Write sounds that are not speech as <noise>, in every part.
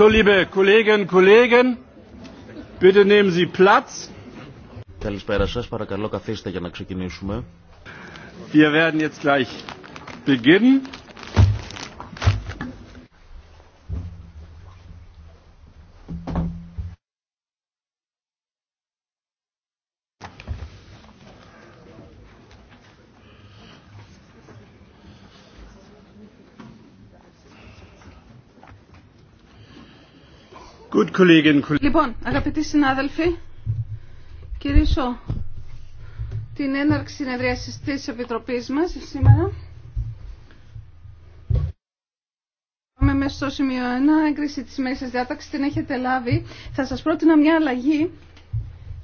So, liebe Kolleginnen und Kollegen, bitte nehmen Sie Platz. Καλησπέρα σας, παρακαλώ καθίστε για να ξεκινήσουμε. Wir werden jetzt gleich beginnen. Λοιπόν, αγαπητοί συνάδελφοι, κηρύσω την έναρξη συνεδρίασης της Επιτροπής μας σήμερα. Πάμε μέσα στο σημείο 1, έγκριση της μέσης διάταξης, την έχετε λάβει. Θα σας πρότεινα μια αλλαγή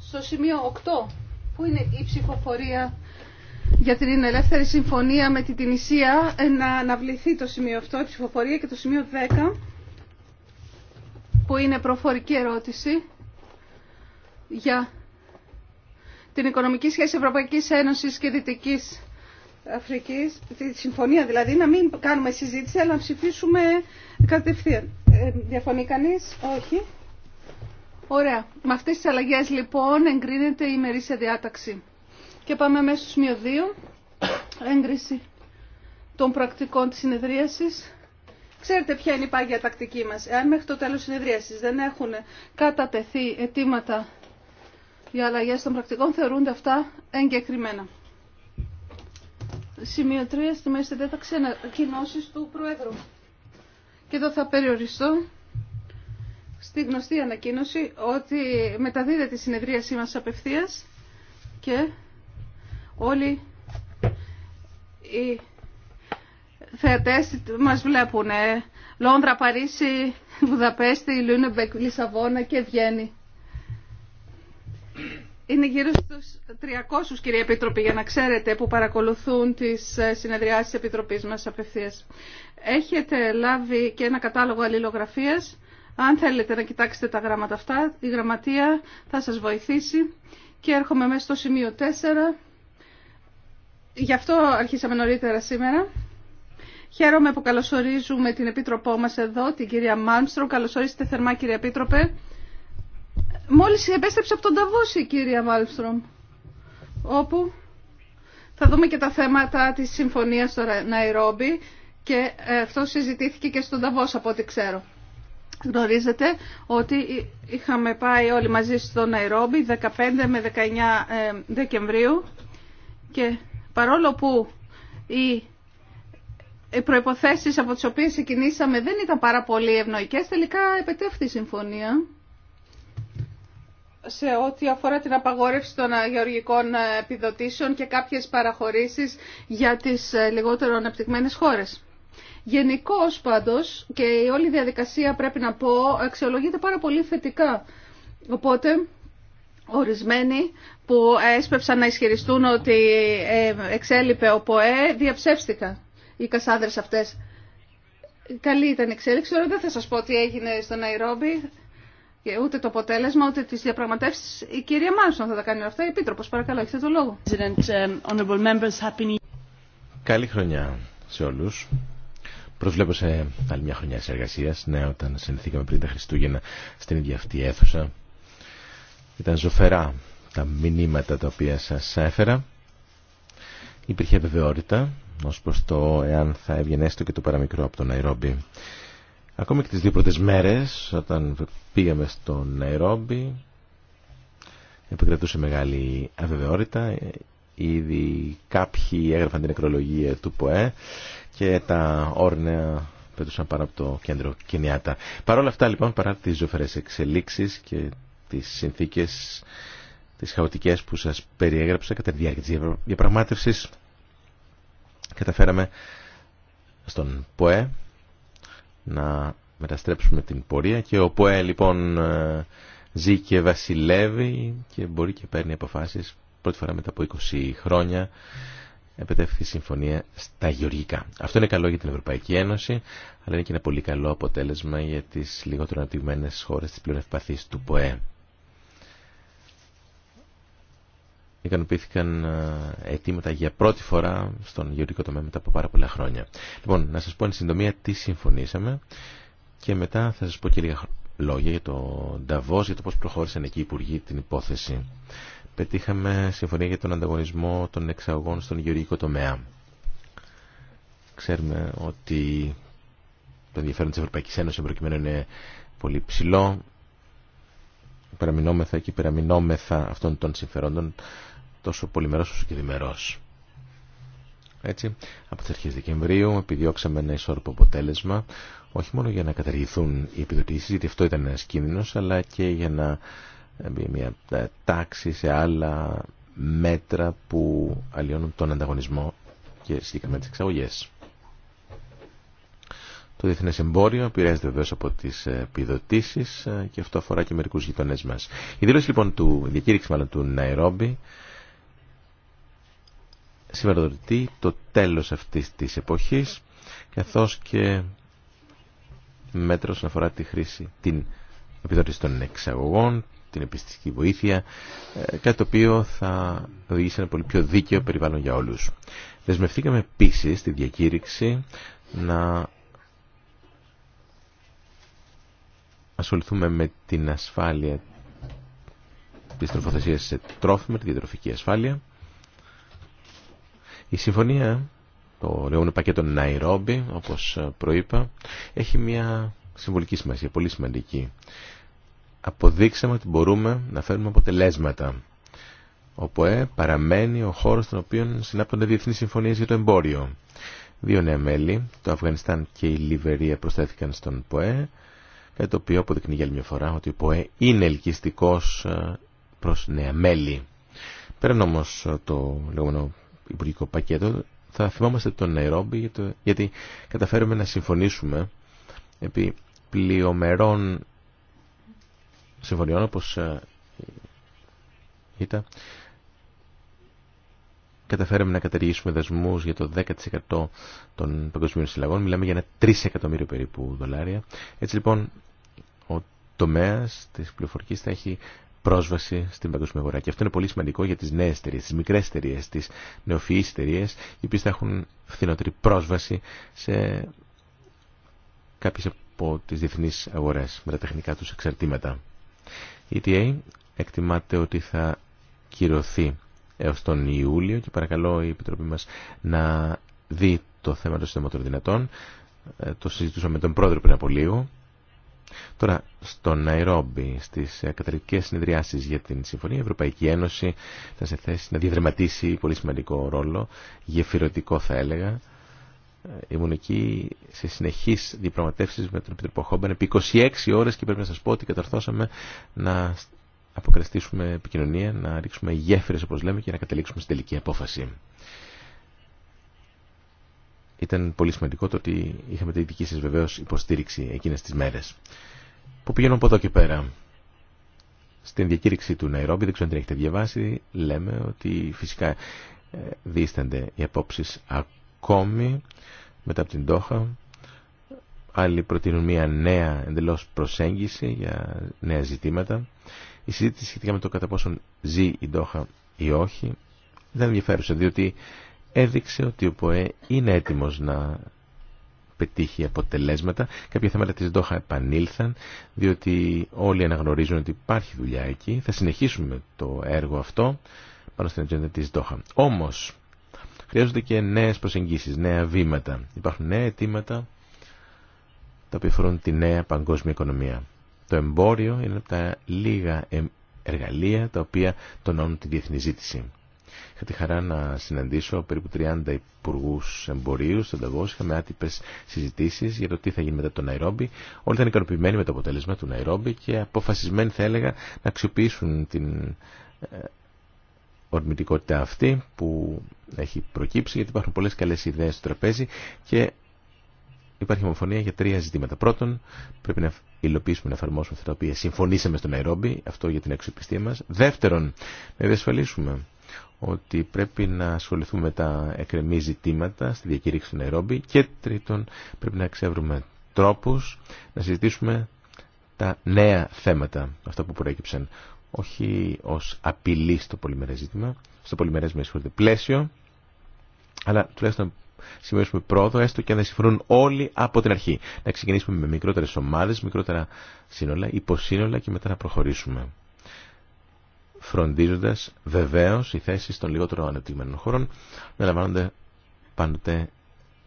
στο σημείο 8, που είναι η ψηφοφορία για την ελεύθερη συμφωνία με την Τινησία, ε, να αναβληθεί το σημείο αυτό, η ψηφοφορία και το σημείο 10 που είναι προφορική ερώτηση για την οικονομική σχέση Ευρωπαϊκής Ένωσης και Δυτικής Αφρικής, τη συμφωνία δηλαδή, να μην κάνουμε συζήτηση, αλλά να ψηφίσουμε κατευθείαν. Ε, διαφωνεί κανείς? Όχι. Ωραία. Με αυτές τις αλλαγές λοιπόν εγκρίνεται η ημερήσια διάταξη. Και πάμε μέσα στο σημείο 2, έγκριση των πρακτικών της συνεδρίασης. Ξέρετε ποια είναι η πάγια τακτική μας. Εάν μέχρι το τέλος συνεδρίασης δεν έχουν κατατεθεί αιτήματα για αλλαγέ των πρακτικών, θεωρούνται αυτά εγκεκριμένα. Σημείο 3 στη μέση τέταξη ανακοινώσει του Προέδρου. Και εδώ θα περιοριστώ στη γνωστή ανακοίνωση ότι μεταδίδεται η συνεδρίασή μας απευθείας και όλοι οι θεατές μας βλέπουν. Λόντρα, Παρίσι, Βουδαπέστη, Λούνεμπεκ, Λισαβόνα και Βιέννη. Είναι γύρω στους 300 κυρία Επίτροπη για να ξέρετε που παρακολουθούν τις ε, συνεδριάσεις της Επιτροπής μας απευθείας. Έχετε λάβει και ένα κατάλογο αλληλογραφίας. Αν θέλετε να κοιτάξετε τα γράμματα αυτά, η γραμματεία θα σας βοηθήσει. Και έρχομαι μέσα στο σημείο 4. Γι' αυτό αρχίσαμε νωρίτερα σήμερα. Χαίρομαι που καλωσορίζουμε την Επίτροπό μας εδώ, την κυρία Μάλμστρομ. Καλωσορίστε θερμά κύριε Επίτροπε. Μόλις επέστρεψε από τον Ταβούση η κυρία Μάλμστρομ, όπου θα δούμε και τα θέματα της συμφωνίας στο Ναϊρόμπι και ε, αυτό συζητήθηκε και στον Ταβός από ό,τι ξέρω. Γνωρίζετε ότι είχαμε πάει όλοι μαζί στο Ναϊρόμπι 15 με 19 ε, Δεκεμβρίου και παρόλο που η οι προποθέσει από τι οποίε ξεκινήσαμε δεν ήταν πάρα πολύ ευνοϊκέ. τελικά επετεύχθη η συμφωνία σε ό,τι αφορά την απαγόρευση των γεωργικών επιδοτήσεων και κάποιες παραχωρήσεις για τις λιγότερο αναπτυγμένες χώρες. Γενικώ πάντως και η διαδικασία πρέπει να πω αξιολογείται πάρα πολύ θετικά. Οπότε ορισμένοι που έσπευσαν να ισχυριστούν ότι ε, εξέλιπε ο ΠΟΕ διαψεύστηκαν οι κασάδρε αυτέ Καλή ήταν η εξέλιξη. Τώρα δεν θα σα πω τι έγινε στο Ναϊρόμπι, ούτε το αποτέλεσμα, ούτε τι διαπραγματεύσει, Η κυρία Μάνσον θα τα κάνει αυτά. Επίτροπο, παρακαλώ, έχετε το λόγο. Um, Καλή χρονιά σε όλου. Προσβλέπω σε άλλη μια χρονιά της Ναι, όταν συνηθήκαμε πριν τα Χριστούγεννα στην ίδια αυτή αίθουσα. Ήταν ζωφερά τα μηνύματα τα οποία σας έφερα. Υπήρχε βεβαιότητα ως προς το εάν θα έβγαινε έστω και το παραμικρό από το Ναϊρόμπι. Ακόμη και τις δύο πρώτες μέρες όταν πήγαμε στο Ναϊρόμπι επικρατούσε μεγάλη αβεβαιότητα. Ήδη κάποιοι έγραφαν την εκρολογία του ΠΟΕ και τα όρνεα πέτουσαν πάνω από το κέντρο Κενιάτα. Παρ' όλα αυτά λοιπόν παρά τις ζωφερές εξελίξεις και τις συνθήκες τις χαοτικές που σας περιέγραψα κατά τη διάρκεια της διαπραγμάτευσης καταφέραμε στον ΠΟΕ να μεταστρέψουμε την πορεία και ο ΠΟΕ λοιπόν ε, ζει και βασιλεύει και μπορεί και παίρνει αποφάσεις πρώτη φορά μετά από 20 χρόνια επετεύχθη συμφωνία στα γεωργικά. Αυτό είναι καλό για την Ευρωπαϊκή Ένωση, αλλά είναι και ένα πολύ καλό αποτέλεσμα για τις λιγότερο αναπτυγμένες χώρες της πλέον του ΠΟΕ. ικανοποιήθηκαν ε, αιτήματα για πρώτη φορά στον γεωργικό τομέα μετά από πάρα πολλά χρόνια. Λοιπόν, να σας πω εν συντομία τι συμφωνήσαμε και μετά θα σας πω και λίγα λόγια για το Νταβός, για το πώς προχώρησαν εκεί οι υπουργοί την υπόθεση. Πετύχαμε συμφωνία για τον ανταγωνισμό των εξαγωγών στον γεωργικό τομέα. Ξέρουμε ότι το ενδιαφέρον της Ευρωπαϊκής Ένωσης προκειμένου είναι πολύ ψηλό. Περαμεινόμεθα και περαμεινόμεθα αυτών των συμφερόντων τόσο πολυμερός όσο και διμερός. Έτσι, από τις αρχές Δεκεμβρίου επιδιώξαμε ένα ισόρροπο αποτέλεσμα, όχι μόνο για να καταργηθούν οι επιδοτήσεις, γιατί αυτό ήταν ένα κίνδυνος, αλλά και για να ε, μπει μια ε, τάξη σε άλλα μέτρα που αλλοιώνουν τον ανταγωνισμό και συγκεκριμένα τις εξαγωγές. Το διεθνέ εμπόριο επηρεάζεται βεβαίω από τι επιδοτήσει ε, και αυτό αφορά και μερικού γειτονέ μα. Η δήλωση λοιπόν του, η διακήρυξη του Ναϊρόμπι σηματοδοτεί το τέλος αυτής της εποχής καθώς και μέτρο όσον αφορά τη χρήση, την επιδότηση των εξαγωγών, την επιστημική βοήθεια, ε, κάτι το οποίο θα οδηγήσει ένα πολύ πιο δίκαιο περιβάλλον για όλους. Δεσμευτήκαμε επίση στη διακήρυξη να ασχοληθούμε με την ασφάλεια της τροφοθεσίας σε τρόφιμα, τη διατροφική ασφάλεια, η συμφωνία, το λεγόμενο πακέτο Ναϊρόμπι, όπως προείπα, έχει μια συμβολική σημασία, πολύ σημαντική. Αποδείξαμε ότι μπορούμε να φέρουμε αποτελέσματα. Ο ΠΟΕ παραμένει ο χώρος στον οποίο συνάπτονται διεθνείς συμφωνίες για το εμπόριο. Δύο νέα μέλη, το Αφγανιστάν και η Λιβερία, προσθέθηκαν στον ΠΟΕ, κάτι το οποίο αποδεικνύει για άλλη μια φορά ότι ο ΠΟΕ είναι ελκυστικός ε, προς νέα μέλη. Πέραν όμω το λεγόμενο υπουργικό πακέτο θα θυμόμαστε τον Ναϊρόμπι γιατί καταφέρουμε να συμφωνήσουμε επί πλειομερών συμφωνιών όπως ε, ήταν καταφέραμε να καταργήσουμε δεσμούς για το 10% των παγκοσμίων συλλαγών μιλάμε για ένα 3 εκατομμύριο περίπου δολάρια έτσι λοιπόν ο τομέας της πληροφορικής θα έχει πρόσβαση στην παγκόσμια αγορά. Και αυτό είναι πολύ σημαντικό για τι νέε, εταιρείε, τις μικρές εταιρείε, τι νεοφυεί εταιρείε, οι οποίε θα έχουν φθηνότερη πρόσβαση σε κάποιε από τι διεθνεί αγορέ, με τα τεχνικά του εξαρτήματα. Η ETA εκτιμάται ότι θα κυρωθεί έω τον Ιούλιο και παρακαλώ η Επιτροπή μα να δει το θέμα των συντομότερων δυνατών. Ε, το συζητούσαμε με τον πρόεδρο πριν από λίγο Τώρα, στο Ναϊρόμπι, στι ε, κατρικέ συνεδριάσεις για την Συμφωνία, η Ευρωπαϊκή Ένωση θα σε θέση να διαδραματίσει πολύ σημαντικό ρόλο, γεφυρωτικό θα έλεγα. Ε, ήμουν εκεί σε συνεχεί διαπραγματεύσει με τον Επιτροπό Χόμπαν επί 26 ώρε και πρέπει να σα πω ότι καταρθώσαμε να αποκραστήσουμε επικοινωνία, να ρίξουμε γέφυρε όπω λέμε και να καταλήξουμε στην τελική απόφαση. Ήταν πολύ σημαντικό το ότι είχαμε τη δική σας βεβαίως υποστήριξη εκείνες τις μέρες. Που πηγαίνω από εδώ και πέρα. Στην διακήρυξη του Ναϊρόμπι, δεν ξέρω αν την έχετε διαβάσει, λέμε ότι φυσικά ε, δίστανται οι απόψεις ακόμη μετά από την Τόχα. Άλλοι προτείνουν μια νέα εντελώς προσέγγιση για νέα ζητήματα. Η συζήτηση σχετικά με το κατά πόσον ζει η Ντόχα ή όχι δεν ενδιαφέρουσα, διότι έδειξε ότι ο ΠΟΕ είναι έτοιμος να πετύχει αποτελέσματα. Κάποια θέματα της ΔΟΧΑ επανήλθαν, διότι όλοι αναγνωρίζουν ότι υπάρχει δουλειά εκεί. Θα συνεχίσουμε το έργο αυτό πάνω στην ατζέντα της ΔΟΧΑ. Όμως, χρειάζονται και νέες προσεγγίσεις, νέα βήματα. Υπάρχουν νέα αιτήματα τα οποία φορούν τη νέα παγκόσμια οικονομία. Το εμπόριο είναι από τα λίγα εργαλεία τα οποία τονώνουν τη διεθνή ζήτηση. Είχα τη χαρά να συναντήσω περίπου 30 υπουργού εμπορίου στον Ταβό. Είχαμε άτυπε συζητήσει για το τι θα γίνει μετά το Ναϊρόμπι. Όλοι ήταν ικανοποιημένοι με το αποτέλεσμα του Ναϊρόμπι και αποφασισμένοι, θα έλεγα, να αξιοποιήσουν την ε, ορμητικότητα αυτή που έχει προκύψει, γιατί υπάρχουν πολλές καλές ιδέες στο τραπέζι και υπάρχει ομοφωνία για τρία ζητήματα. Πρώτον, πρέπει να υλοποιήσουμε, να εφαρμόσουμε αυτά τα οποία συμφωνήσαμε στο Ναϊρόμπι, αυτό για την αξιοπιστία μας. Δεύτερον, να διασφαλίσουμε ότι πρέπει να ασχοληθούμε με τα εκρεμή ζητήματα στη διακήρυξη του Νερόμπι και τρίτον πρέπει να εξεύρουμε τρόπους να συζητήσουμε τα νέα θέματα, αυτά που προέκυψαν, όχι ως απειλή στο πολυμερές ζήτημα, στο πολυμερές με συγχωρείτε πλαίσιο, αλλά τουλάχιστον να σημειώσουμε πρόοδο, έστω και να δεν συμφωνούν όλοι από την αρχή. Να ξεκινήσουμε με μικρότερες ομάδες, μικρότερα σύνολα, υποσύνολα και μετά να προχωρήσουμε φροντίζοντας βεβαίως οι θέσεις των λιγότερων ανεπτυγμένων χώρων να λαμβάνονται πάντοτε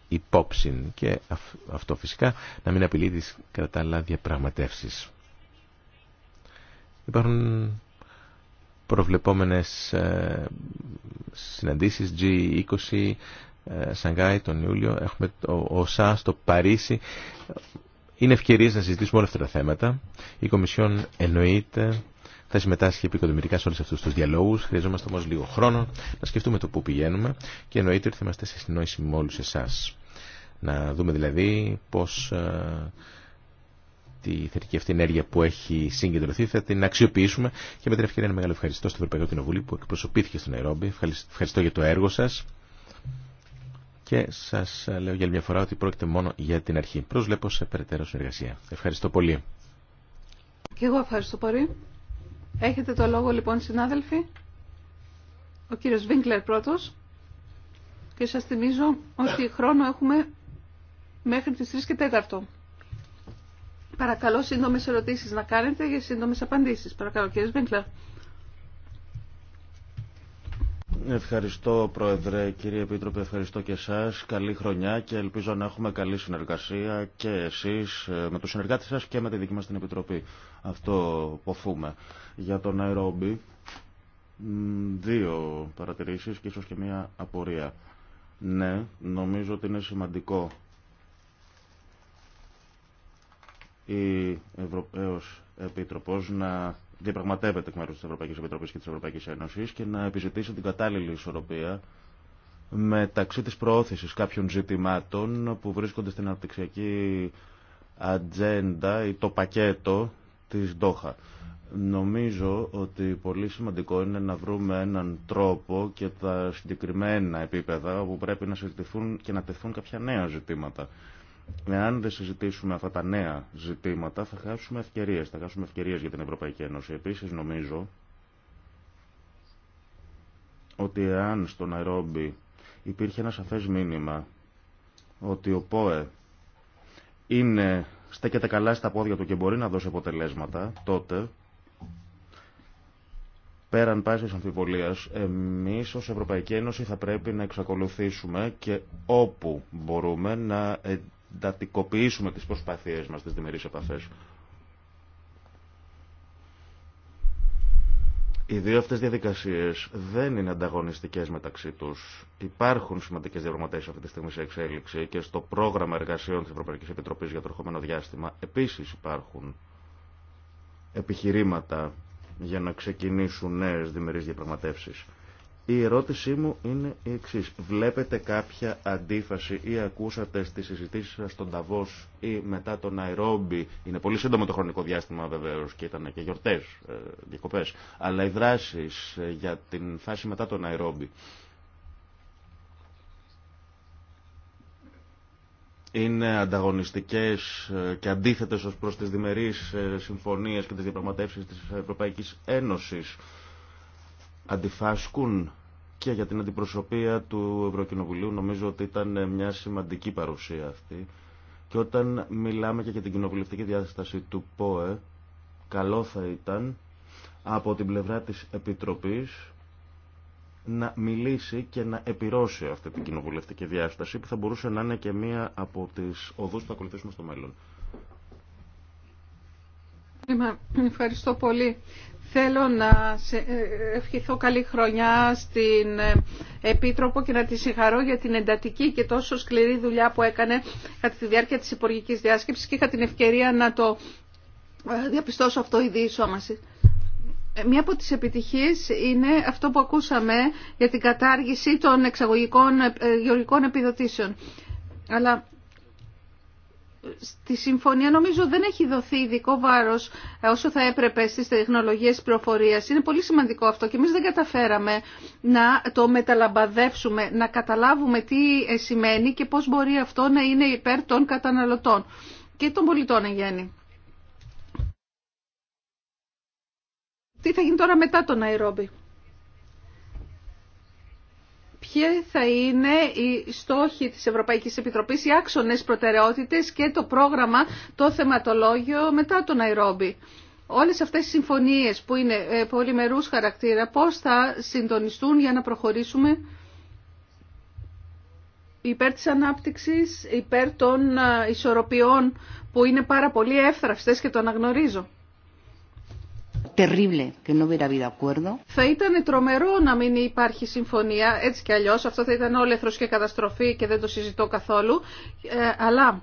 υπόψη και αυτό φυσικά να μην απειλεί τις καταλληλα διαπραγματευσεις διαπραγματεύσεις. Υπάρχουν προβλεπόμενες ε, συναντήσεις G20 ε, Σανγκάι τον Ιούλιο, έχουμε το ΟΣΑ στο Παρίσι. Είναι ευκαιρίες να συζητήσουμε όλα αυτά τα θέματα. Η Κομισιόν εννοείται θα συμμετάσχει επικοδομητικά σε όλους αυτούς τους διαλόγους. Χρειαζόμαστε όμως λίγο χρόνο να σκεφτούμε το πού πηγαίνουμε και εννοείται ότι θα είμαστε σε συνόηση με όλους εσάς. Να δούμε δηλαδή πώς ε, τη θετική αυτή ενέργεια που έχει συγκεντρωθεί θα την αξιοποιήσουμε και με την ευκαιρία ένα μεγάλο ευχαριστώ στο Ευρωπαϊκό Κοινοβούλιο που εκπροσωπήθηκε στο Νερόμπι. Ευχαριστώ για το έργο σας. Και σας ε, λέω για μια φορά ότι πρόκειται μόνο για την αρχή. Προσβλέπω σε περαιτέρω συνεργασία. Ευχαριστώ πολύ. Και εγώ ευχαριστώ πολύ. Έχετε το λόγο λοιπόν συνάδελφοι. Ο κύριος Βίγκλερ πρώτος. Και σας θυμίζω ότι χρόνο έχουμε μέχρι τις 3 και 4. Παρακαλώ σύντομες ερωτήσεις να κάνετε για σύντομες απαντήσεις. Παρακαλώ κύριος Βίγκλερ. Ευχαριστώ Πρόεδρε, κύριε Επίτροπε, ευχαριστώ και εσάς. Καλή χρονιά και ελπίζω να έχουμε καλή συνεργασία και εσείς ε, με τους συνεργάτες σας και με τη δική μας την Επιτροπή. Αυτό ποθούμε. Για τον αερόμπι, δύο παρατηρήσεις και ίσως και μία απορία. Ναι, νομίζω ότι είναι σημαντικό η Ευρωπαίος Επίτροπος να διαπραγματεύεται εκ μέρου τη Ευρωπαϊκή Επιτροπή και τη Ευρωπαϊκή Ένωση και να επιζητήσει την κατάλληλη ισορροπία μεταξύ τη προώθηση κάποιων ζητημάτων που βρίσκονται στην αναπτυξιακή ατζέντα ή το πακέτο τη Ντόχα. Νομίζω ότι πολύ σημαντικό είναι να βρούμε έναν τρόπο και τα συγκεκριμένα επίπεδα όπου πρέπει να συζητηθούν και να τεθούν κάποια νέα ζητήματα. Εάν δεν συζητήσουμε αυτά τα νέα ζητήματα, θα χάσουμε ευκαιρίε. Θα χάσουμε ευκαιρίε για την Ευρωπαϊκή Ένωση. Επίση, νομίζω ότι εάν στο Ναϊρόμπι υπήρχε ένα σαφές μήνυμα ότι ο ΠΟΕ είναι, στέκεται καλά στα πόδια του και μπορεί να δώσει αποτελέσματα, τότε πέραν πάσης αμφιβολίας, εμείς ως Ευρωπαϊκή Ένωση θα πρέπει να εξακολουθήσουμε και όπου μπορούμε να εντατικοποιήσουμε τις προσπαθίες μας, τις διμερείς επαφές. Οι δύο αυτές διαδικασίες δεν είναι ανταγωνιστικές μεταξύ τους. Υπάρχουν σημαντικές διαπραγματεύσεις αυτή τη στιγμή σε εξέλιξη και στο πρόγραμμα εργασίων της Ευρωπαϊκής Επιτροπής για το ερχόμενο διάστημα επίσης υπάρχουν επιχειρήματα για να ξεκινήσουν νέες διμερείς διαπραγματεύσεις. Η ερώτησή μου είναι η εξής. Βλέπετε κάποια αντίφαση ή ακούσατε στις συζητήσεις σας στον Ταβός ή μετά τον Αιρόμπι. Είναι πολύ σύντομο το χρονικό διάστημα βεβαίως και ήταν και γιορτές, ε, διακοπές. Αλλά οι δράσεις ε, για την φάση μετά τον Αιρόμπι είναι ανταγωνιστικές ε, και αντίθετες ως προς τις διμερείς συμφωνίες και τις διαπραγματεύσεις της Ευρωπαϊκής Ένωσης αντιφάσκουν και για την αντιπροσωπεία του Ευρωκοινοβουλίου. Νομίζω ότι ήταν μια σημαντική παρουσία αυτή. Και όταν μιλάμε και για την κοινοβουλευτική διάσταση του ΠΟΕ, καλό θα ήταν από την πλευρά της Επιτροπής να μιλήσει και να επιρρώσει αυτή την κοινοβουλευτική διάσταση που θα μπορούσε να είναι και μία από τις οδούς που θα ακολουθήσουμε στο μέλλον. Ευχαριστώ πολύ. Θέλω να ε, ευχηθώ καλή χρονιά στην ε, Επίτροπο και να τη συγχαρώ για την εντατική και τόσο σκληρή δουλειά που έκανε κατά τη διάρκεια της υπουργικής διάσκεψης και είχα την ευκαιρία να το ε, διαπιστώσω αυτό η Μία από τις επιτυχίες είναι αυτό που ακούσαμε για την κατάργηση των εξαγωγικών γεωργικών επιδοτήσεων. Αλλά στη συμφωνία νομίζω δεν έχει δοθεί ειδικό βάρος ε, όσο θα έπρεπε στις τεχνολογίες προφορίας. Είναι πολύ σημαντικό αυτό και εμείς δεν καταφέραμε να το μεταλαμπαδεύσουμε, να καταλάβουμε τι ε, σημαίνει και πώς μπορεί αυτό να είναι υπέρ των καταναλωτών και των πολιτών εν γέννη. Τι θα γίνει τώρα μετά τον Ναϊρόμπι ποιοι θα είναι οι στόχοι της Ευρωπαϊκής Επιτροπής, οι άξονες προτεραιότητες και το πρόγραμμα, το θεματολόγιο μετά τον Ναϊρόμπι. Όλες αυτές οι συμφωνίες που είναι ε, πολυμερούς χαρακτήρα, πώς θα συντονιστούν για να προχωρήσουμε υπέρ της ανάπτυξης, υπέρ των ε, ισορροπιών που είναι πάρα πολύ εύθραυστες και το αναγνωρίζω. Θα ήταν τρομερό να μην υπάρχει συμφωνία, έτσι κι αλλιώς, αυτό θα ήταν όλεθρος και καταστροφή και δεν το συζητώ καθόλου, ε, αλλά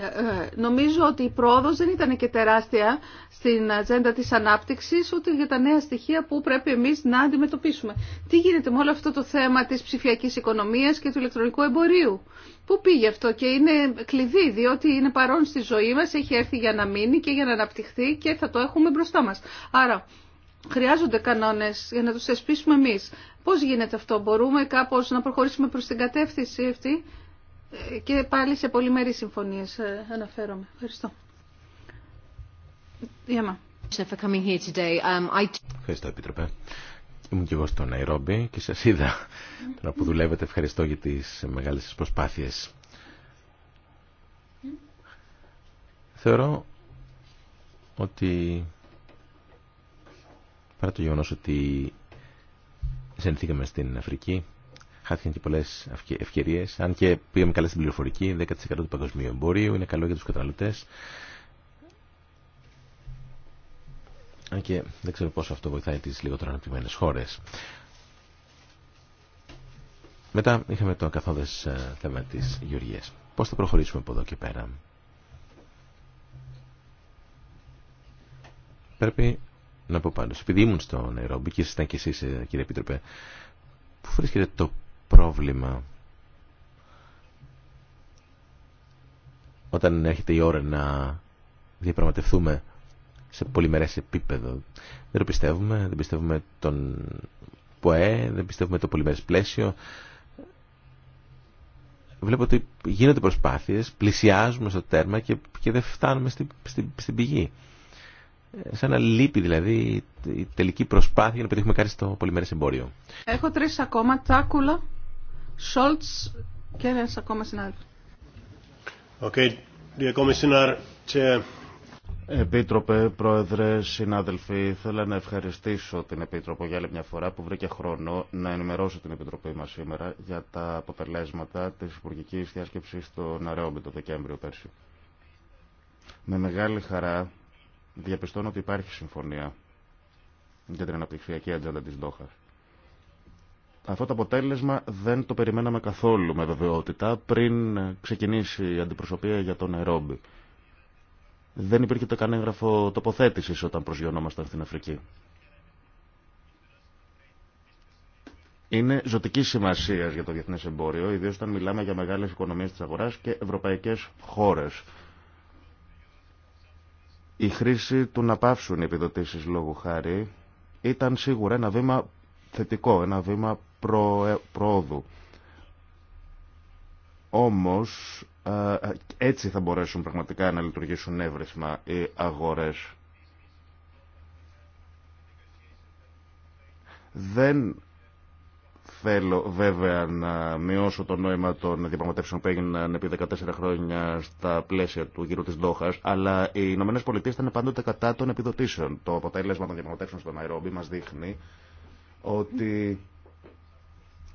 ε, ε, νομίζω ότι η πρόοδος δεν ήταν και τεράστια στην ατζέντα της ανάπτυξης, ούτε για τα νέα στοιχεία που πρέπει εμείς να αντιμετωπίσουμε. Τι γίνεται με όλο αυτό το θέμα της ψηφιακής οικονομίας και του ηλεκτρονικού εμπορίου. Πού πήγε αυτό και είναι κλειδί, διότι είναι παρόν στη ζωή μας, έχει έρθει για να μείνει και για να αναπτυχθεί και θα το έχουμε μπροστά μας. Άρα, χρειάζονται κανόνες για να τους εσπίσουμε εμείς. Πώς γίνεται αυτό, μπορούμε κάπως να προχωρήσουμε προς την κατεύθυνση αυτή και πάλι σε πολυμερείς συμφωνίες ε, αναφέρομαι. Ευχαριστώ. Διαμά. Um, ευχαριστώ, Επίτροπε. Ήμουν και εγώ στο Ναϊρόμπι και σας είδα τώρα που δουλεύετε. Ευχαριστώ για τις μεγάλες σας προσπάθειες. Θεωρώ ότι παρά το γεγονός ότι συνθήκαμε στην Αφρική Χάθηκαν και πολλέ ευκαιρίε. Αν και πήγαμε καλά στην πληροφορική, 10% του παγκοσμίου εμπορίου είναι καλό για του καταναλωτέ. Αν και δεν ξέρω πόσο αυτό βοηθάει τι λιγότερο αναπτυγμένε χώρε. Μετά είχαμε το καθόδε ε, θέμα τη γεωργία. Πώ θα προχωρήσουμε από εδώ και πέρα. Πρέπει να πω πάντω, επειδή ήμουν στο Νερόμπι και ήσασταν και εσεί, ε, κύριε Επίτροπε, πού βρίσκεται το πρόβλημα. Όταν έρχεται η ώρα να διαπραγματευτούμε σε πολυμερές επίπεδο, δεν το πιστεύουμε, δεν πιστεύουμε τον ΠΟΕ, δεν πιστεύουμε το πολυμερές πλαίσιο. Βλέπω ότι γίνονται προσπάθειες, πλησιάζουμε στο τέρμα και, και δεν φτάνουμε στη, στη, στην πηγή. Σαν να λείπει δηλαδή η τελική προσπάθεια να πετύχουμε κάτι στο πολυμερές εμπόριο. Έχω τρεις ακόμα τάκουλα. Σόλτς και ένας ακόμα Επίτροπε, Πρόεδρε, συνάδελφοι, ήθελα να ευχαριστήσω την Επίτροπο για άλλη μια φορά που βρήκε χρόνο να ενημερώσω την Επιτροπή μα σήμερα για τα αποτελέσματα τη υπουργική Διάσκεψη στο Ναρέομπι το Δεκέμβριο πέρσι. Με μεγάλη χαρά διαπιστώνω ότι υπάρχει συμφωνία για την αναπτυξιακή ατζέντα τη Ντόχας. Αυτό το αποτέλεσμα δεν το περιμέναμε καθόλου με βεβαιότητα πριν ξεκινήσει η αντιπροσωπεία για τον Ερόμπι. Δεν υπήρχε το κανένα τοποθέτησης τοποθέτηση όταν προσγειωνόμασταν στην Αφρική. Είναι ζωτική σημασία για το διεθνές εμπόριο, ιδίω όταν μιλάμε για μεγάλες οικονομίες της αγοράς και ευρωπαϊκές χώρες. Η χρήση του να πάυσουν οι επιδοτήσει λόγου χάρη ήταν σίγουρα ένα βήμα θετικό, ένα βήμα προόδου. Ε, Όμως ε, έτσι θα μπορέσουν πραγματικά να λειτουργήσουν εύρυθμα οι αγορές. Δεν θέλω βέβαια να μειώσω το νόημα των διαπραγματεύσεων που έγιναν επί 14 χρόνια στα πλαίσια του γύρου της Δόχας, αλλά οι Ηνωμένες Πολιτείες ήταν πάντοτε κατά των επιδοτήσεων. Το αποτέλεσμα των διαπραγματεύσεων στο Ναϊρόμπι μας δείχνει ότι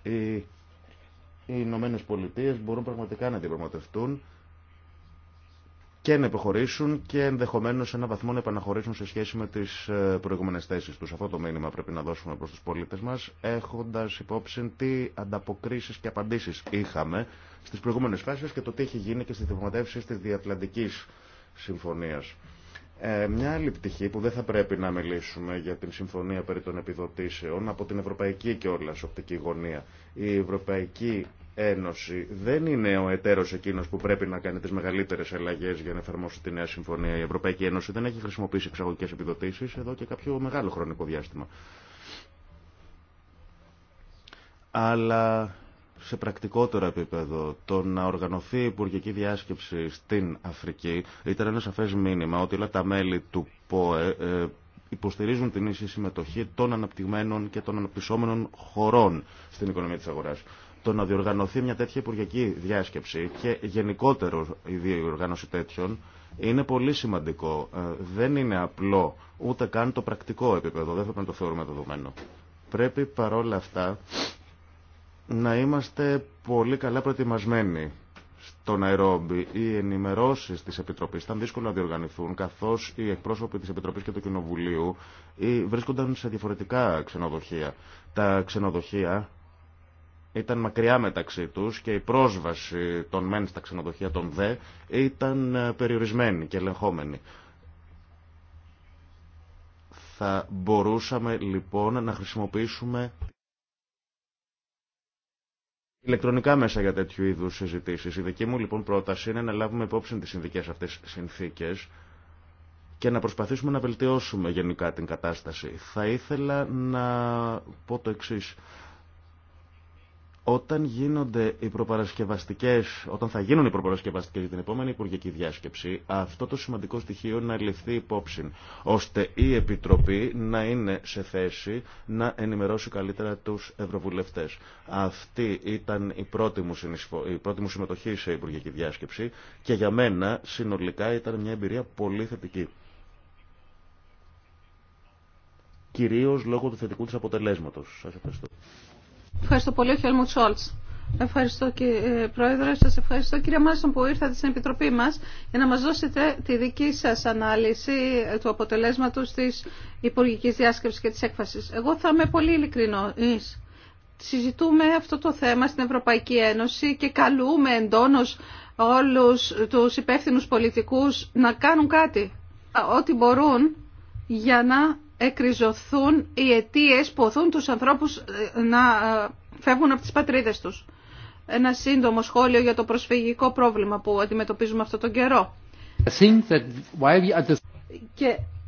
οι, οι Ηνωμένε Πολιτείε μπορούν πραγματικά να διαπραγματευτούν και να υποχωρήσουν και ενδεχομένως σε ένα βαθμό να επαναχωρήσουν σε σχέση με τις ε, προηγούμενες θέσεις τους. Αυτό το μήνυμα πρέπει να δώσουμε προς τους πολίτες μας, έχοντας υπόψη τι ανταποκρίσεις και απαντήσεις είχαμε στις προηγούμενες φάσεις και το τι έχει γίνει και στις διαπραγματεύσεις της Διατλαντικής Συμφωνίας. Ε, μια άλλη πτυχή που δεν θα πρέπει να μιλήσουμε για την συμφωνία περί των επιδοτήσεων από την ευρωπαϊκή και όλα οπτική γωνία. Η Ευρωπαϊκή Ένωση δεν είναι ο εταίρος εκείνος που πρέπει να κάνει τις μεγαλύτερες αλλαγέ για να εφαρμόσει τη νέα συμφωνία. Η Ευρωπαϊκή Ένωση δεν έχει χρησιμοποιήσει εξαγωγικέ επιδοτήσεις εδώ και κάποιο μεγάλο χρονικό διάστημα σε πρακτικότερο επίπεδο. Το να οργανωθεί η υπουργική διάσκεψη στην Αφρική ήταν ένα σαφέ μήνυμα ότι όλα τα μέλη του ΠΟΕ ε, υποστηρίζουν την ίση συμμετοχή των αναπτυγμένων και των αναπτυσσόμενων χωρών στην οικονομία τη αγορά. Το να διοργανωθεί μια τέτοια υπουργική διάσκεψη και γενικότερο η διοργάνωση τέτοιων είναι πολύ σημαντικό. Ε, δεν είναι απλό ούτε καν το πρακτικό επίπεδο. Δεν θα πρέπει να το θεωρούμε δεδομένο. Πρέπει παρόλα αυτά να είμαστε πολύ καλά προετοιμασμένοι στο Ναϊρόμπι. Οι ενημερώσει τη Επιτροπή ήταν δύσκολο να διοργανηθούν, καθώ οι εκπρόσωποι τη Επιτροπή και του Κοινοβουλίου ε, βρίσκονταν σε διαφορετικά ξενοδοχεία. Τα ξενοδοχεία ήταν μακριά μεταξύ τους και η πρόσβαση των μεν στα ξενοδοχεία των δε ήταν ε, περιορισμένη και ελεγχόμενη. Θα μπορούσαμε λοιπόν να χρησιμοποιήσουμε ηλεκτρονικά μέσα για τέτοιου είδου συζητήσει. Η δική μου λοιπόν πρόταση είναι να λάβουμε υπόψη τι συνδικέ αυτέ συνθήκε και να προσπαθήσουμε να βελτιώσουμε γενικά την κατάσταση. Θα ήθελα να πω το εξή. Όταν γίνονται οι προπαρασκευαστικέ, όταν θα γίνουν οι προπαρασκευαστικέ για την επόμενη υπουργική διάσκεψη, αυτό το σημαντικό στοιχείο να ληφθεί υπόψη, ώστε η Επιτροπή να είναι σε θέση να ενημερώσει καλύτερα του ευρωβουλευτέ. Αυτή ήταν η πρώτη μου, η πρώτη μου συμμετοχή σε υπουργική διάσκεψη και για μένα συνολικά ήταν μια εμπειρία πολύ θετική. Κυρίω λόγω του θετικού τη αποτελέσματο. Σας ευχαριστώ. Ευχαριστώ πολύ, Χέλμουτ Σόλτ. Ευχαριστώ κύριε Πρόεδρε, σας ευχαριστώ κύριε Μάσον που ήρθατε στην Επιτροπή μας για να μας δώσετε τη δική σας ανάλυση του αποτελέσματος της Υπουργικής Διάσκεψης και της Έκφασης. Εγώ θα είμαι πολύ ειλικρινής. Συζητούμε αυτό το θέμα στην Ευρωπαϊκή Ένωση και καλούμε εντόνως όλους τους υπεύθυνους πολιτικούς να κάνουν κάτι, ό,τι μπορούν για να εκριζωθούν οι αιτίε που οθούν τους ανθρώπους ε, να ε, φεύγουν από τις πατρίδες τους. Ένα σύντομο σχόλιο για το προσφυγικό πρόβλημα που αντιμετωπίζουμε αυτόν τον καιρό.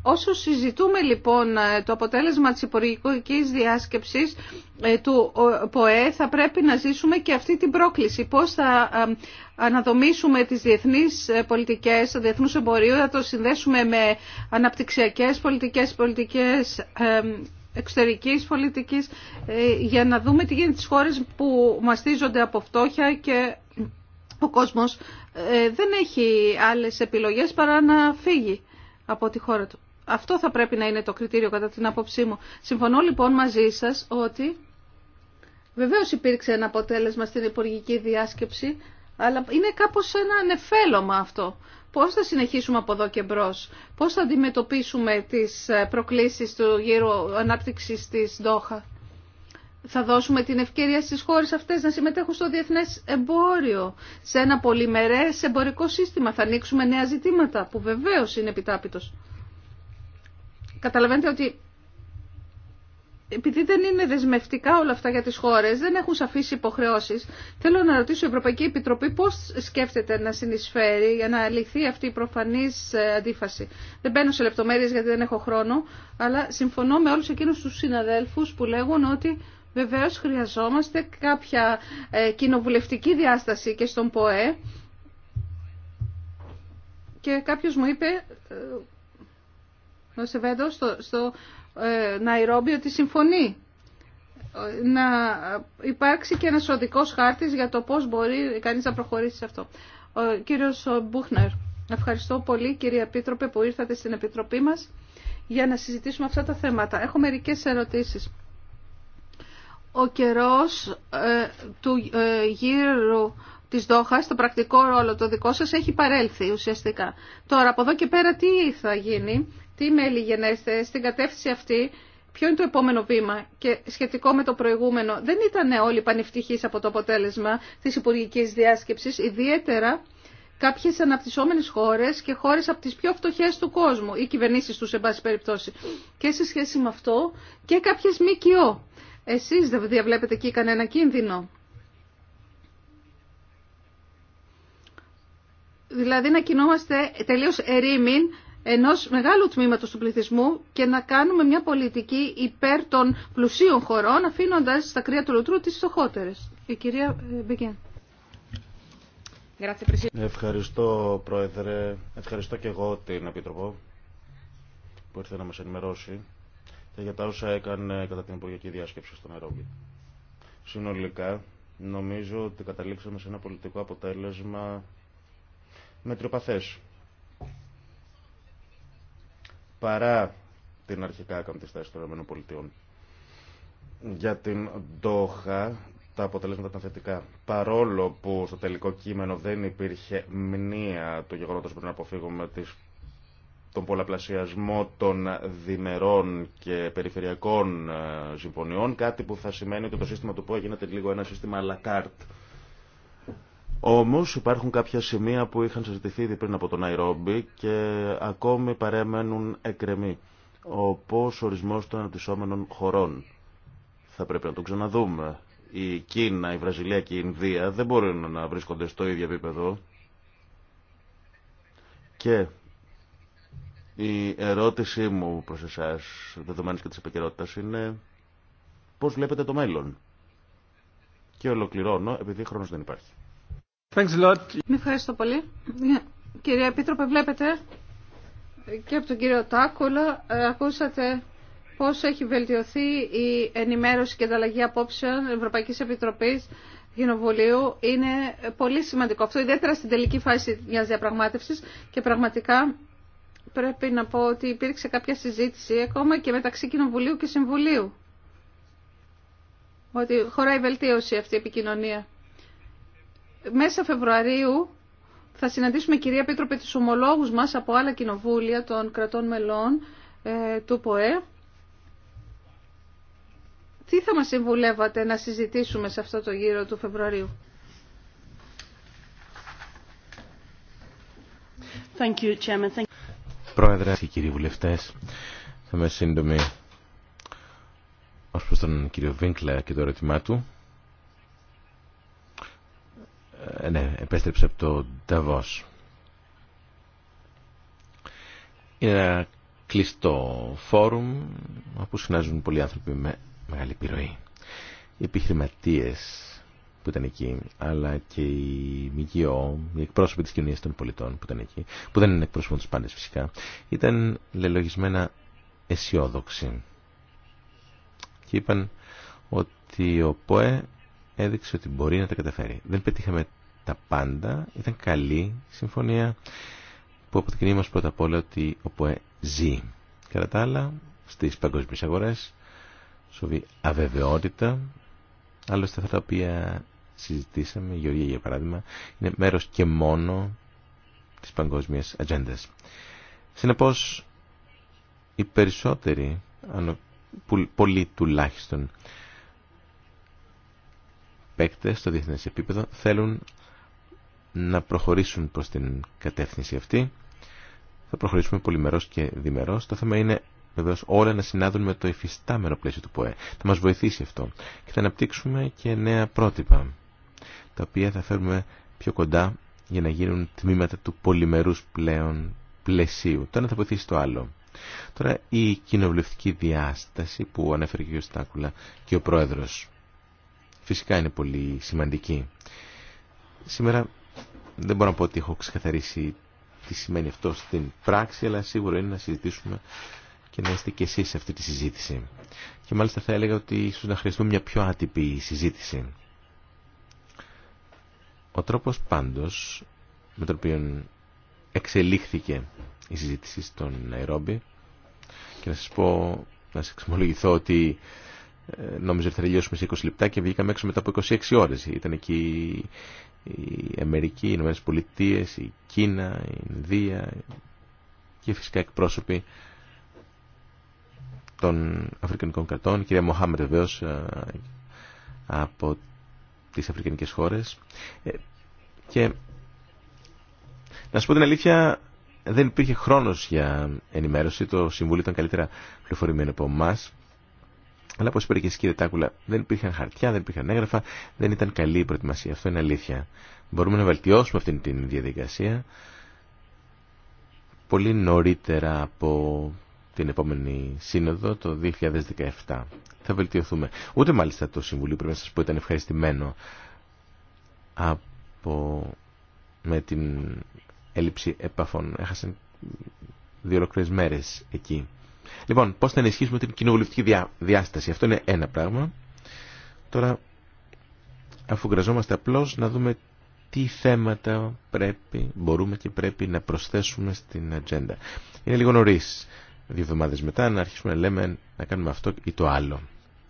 Όσο συζητούμε λοιπόν ε, το αποτέλεσμα της υπουργικής διάσκεψης ε, του ΠΟΕ θα πρέπει να ζήσουμε και αυτή την πρόκληση. Πώς θα ε, αναδομήσουμε τις διεθνείς πολιτικές, το διεθνούς εμπορίου, θα το συνδέσουμε με αναπτυξιακές πολιτικές, πολιτικές εξωτερικής πολιτικής για να δούμε τι γίνεται στις χώρες που μαστίζονται από φτώχεια και ο κόσμος δεν έχει άλλες επιλογές παρά να φύγει από τη χώρα του. Αυτό θα πρέπει να είναι το κριτήριο κατά την άποψή μου. Συμφωνώ λοιπόν μαζί σας ότι βεβαίως υπήρξε ένα αποτέλεσμα στην υπουργική διάσκεψη, αλλά είναι κάπως ένα ανεφέλωμα αυτό. Πώς θα συνεχίσουμε από εδώ και μπρος πώς θα αντιμετωπίσουμε τις ε, προκλήσεις του γύρου ανάπτυξης της Ντόχα. Θα δώσουμε την ευκαιρία στις χώρες αυτές να συμμετέχουν στο διεθνές εμπόριο, σε ένα πολυμερές εμπορικό σύστημα. Θα ανοίξουμε νέα ζητήματα που βεβαίως είναι επιτάπητος. Καταλαβαίνετε ότι επειδή δεν είναι δεσμευτικά όλα αυτά για τις χώρες, δεν έχουν σαφείς υποχρεώσεις, θέλω να ρωτήσω η Ευρωπαϊκή Επιτροπή πώς σκέφτεται να συνεισφέρει για να λυθεί αυτή η προφανής ε, αντίφαση. Δεν μπαίνω σε λεπτομέρειες γιατί δεν έχω χρόνο, αλλά συμφωνώ με όλους εκείνους τους συναδέλφους που λέγουν ότι βεβαίως χρειαζόμαστε κάποια ε, κοινοβουλευτική διάσταση και στον ΠΟΕ. Και κάποιος μου είπε ε, βέντω στο, στο ε, Ναϊρόμπι ότι συμφωνεί να υπάρξει και ένας οδικός χάρτης για το πώς μπορεί κανείς να προχωρήσει σε αυτό. Ο κύριος Μπούχνερ, ευχαριστώ πολύ κύριε Επίτροπε που ήρθατε στην Επιτροπή μας για να συζητήσουμε αυτά τα θέματα. Έχω μερικές ερωτήσεις. Ο καιρός ε, του ε, γύρου της Δόχας, το πρακτικό ρόλο το δικό σας έχει παρέλθει ουσιαστικά. Τώρα από εδώ και πέρα τι θα γίνει τι μέλη γενέστε στην κατεύθυνση αυτή, ποιο είναι το επόμενο βήμα και σχετικό με το προηγούμενο. Δεν ήταν όλοι πανευτυχεί από το αποτέλεσμα τη Υπουργική διάσκεψης, ιδιαίτερα κάποιες αναπτυσσόμενες χώρε και χώρε από τις πιο φτωχέ του κόσμου, οι κυβερνήσει του σε πάση περιπτώσει. Και σε σχέση με αυτό και κάποιες ΜΚΟ. Εσεί δεν διαβλέπετε εκεί κανένα κίνδυνο. Δηλαδή να κινόμαστε τελείως ερήμην ενός μεγάλου τμήματος του πληθυσμού και να κάνουμε μια πολιτική υπέρ των πλουσίων χωρών, αφήνοντας στα κρύα του λουτρού τις φτωχότερε. Η κυρία ε, Μπικέν. Ευχαριστώ, Πρόεδρε. Ευχαριστώ και εγώ την Επίτροπο που ήρθε να μας ενημερώσει και για τα όσα έκανε κατά την Υπουργική Διάσκεψη στο Νερόμπι. Συνολικά, νομίζω ότι καταλήξαμε σε ένα πολιτικό αποτέλεσμα μετριοπαθές παρά την αρχικά άκαμπτη στάση των ΗΠΑ. Για την Ντόχα τα αποτελέσματα ήταν θετικά. Παρόλο που στο τελικό κείμενο δεν υπήρχε μνήα του γεγονότος πριν αποφύγουμε τις, τον πολλαπλασιασμό των διμερών και περιφερειακών ε, συμφωνιών, κάτι που θα σημαίνει ότι το σύστημα του ΠΟΕ γίνεται λίγο ένα σύστημα à carte Όμω υπάρχουν κάποια σημεία που είχαν συζητηθεί ήδη πριν από τον Ναϊρόμπι και ακόμη παρέμενουν εκκρεμοί. Όπως ορισμό των αναπτυσσόμενων χωρών. Θα πρέπει να το ξαναδούμε. Η Κίνα, η Βραζιλία και η Ινδία δεν μπορούν να βρίσκονται στο ίδιο επίπεδο. Και η ερώτησή μου προς εσάς, δεδομένης και της επικαιρότητα είναι πώς βλέπετε το μέλλον. Και ολοκληρώνω, επειδή χρόνος δεν υπάρχει. Thanks a Ευχαριστώ πολύ. Κυρία Επίτροπε, βλέπετε και από τον κύριο Τάκουλα ε, ακούσατε πώς έχει βελτιωθεί η ενημέρωση και ανταλλαγή απόψεων Ευρωπαϊκής Επιτροπής Κοινοβουλίου. Είναι πολύ σημαντικό αυτό, ιδιαίτερα στην τελική φάση μιας διαπραγμάτευσης και πραγματικά πρέπει να πω ότι υπήρξε κάποια συζήτηση ακόμα και μεταξύ Κοινοβουλίου και Συμβουλίου. Ότι χωράει βελτίωση αυτή η επικοινωνία μέσα Φεβρουαρίου θα συναντήσουμε κυρία Πίτροπε τους ομολόγους μας από άλλα κοινοβούλια των κρατών μελών ε, του ΠΟΕ. Τι θα μας συμβουλεύατε να συζητήσουμε σε αυτό το γύρο του Φεβρουαρίου. Thank you, Thank Πρόεδρε και κύριοι βουλευτές, θα είμαι σύντομη ως προς τον κύριο Βίνκλα και το ερώτημά του. Ε, ναι, επέστρεψε από το Νταβός. Είναι ένα κλειστό φόρουμ όπου συνάζουν πολλοί άνθρωποι με μεγάλη επιρροή. Οι επιχειρηματίε που ήταν εκεί, αλλά και η ΜΚΟ, οι εκπρόσωποι της κοινωνίας των πολιτών που ήταν εκεί, που δεν είναι εκπρόσωποι τους πάντες φυσικά, ήταν λελογισμένα αισιόδοξοι. Και είπαν ότι ο ΠΟΕ έδειξε ότι μπορεί να τα καταφέρει. Δεν πετύχαμε τα πάντα, ήταν καλή συμφωνία που αποδεικνύει μας πρώτα απ' όλα ότι ο ΠΟΕ ζει. Κατά τα άλλα, στις παγκόσμιες αγορές σοβεί αβεβαιότητα. Άλλωστε αυτά τα οποία συζητήσαμε, Γεωργία για παράδειγμα, είναι μέρος και μόνο της παγκόσμιας ατζέντα. Συνεπώς, οι περισσότεροι, πολλοί τουλάχιστον, παίκτες στο διεθνές επίπεδο θέλουν να προχωρήσουν προς την κατεύθυνση αυτή. Θα προχωρήσουμε πολυμερώς και διμερώς. Το θέμα είναι βεβαίως όλα να συνάδουν με το υφιστάμενο πλαίσιο του ΠΟΕ. Θα μας βοηθήσει αυτό και θα αναπτύξουμε και νέα πρότυπα, τα οποία θα φέρουμε πιο κοντά για να γίνουν τμήματα του πολυμερούς πλέον πλαισίου. Το ένα θα βοηθήσει το άλλο. Τώρα η κοινοβουλευτική διάσταση που ανέφερε και ο Στάκουλα και ο Πρόεδρος φυσικά είναι πολύ σημαντική. Σήμερα δεν μπορώ να πω ότι έχω ξεκαθαρίσει τι σημαίνει αυτό στην πράξη, αλλά σίγουρο είναι να συζητήσουμε και να είστε και εσείς σε αυτή τη συζήτηση. Και μάλιστα θα έλεγα ότι ίσως να χρειαστούμε μια πιο άτυπη συζήτηση. Ο τρόπος πάντως με τον οποίο εξελίχθηκε η συζήτηση στον Ναϊρόμπι και να σας πω, να σας εξομολογηθώ ότι ε, νόμιζα ότι θα τελειώσουμε σε 20 λεπτά και βγήκαμε έξω μετά από 26 ώρες. Ήταν εκεί η Αμερική, οι Ηνωμένε Πολιτείε, η Κίνα, η Ινδία και φυσικά εκπρόσωποι των Αφρικανικών κρατών, κυρία Μοχάμερ βεβαίω ε, από τις Αφρικανικές χώρες. Ε, και να σου πω την αλήθεια, δεν υπήρχε χρόνος για ενημέρωση. Το Συμβούλιο ήταν καλύτερα πληροφορημένο από εμά. Αλλά όπω είπε και εσύ κύριε Τάκουλα, δεν υπήρχαν χαρτιά, δεν υπήρχαν έγγραφα, δεν ήταν καλή η προετοιμασία. Αυτό είναι αλήθεια. Μπορούμε να βελτιώσουμε αυτήν την διαδικασία πολύ νωρίτερα από την επόμενη σύνοδο το 2017. Θα βελτιωθούμε. Ούτε μάλιστα το Συμβουλίο πρέπει να σας πω ήταν ευχαριστημένο από... με την έλλειψη επαφών. Έχασαν δύο ολοκληρές μέρες εκεί. Λοιπόν, πώς θα ενισχύσουμε την κοινοβουλευτική διάσταση. Αυτό είναι ένα πράγμα. Τώρα, αφού γραζόμαστε απλώς, να δούμε τι θέματα πρέπει, μπορούμε και πρέπει να προσθέσουμε στην ατζέντα. Είναι λίγο νωρί. Δύο εβδομάδες μετά να αρχίσουμε να λέμε να κάνουμε αυτό ή το άλλο.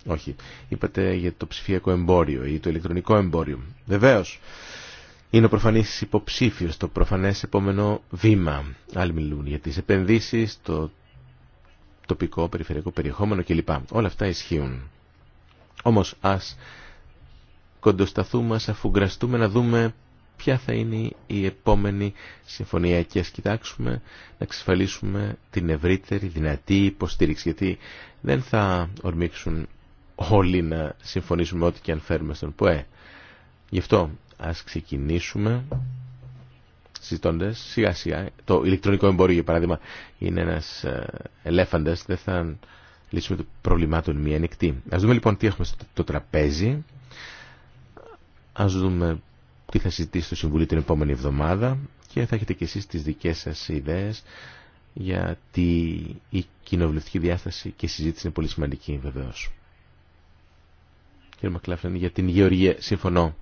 Όχι. Είπατε για το ψηφιακό εμπόριο ή το ηλεκτρονικό εμπόριο. Βεβαίω, Είναι ο προφανή υποψήφιο, το προφανέ επόμενο βήμα. Άλλοι μιλούν για τι επενδύσει. το τοπικό, περιφερειακό περιεχόμενο κλπ. Όλα αυτά ισχύουν. Όμως ας κοντοσταθούμε, ας αφουγκραστούμε να δούμε ποια θα είναι η επόμενη συμφωνία και ας κοιτάξουμε να εξασφαλίσουμε την ευρύτερη δυνατή υποστήριξη γιατί δεν θα ορμήξουν όλοι να συμφωνήσουμε ό,τι και αν φέρουμε στον ΠΟΕ. Γι' αυτό ας ξεκινήσουμε συζητώντα σιγά σιγά. Το ηλεκτρονικό εμπόριο, για παράδειγμα, είναι ένα ε, ελέφαντα. Δεν θα λύσουμε το πρόβλημά του μία νυχτή. Α δούμε λοιπόν τι έχουμε στο τραπέζι. Α δούμε τι θα συζητήσει το Συμβουλίο την επόμενη εβδομάδα και θα έχετε κι εσεί τι δικέ σα ιδέε γιατί η κοινοβουλευτική διάσταση και η συζήτηση είναι πολύ σημαντική βεβαίω. Κύριε Μακλάφεν, για την Γεωργία συμφωνώ.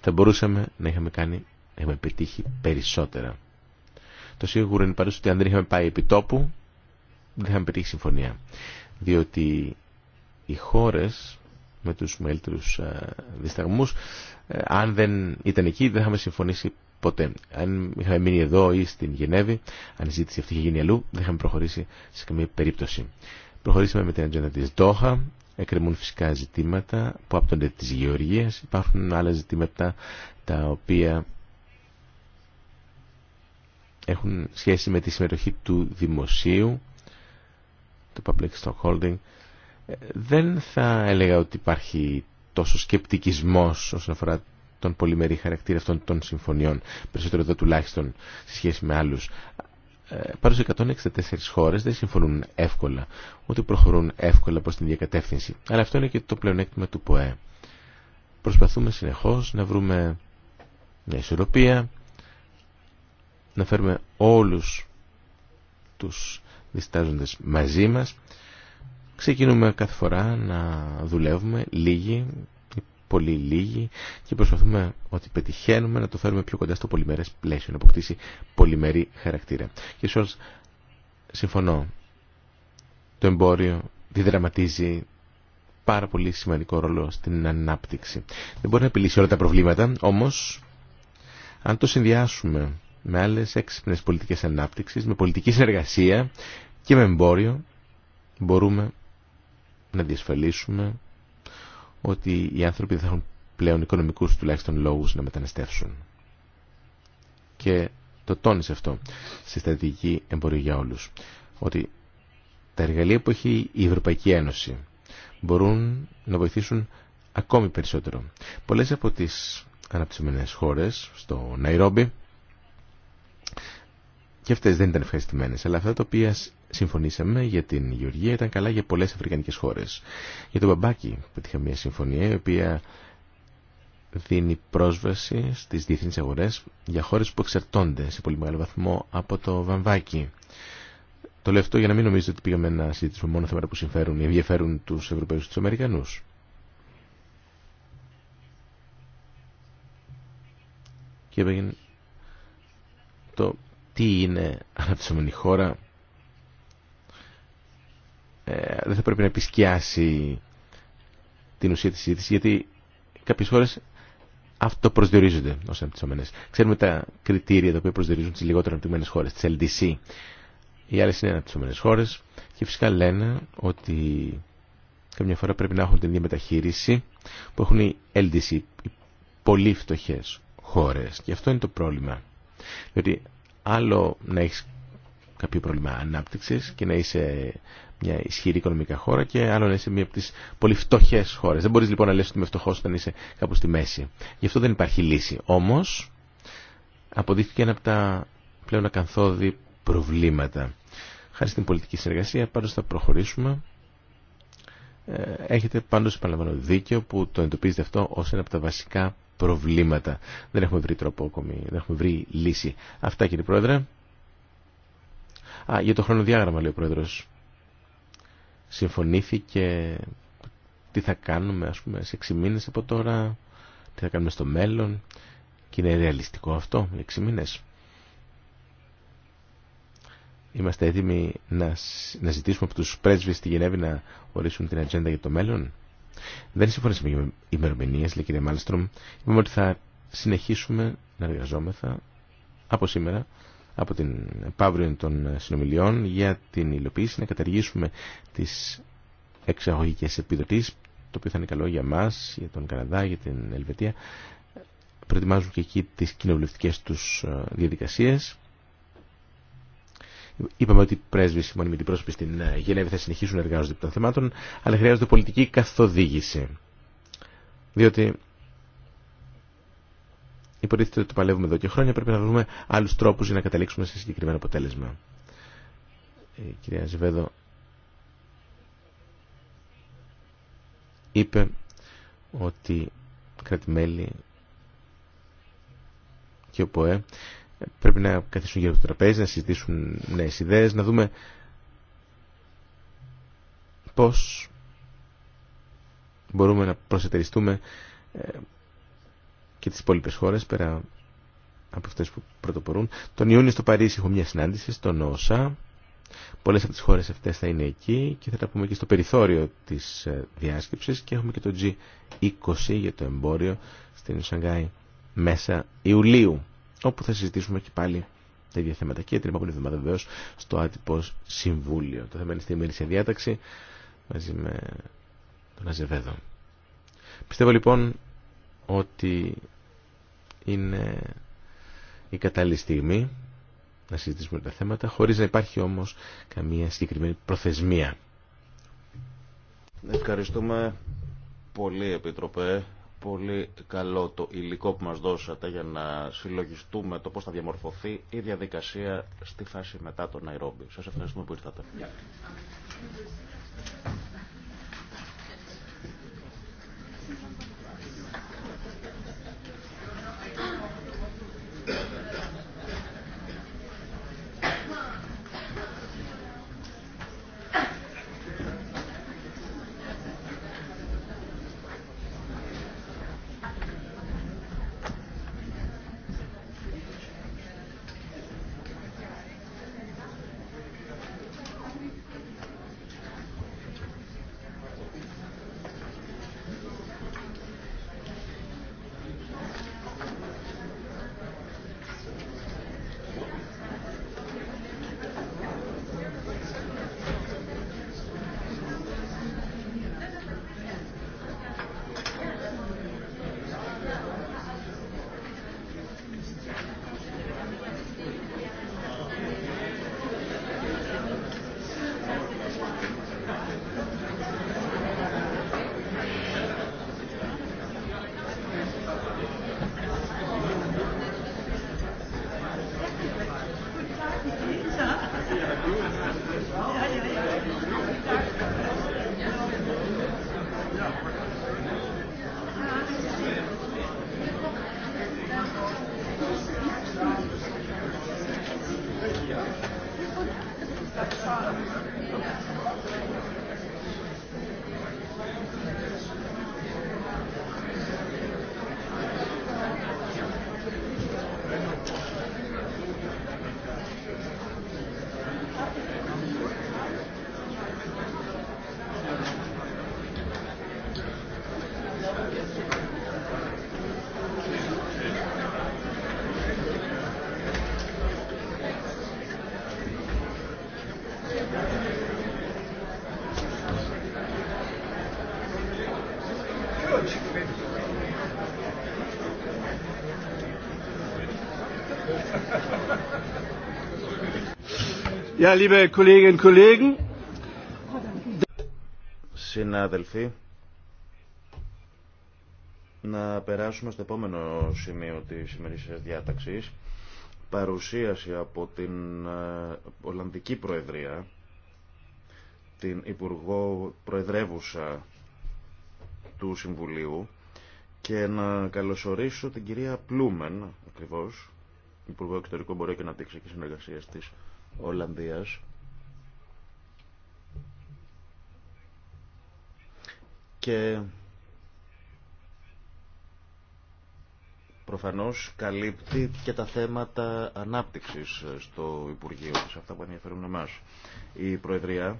Θα μπορούσαμε να είχαμε κάνει έχουμε πετύχει περισσότερα. Το σίγουρο είναι πάντως ότι αν δεν είχαμε πάει επί τόπου, δεν είχαμε πετύχει συμφωνία. Διότι οι χώρες με τους μεγαλύτερους ε, δισταγμούς, ε, αν δεν ήταν εκεί δεν είχαμε συμφωνήσει ποτέ. Αν είχαμε μείνει εδώ ή στην Γενέβη, αν η ζήτηση αυτή είχε γίνει αλλού, δεν είχαμε προχωρήσει σε καμία περίπτωση. Προχωρήσαμε με την ατζέντα της Δόχα. εκκρεμούν φυσικά ζητήματα που άπτονται της γεωργίας, υπάρχουν άλλα ζητήματα τα οποία έχουν σχέση με τη συμμετοχή του δημοσίου, του public stockholding. Ε, δεν θα έλεγα ότι υπάρχει τόσο σκεπτικισμός όσον αφορά τον πολυμερή χαρακτήρα αυτών των συμφωνιών, περισσότερο εδώ τουλάχιστον σε σχέση με άλλους. Ε, Πάνω 164 χώρες δεν συμφωνούν εύκολα, ούτε προχωρούν εύκολα προς την διακατεύθυνση. Αλλά αυτό είναι και το πλεονέκτημα του ΠΟΕ. Προσπαθούμε συνεχώς να βρούμε μια ισορροπία, να φέρουμε όλους τους διστάζοντες μαζί μας. Ξεκινούμε κάθε φορά να δουλεύουμε λίγοι, πολύ λίγοι και προσπαθούμε ότι πετυχαίνουμε να το φέρουμε πιο κοντά στο πολυμερές πλαίσιο, να αποκτήσει πολυμερή χαρακτήρα. Και σωστά συμφωνώ, το εμπόριο διδραματίζει πάρα πολύ σημαντικό ρόλο στην ανάπτυξη. Δεν μπορεί να επιλύσει όλα τα προβλήματα, όμως αν το συνδυάσουμε με άλλες έξυπνες πολιτικές ανάπτυξης, με πολιτική συνεργασία και με εμπόριο μπορούμε να διασφαλίσουμε ότι οι άνθρωποι δεν θα έχουν πλέον οικονομικούς τουλάχιστον λόγους να μεταναστεύσουν. Και το τόνισε αυτό στη στρατηγική εμπορία για όλους. Ότι τα εργαλεία που έχει η Ευρωπαϊκή Ένωση μπορούν να βοηθήσουν ακόμη περισσότερο. Πολλές από τις αναπτυσσόμενες χώρες στο Ναϊρόμπι και αυτέ δεν ήταν ευχαριστημένε, αλλά αυτά τα οποία συμφωνήσαμε για την Γεωργία ήταν καλά για πολλέ αφρικανικέ χώρε. Για τον Μπαμπάκι πετύχαμε μια συμφωνία η οποία δίνει πρόσβαση στι διεθνεί αγορέ για χώρε που εξαρτώνται σε πολύ μεγάλο βαθμό από το βαμβάκι. Το λέω για να μην νομίζετε ότι πήγαμε να συζητήσουμε μόνο θέματα που συμφέρουν ή ενδιαφέρουν του Ευρωπαϊού και του Αμερικανού. Και έπαιγε το τι είναι αναπτυσσόμενη χώρα ε, δεν θα πρέπει να επισκιάσει την ουσία της συζήτησης γιατί κάποιες χώρες αυτοπροσδιορίζονται ως αναπτυσσόμενες. Ξέρουμε τα κριτήρια τα οποία προσδιορίζουν τις λιγότερο αναπτυγμένες χώρες, τις LDC. Οι άλλες είναι αναπτυσσόμενες χώρες και φυσικά λένε ότι καμιά φορά πρέπει να έχουν την ίδια μεταχείριση που έχουν οι LDC, οι πολύ φτωχέ χώρες. Και αυτό είναι το πρόβλημα. Διότι Άλλο να έχει κάποιο πρόβλημα ανάπτυξης και να είσαι μια ισχυρή οικονομικά χώρα και άλλο να είσαι μια από τις πολύ φτωχέ χώρες. Δεν μπορείς λοιπόν να λες ότι είμαι φτωχός όταν είσαι κάπου στη μέση. Γι' αυτό δεν υπάρχει λύση. Όμως αποδείχθηκε ένα από τα πλέον ακαθόδη προβλήματα. Χάρη στην πολιτική συνεργασία πάντω θα προχωρήσουμε. Ε, έχετε πάντως επαναλαμβάνω δίκαιο που το εντοπίζετε αυτό ως ένα από τα βασικά προβλήματα. Δεν έχουμε βρει τρόπο ακόμη, δεν έχουμε βρει λύση. Αυτά κύριε Πρόεδρε. Α, για το χρονοδιάγραμμα λέει ο Πρόεδρος. Συμφωνήθηκε τι θα κάνουμε ας πούμε σε 6 μήνες από τώρα, τι θα κάνουμε στο μέλλον και είναι ρεαλιστικό αυτό, 6 μήνες. Είμαστε έτοιμοι να, να ζητήσουμε από τους πρέσβεις στη Γενέβη να ορίσουν την ατζέντα για το μέλλον. Δεν συμφωνήσαμε για ημερομηνίε, λέει η κυρία Μάλστρομ. ότι θα συνεχίσουμε να εργαζόμεθα από σήμερα, από την επαύριο των συνομιλιών, για την υλοποίηση, να καταργήσουμε τι εξαγωγικέ επιδοτήσει, το οποίο θα είναι καλό για εμά, για τον Καναδά, για την Ελβετία. Προετοιμάζουν και εκεί τι κοινοβουλευτικέ του ε, διαδικασίε. Είπαμε ότι οι πρέσβει, οι την πρόσωπη στην ε, Γενέβη θα συνεχίσουν να εργάζονται από των θεμάτων, αλλά χρειάζονται πολιτική καθοδήγηση. Διότι υποτίθεται ότι το παλεύουμε εδώ και χρόνια, πρέπει να βρούμε άλλου τρόπου για να καταλήξουμε σε συγκεκριμένο αποτέλεσμα. Η κυρία Ζεβέδο είπε ότι κρατημέλη και ο ΠΟΕ Πρέπει να καθίσουν γύρω το τραπέζι, να συζητήσουν νέε ιδέες, να δούμε πώς μπορούμε να προσετεριστούμε ε, και τις υπόλοιπε χώρε πέρα από αυτές που πρωτοπορούν. Τον Ιούνιο στο Παρίσι έχω μια συνάντηση στον Νόσα. Πολλέ από τι χώρες αυτές θα είναι εκεί και θα τα πούμε και στο περιθώριο της ε, διάσκεψης και έχουμε και το G20 για το εμπόριο στην Σανγκάη μέσα Ιουλίου όπου θα συζητήσουμε και πάλι τα ίδια θέματα και την επόμενη εβδομάδα βεβαίω στο άτυπο συμβούλιο. Το θέμα είναι στη σε διάταξη μαζί με τον Αζεβέδο. Πιστεύω λοιπόν ότι είναι η κατάλληλη στιγμή να συζητήσουμε τα θέματα χωρίς να υπάρχει όμως καμία συγκεκριμένη προθεσμία. Ευχαριστούμε πολύ Επιτροπέ πολύ καλό το υλικό που μας δώσατε για να συλλογιστούμε το πώς θα διαμορφωθεί η διαδικασία στη φάση μετά τον Ναϊρόμπι. Σας ευχαριστούμε που ήρθατε. Συνάδελφοι, να περάσουμε στο επόμενο σημείο της σημερινής διάταξης. Παρουσίαση από την ε, Ολλανδική Προεδρία, την Υπουργό Προεδρεύουσα του Συμβουλίου και να καλωσορίσω την κυρία Πλούμεν, ακριβώς, Υπουργό Εξωτερικού μπορεί και δείξει και Συνεργασίας της Ολλανδίας και προφανώς καλύπτει και τα θέματα ανάπτυξης στο Υπουργείο σε αυτά που ενδιαφέρουν εμάς. Η Προεδρία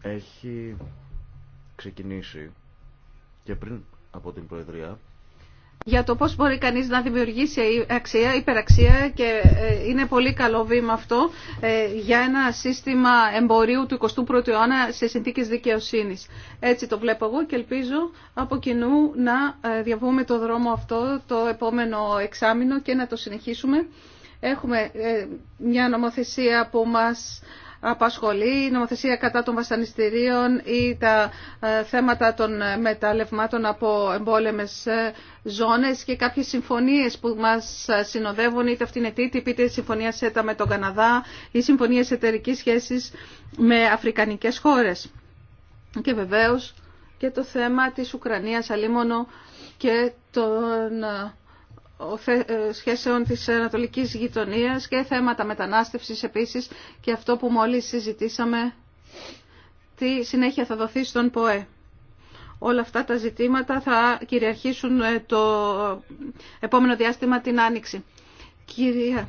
έχει ξεκινήσει και πριν από την Προεδρία για το πώς μπορεί κανείς να δημιουργήσει αξία, υπεραξία και ε, είναι πολύ καλό βήμα αυτό ε, για ένα σύστημα εμπορίου του 21ου αιώνα σε συνθήκες δικαιοσύνης. Έτσι το βλέπω εγώ και ελπίζω από κοινού να ε, διαβούμε το δρόμο αυτό το επόμενο εξάμεινο και να το συνεχίσουμε. Έχουμε μια νομοθεσία που μας απασχολεί, η νομοθεσία κατά των βασανιστήριων ή τα ε, θέματα των ε, μεταλλευμάτων από εμπόλεμες ε, ζώνες και κάποιες συμφωνίες που μας συνοδεύουν, είτε αυτή είναι TTIP, είτε συμφωνία ΣΕΤΑ με τον Καναδά ή συμφωνίες εταιρικής σχέσης με αφρικανικές χώρες. Και βεβαίως και το θέμα της Ουκρανίας αλίμονο και των ε, σχέσεων της Ανατολικής Γειτονίας και θέματα μετανάστευσης επίσης και αυτό που μόλις συζητήσαμε τι συνέχεια θα δοθεί στον ΠΟΕ. Όλα αυτά τα ζητήματα θα κυριαρχήσουν ε, το επόμενο διάστημα την Άνοιξη. Κυρία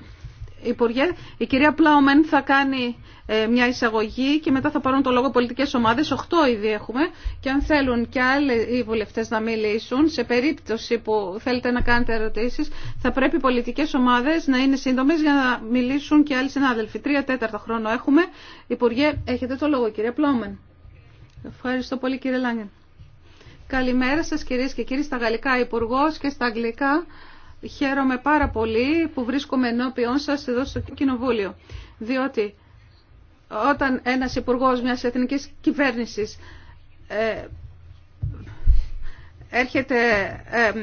Υπουργέ. Η κυρία Πλάουμεν θα κάνει ε, μια εισαγωγή και μετά θα πάρουν το λόγο πολιτικές ομάδες. Οχτώ ήδη έχουμε και αν θέλουν και άλλοι οι βουλευτές να μιλήσουν, σε περίπτωση που θέλετε να κάνετε ερωτήσεις, θα πρέπει οι πολιτικές ομάδες να είναι σύντομες για να μιλήσουν και άλλοι συνάδελφοι. Τρία τέταρτα χρόνο έχουμε. Υπουργέ, έχετε το λόγο κυρία Πλάουμεν. Ευχαριστώ πολύ κύριε Λάγκεν. Καλημέρα σας κυρίες και κύριοι στα γαλλικά Υπουργό και στα αγγλικά. Χαίρομαι πάρα πολύ που βρίσκομαι ενώπιον σας εδώ στο Κοινοβούλιο, διότι όταν ένας υπουργό μιας εθνικής κυβέρνησης ε, έρχεται ε, ε,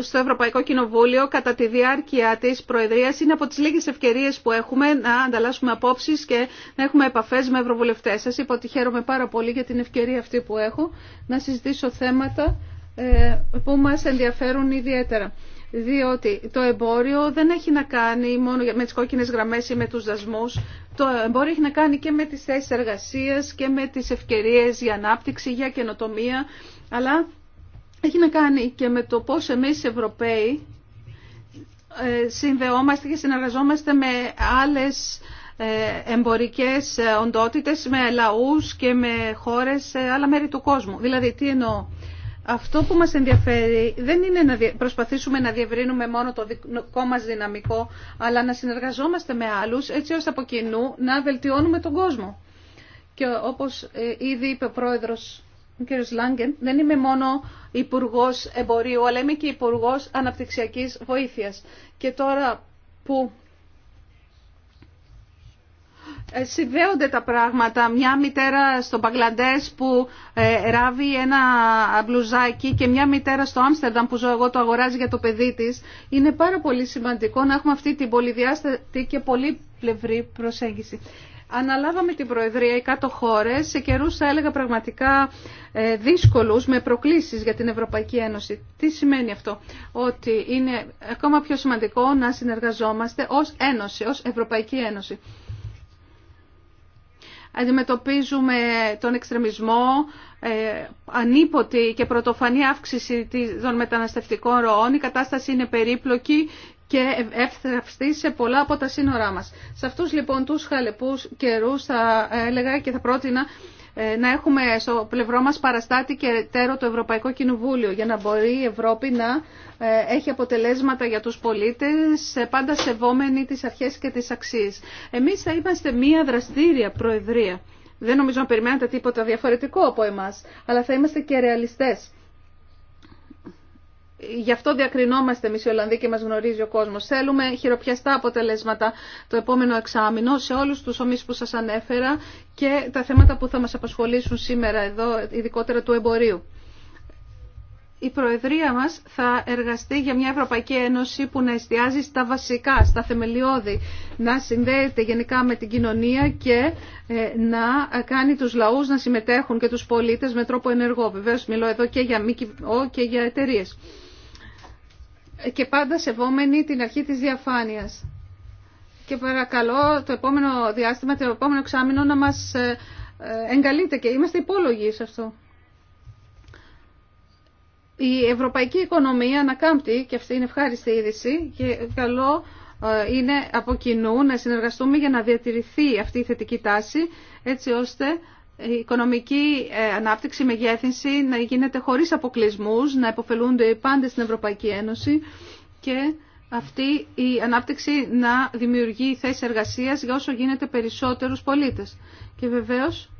στο Ευρωπαϊκό Κοινοβούλιο κατά τη διάρκεια της Προεδρίας είναι από τις λίγες ευκαιρίες που έχουμε να ανταλλάσσουμε απόψεις και να έχουμε επαφές με ευρωβουλευτές. Σας είπα ότι χαίρομαι πάρα πολύ για την ευκαιρία αυτή που έχω να συζητήσω θέματα ε, που μας ενδιαφέρουν ιδιαίτερα. Διότι το εμπόριο δεν έχει να κάνει μόνο με τις κόκκινες γραμμές ή με τους δασμούς. Το εμπόριο έχει να κάνει και με τις θέσεις εργασίας και με τις ευκαιρίες για ανάπτυξη, για καινοτομία. Αλλά έχει να κάνει και με το πώς εμείς οι Ευρωπαίοι ε, συνδεόμαστε και συνεργαζόμαστε με άλλες ε, εμπορικές οντότητες, με λαούς και με χώρες σε άλλα μέρη του κόσμου. Δηλαδή, τι εννοώ αυτό που μας ενδιαφέρει δεν είναι να προσπαθήσουμε να διευρύνουμε μόνο το δικό μας δυναμικό, αλλά να συνεργαζόμαστε με άλλους έτσι ώστε από κοινού να βελτιώνουμε τον κόσμο. Και όπως ε, ήδη είπε ο πρόεδρος ο κ. Λάγκεν, δεν είμαι μόνο υπουργό εμπορίου, αλλά είμαι και υπουργό αναπτυξιακής βοήθειας. Και τώρα που ε, συνδέονται τα πράγματα. Μια μητέρα στο Παγκλαντές που ε, ράβει ένα μπλουζάκι και μια μητέρα στο Άμστερνταμ που ζω εγώ το αγοράζει για το παιδί της. Είναι πάρα πολύ σημαντικό να έχουμε αυτή την πολυδιάστατη και πολύπλευρή προσέγγιση. Αναλάβαμε την Προεδρία οι κάτω χώρε σε καιρού, θα έλεγα, πραγματικά ε, δύσκολου με προκλήσει για την Ευρωπαϊκή Ένωση. Τι σημαίνει αυτό, Ότι είναι ακόμα πιο σημαντικό να συνεργαζόμαστε ω Ένωση, ω Ευρωπαϊκή Ένωση αντιμετωπίζουμε τον εξτρεμισμό, ε, ανίποτη και πρωτοφανή αύξηση των μεταναστευτικών ροών. Η κατάσταση είναι περίπλοκη και εύθραυστη σε πολλά από τα σύνορά μας. Σε αυτούς λοιπόν τους χαλεπούς καιρούς θα έλεγα και θα πρότεινα ε, να έχουμε στο πλευρό μας παραστάτη και τέρο το Ευρωπαϊκό Κοινοβούλιο για να μπορεί η Ευρώπη να ε, έχει αποτελέσματα για τους πολίτες ε, πάντα σεβόμενοι τις αρχές και τις αξίες. Εμείς θα είμαστε μία δραστήρια προεδρία. Δεν νομίζω να περιμένετε τίποτα διαφορετικό από εμάς, αλλά θα είμαστε και ρεαλιστές. Γι' αυτό διακρινόμαστε εμεί οι Ολλανδοί και μα γνωρίζει ο κόσμο. Θέλουμε χειροπιαστά αποτελέσματα το επόμενο εξάμεινο σε όλου του ομίλου που σα ανέφερα και τα θέματα που θα μα απασχολήσουν σήμερα εδώ, ειδικότερα του εμπορίου. Η Προεδρία μας θα εργαστεί για μια Ευρωπαϊκή Ένωση που να εστιάζει στα βασικά, στα θεμελιώδη, να συνδέεται γενικά με την κοινωνία και ε, να κάνει τους λαούς να συμμετέχουν και τους πολίτες με τρόπο ενεργό. Βεβαίως μιλώ εδώ και για ΜΚΟ και για εταιρείες και πάντα σεβόμενοι την αρχή της διαφάνειας. Και παρακαλώ το επόμενο διάστημα, το επόμενο εξάμεινο να μας ε, ε, εγκαλείτε και είμαστε υπόλογοι σε αυτό. Η ευρωπαϊκή οικονομία ανακάμπτει και αυτή είναι ευχάριστη είδηση και καλό ε, είναι από κοινού να συνεργαστούμε για να διατηρηθεί αυτή η θετική τάση έτσι ώστε η οικονομική ε, ανάπτυξη, η μεγέθυνση να γίνεται χωρίς αποκλεισμούς, να υποφελούνται οι πάντες στην Ευρωπαϊκή Ένωση και αυτή η ανάπτυξη να δημιουργεί θέσεις εργασίας για όσο γίνεται περισσότερους πολίτες. Και βεβαίως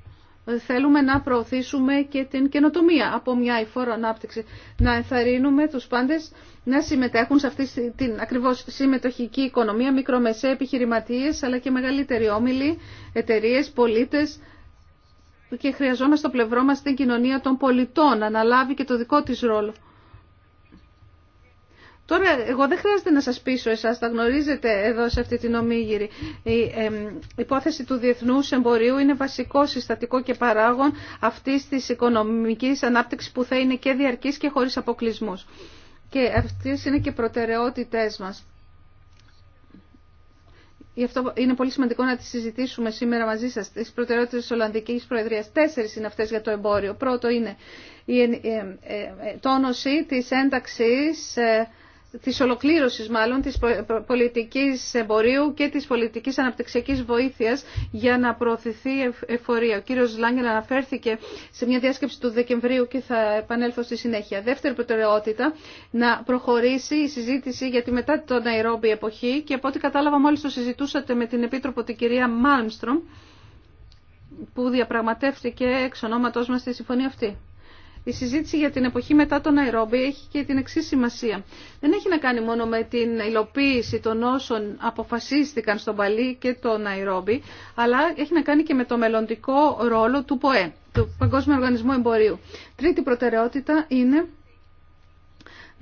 ε, θέλουμε να προωθήσουμε και την καινοτομία από μια υφόρο ανάπτυξη. Να ενθαρρύνουμε τους πάντες να συμμετέχουν σε αυτή την ακριβώς συμμετοχική οικονομία, μικρομεσαίες επιχειρηματίες αλλά και μεγαλύτεροι όμιλοι, εταιρείες, πολίτες και χρειαζόμαστε στο πλευρό μας την κοινωνία των πολιτών, να αναλάβει και το δικό της ρόλο. Τώρα, εγώ δεν χρειάζεται να σας πείσω εσάς, τα γνωρίζετε εδώ σε αυτή την ομίγυρη. Η υπόθεση του διεθνούς εμπορίου είναι βασικό συστατικό και παράγον αυτής της οικονομικής ανάπτυξης που θα είναι και διαρκής και χωρίς αποκλεισμούς. Και αυτές είναι και προτεραιότητές μας. Γι' αυτό είναι πολύ σημαντικό να τις συζητήσουμε σήμερα μαζί σας. Τις προτεραιότητες της Ολλανδικής Προεδρίας. Τέσσερις είναι αυτές για το εμπόριο. Πρώτο είναι η ε, ε, ε, τόνωση της ένταξης της ολοκλήρωσης μάλλον της πολιτικής εμπορίου και της πολιτικής αναπτυξιακής βοήθειας για να προωθηθεί εφορία. Ο κύριος Λάγκελ αναφέρθηκε σε μια διάσκεψη του Δεκεμβρίου και θα επανέλθω στη συνέχεια. Δεύτερη προτεραιότητα, να προχωρήσει η συζήτηση για τη μετά το Ναϊρόμπι εποχή και από ό,τι κατάλαβα μόλις το συζητούσατε με την Επίτροπο την κυρία Μάλμστρομ που διαπραγματεύτηκε εξ ονόματός μας τη συμφωνία αυτή η συζήτηση για την εποχή μετά τον Αιρόμπι έχει και την εξή σημασία. Δεν έχει να κάνει μόνο με την υλοποίηση των όσων αποφασίστηκαν στον Παλί και τον Αιρόμπι, αλλά έχει να κάνει και με το μελλοντικό ρόλο του ΠΟΕ, του Παγκόσμιου Οργανισμού Εμπορίου. Τρίτη προτεραιότητα είναι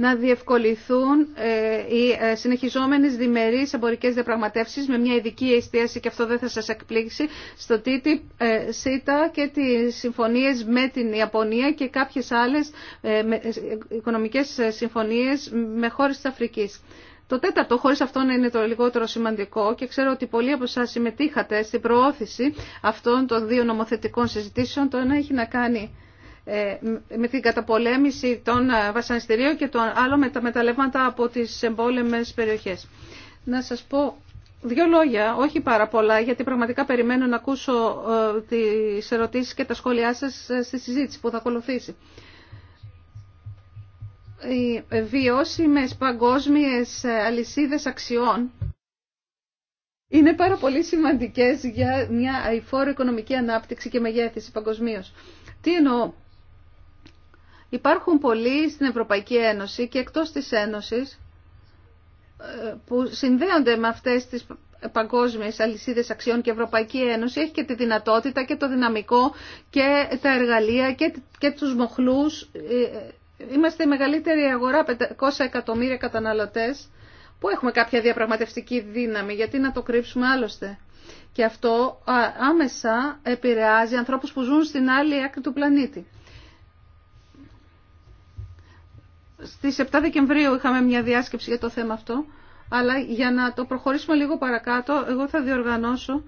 να διευκολυθούν ε, οι ε, συνεχιζόμενες διμερείς εμπορικές διαπραγματεύσεις με μια ειδική εστίαση και αυτό δεν θα σας εκπλήξει στο TTIP, ε, ΣΥΤΑ και τις συμφωνίες με την Ιαπωνία και κάποιες άλλες οικονομικές συμφωνίες με χώρες της Αφρικής. Το τέταρτο, χωρί αυτό να είναι το λιγότερο σημαντικό και ξέρω ότι πολλοί από εσά συμμετείχατε στην προώθηση αυτών των δύο νομοθετικών συζητήσεων, το ένα έχει να κάνει ε, με την καταπολέμηση των ε, βασανιστήριων και των άλλων με τα μεταλλεύματα από τις εμπόλεμες περιοχές. Να σας πω δύο λόγια, όχι πάρα πολλά, γιατί πραγματικά περιμένω να ακούσω ε, τις ερωτήσεις και τα σχόλιά σας στη συζήτηση που θα ακολουθήσει. Οι βιώσιμες παγκόσμιες αλυσίδες αξιών είναι πάρα πολύ σημαντικές για μια αηφόρο οικονομική ανάπτυξη και μεγέθυνση παγκοσμίω. Τι εννοώ, Υπάρχουν πολλοί στην Ευρωπαϊκή Ένωση και εκτός της Ένωσης ε, που συνδέονται με αυτές τις παγκόσμιες αλυσίδες αξιών και η Ευρωπαϊκή Ένωση έχει και τη δυνατότητα και το δυναμικό και τα εργαλεία και, και τους μοχλούς. Ε, είμαστε η μεγαλύτερη αγορά, 500 εκατομμύρια καταναλωτές που έχουμε κάποια διαπραγματευτική δύναμη, γιατί να το κρύψουμε άλλωστε. Και αυτό άμεσα επηρεάζει ανθρώπους που ζουν στην άλλη άκρη του πλανήτη. Στις 7 Δεκεμβρίου είχαμε μια διάσκεψη για το θέμα αυτό, αλλά για να το προχωρήσουμε λίγο παρακάτω, εγώ θα διοργανώσω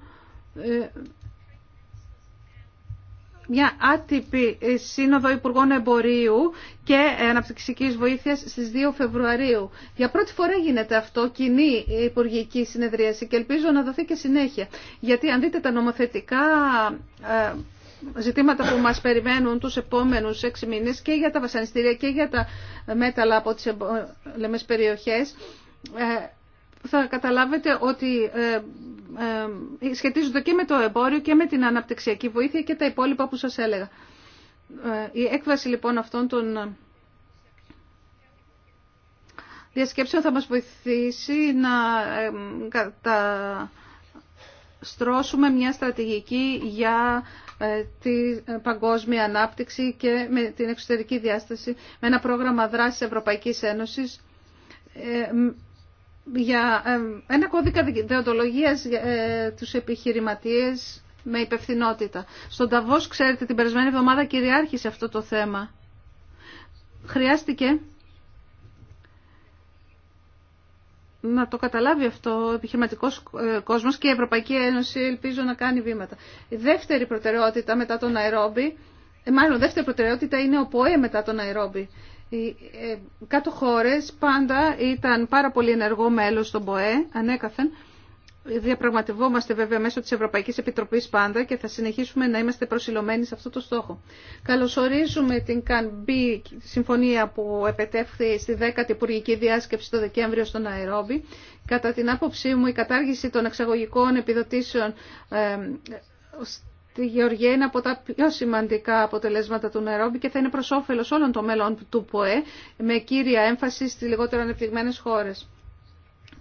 ε, μια άτυπη ε, σύνοδο Υπουργών Εμπορίου και ε, Αναπτυξικής Βοήθειας στις 2 Φεβρουαρίου. Για πρώτη φορά γίνεται αυτό, κοινή υπουργική συνεδρίαση και ελπίζω να δοθεί και συνέχεια. Γιατί αν δείτε τα νομοθετικά ζητήματα που μας περιμένουν τους επόμενους έξι μήνες και για τα βασανιστήρια και για τα μέταλλα από τις εμπόλεμες περιοχές ε, θα καταλάβετε ότι ε, ε, σχετίζονται και με το εμπόριο και με την αναπτυξιακή βοήθεια και τα υπόλοιπα που σας έλεγα. Η έκβαση λοιπόν αυτών των διασκέψεων θα μας βοηθήσει να στρώσουμε μια στρατηγική για ε, την ε, παγκόσμια ανάπτυξη και με την εξωτερική διάσταση με ένα πρόγραμμα δράσης Ευρωπαϊκής Ένωσης ε, για ένα κώδικα δεοντολογίας για τους επιχειρηματίες με υπευθυνότητα. Στον Ταβός, ξέρετε, την περασμένη εβδομάδα κυριάρχησε αυτό το θέμα. Χρειάστηκε να το καταλάβει αυτό ο επιχειρηματικό ε, κόσμος και η Ευρωπαϊκή Ένωση ελπίζω να κάνει βήματα. Η δεύτερη προτεραιότητα μετά τον Αερόμπι, ε, μάλλον δεύτερη προτεραιότητα είναι ο ΠΟΕ μετά τον Αιρόμπι. Οι ε, κάτω χώρες πάντα ήταν πάρα πολύ ενεργό μέλος στον ΠΟΕ, ανέκαθεν, Διαπραγματευόμαστε βέβαια μέσω της Ευρωπαϊκής Επιτροπής πάντα και θα συνεχίσουμε να είμαστε προσιλωμένοι σε αυτό το στόχο. Καλωσορίζουμε την ΚΑΝΠΗ συμφωνία που επετεύχθη στη 10η Υπουργική Διάσκεψη το Δεκέμβριο στο Ναϊρόμπι. Κατά την άποψή μου η κατάργηση των εξαγωγικών επιδοτήσεων στη Γεωργία είναι από τα πιο σημαντικά αποτελέσματα του Νερόμπι και θα είναι προς όφελος όλων των μέλων του ΠΟΕ με κύρια έμφαση στις λιγότερο ανεπτυγμένε χώρες.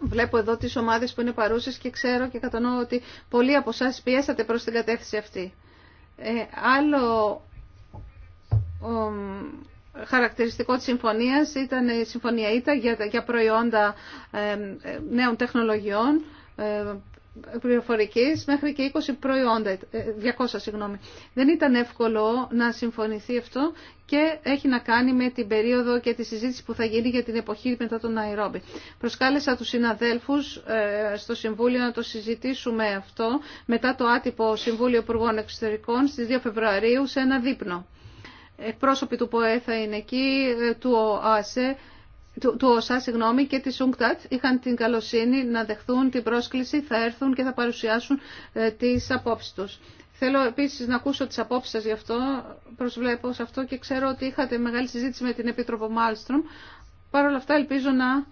Βλέπω εδώ τις ομάδες που είναι παρούσες και ξέρω και κατανοώ ότι πολλοί από εσά πιέσατε προς την κατεύθυνση αυτή. Ε, άλλο χαρακτηριστικό της συμφωνίας ήταν η Συμφωνία ΙΤΑ για, για προϊόντα ε, ε νέων τεχνολογιών ε, Πληροφορική μέχρι και 20 προϊόντα, 200 ε, συγγνώμη. Δεν ήταν εύκολο να συμφωνηθεί αυτό και έχει να κάνει με την περίοδο και τη συζήτηση που θα γίνει για την εποχή μετά τον Ναϊρόμπι. Προσκάλεσα τους συναδέλφους ε, στο Συμβούλιο να το συζητήσουμε αυτό μετά το άτυπο Συμβούλιο Υπουργών Εξωτερικών στις 2 Φεβρουαρίου σε ένα δείπνο. Εκπρόσωποι του ΠΟΕ θα είναι εκεί, ε, του ΟΑΣΕ, του, του ΟΣΑ συγγνώμη, και της ΟΥΝΚΤΑΤ είχαν την καλοσύνη να δεχθούν την πρόσκληση, θα έρθουν και θα παρουσιάσουν ε, τις απόψεις τους. Θέλω επίσης να ακούσω τις απόψεις σας γι' αυτό, προσβλέπω σε αυτό και ξέρω ότι είχατε μεγάλη συζήτηση με την Επίτροπο Μάλστρομ. Παρ' όλα αυτά ελπίζω να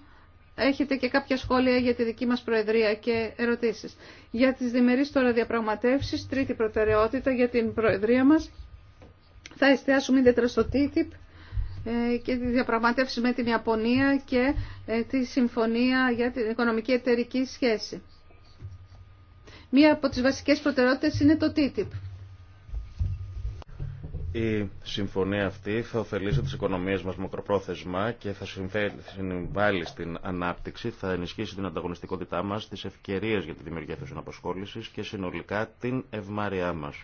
έχετε και κάποια σχόλια για τη δική μας Προεδρία και ερωτήσεις. Για τις διμερείς τώρα διαπραγματεύσεις, τρίτη προτεραιότητα για την Προεδρία μας. Θα εστιάσουμε ιδιαίτερα στο TTIP ε, και τη διαπραγματεύση με την Ιαπωνία και ε, τη συμφωνία για την οικονομική εταιρική σχέση. Μία από τις βασικές προτεραιότητες είναι το TTIP. Η συμφωνία αυτή θα ωφελήσει τις οικονομίες μας μακροπρόθεσμα και θα συμβάλλει στην ανάπτυξη, θα ενισχύσει την ανταγωνιστικότητά μας, τις ευκαιρίες για τη δημιουργία θέσεων αποσχόλησης και συνολικά την ευμάρειά μας.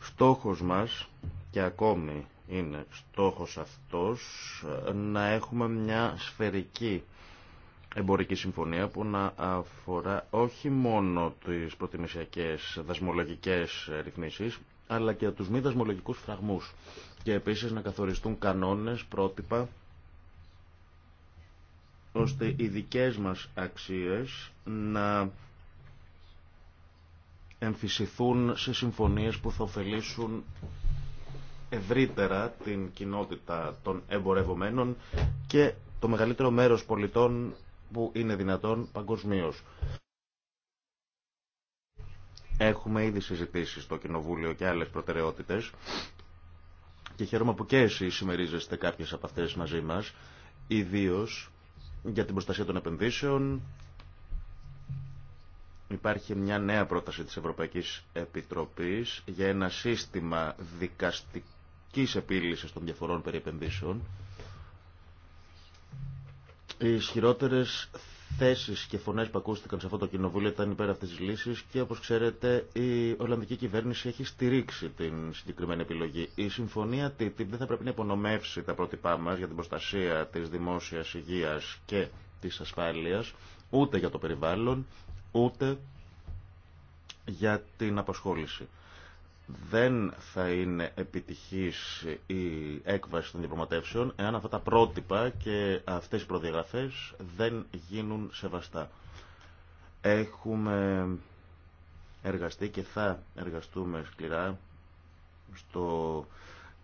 Στόχος μας και ακόμη είναι στόχος αυτός ε, να έχουμε μια σφαιρική εμπορική συμφωνία που να αφορά όχι μόνο τις προτιμησιακές δασμολογικές ρυθμίσεις αλλά και τους μη δασμολογικούς φραγμούς και επίσης να καθοριστούν κανόνες, πρότυπα ώστε οι δικές μας αξίες να εμφυσιθούν σε συμφωνίες που θα ωφελήσουν ευρύτερα την κοινότητα των εμπορευομένων και το μεγαλύτερο μέρος πολιτών που είναι δυνατόν παγκοσμίω. Έχουμε ήδη συζητήσει στο Κοινοβούλιο και άλλες προτεραιότητες και χαίρομαι που και εσείς συμμερίζεστε κάποιες από αυτές μαζί μας, ιδίως για την προστασία των επενδύσεων. Υπάρχει μια νέα πρόταση της Ευρωπαϊκής Επιτροπής για ένα σύστημα δικαστικό πρακτικής επίλυσης των διαφορών περί επενδύσεων. Οι ισχυρότερε θέσεις και φωνές που ακούστηκαν σε αυτό το κοινοβούλιο ήταν υπέρ αυτής της λύσης και όπως ξέρετε η Ολλανδική κυβέρνηση έχει στηρίξει την συγκεκριμένη επιλογή. Η συμφωνία TTIP δεν θα πρέπει να υπονομεύσει τα πρότυπά μας για την προστασία της δημόσιας υγείας και της ασφάλειας, ούτε για το περιβάλλον, ούτε για την απασχόληση δεν θα είναι επιτυχής η έκβαση των διαπραγματεύσεων εάν αυτά τα πρότυπα και αυτές οι προδιαγραφές δεν γίνουν σεβαστά. Έχουμε εργαστεί και θα εργαστούμε σκληρά στο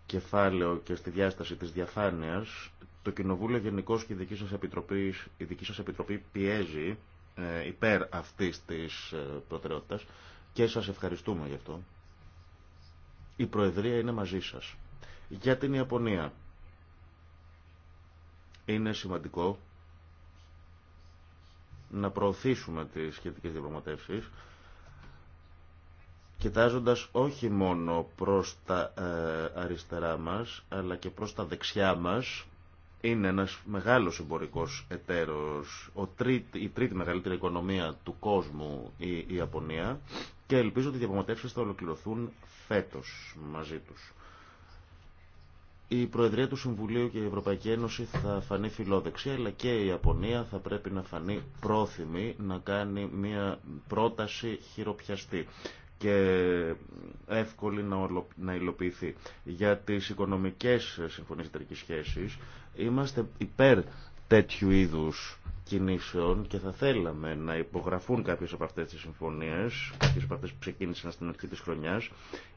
κεφάλαιο και στη διάσταση της διαφάνειας. Το Κοινοβούλιο γενικώ και η δική σας επιτροπή, η δική σας επιτροπή πιέζει ε, υπέρ αυτής της ε, προτεραιότητας και σας ευχαριστούμε γι' αυτό η Προεδρία είναι μαζί σας. Για την Ιαπωνία. Είναι σημαντικό να προωθήσουμε τις σχετικές διαπραγματεύσεις κοιτάζοντας όχι μόνο προς τα ε, αριστερά μας αλλά και προς τα δεξιά μας είναι ένας μεγάλος εμπορικός εταίρος, ο η τρίτη μεγαλύτερη οικονομία του κόσμου η, Ιαπωνία και ελπίζω ότι οι διαπραγματεύσει θα ολοκληρωθούν φέτος μαζί τους. Η Προεδρία του Συμβουλίου και η Ευρωπαϊκή Ένωση θα φανεί φιλόδεξη, αλλά και η Ιαπωνία θα πρέπει να φανεί πρόθυμη να κάνει μια πρόταση χειροπιαστή και εύκολη να υλοποιηθεί. Για τις οικονομικές συμφωνίες εταιρικής σχέσης είμαστε υπέρ τέτοιου είδους κινήσεων και θα θέλαμε να υπογραφούν κάποιες από αυτές τις συμφωνίες, κάποιες από αυτές που ξεκίνησαν στην αρχή της χρονιάς,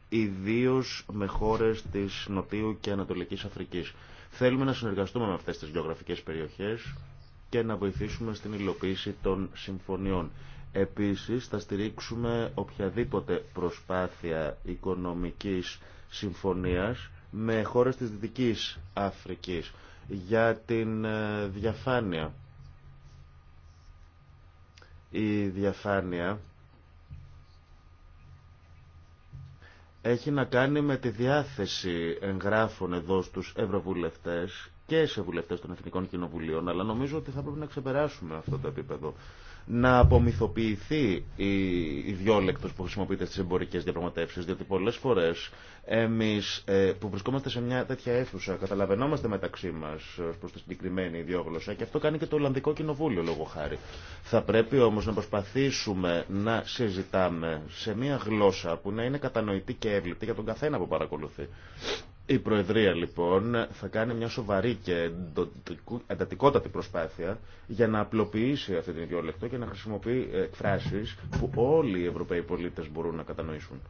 ιδίω με χώρες της Νοτιού και Ανατολικής Αφρικής. Θέλουμε να συνεργαστούμε με αυτές τις γεωγραφικές περιοχές και να βοηθήσουμε στην υλοποίηση των συμφωνιών. Επίσης θα στηρίξουμε οποιαδήποτε προσπάθεια οικονομικής συμφωνίας με χώρες της Δυτικής Αφρικής για την ε, διαφάνεια. Η διαφάνεια έχει να κάνει με τη διάθεση εγγράφων εδώ στους ευρωβουλευτές και σε βουλευτές των Εθνικών Κοινοβουλίων, αλλά νομίζω ότι θα πρέπει να ξεπεράσουμε αυτό το επίπεδο να απομυθοποιηθεί η διόλεκτος που χρησιμοποιείται στις εμπορικές διαπραγματεύσεις, διότι πολλές φορές εμείς ε, που βρισκόμαστε σε μια τέτοια αίθουσα καταλαβαίνόμαστε μεταξύ μας προς τη συγκεκριμένη ιδιόγλωσσα και αυτό κάνει και το Ολλανδικό Κοινοβούλιο λόγω χάρη. Θα πρέπει όμως να προσπαθήσουμε να συζητάμε σε μια γλώσσα που να είναι κατανοητή και εύληπτη για τον καθένα που παρακολουθεί. Η Προεδρία λοιπόν θα κάνει μια σοβαρή και εντατικότατη προσπάθεια για να απλοποιήσει αυτή την ιδιόλεκτο και να χρησιμοποιεί εκφράσεις που όλοι οι Ευρωπαίοι πολίτες μπορούν να κατανοήσουν.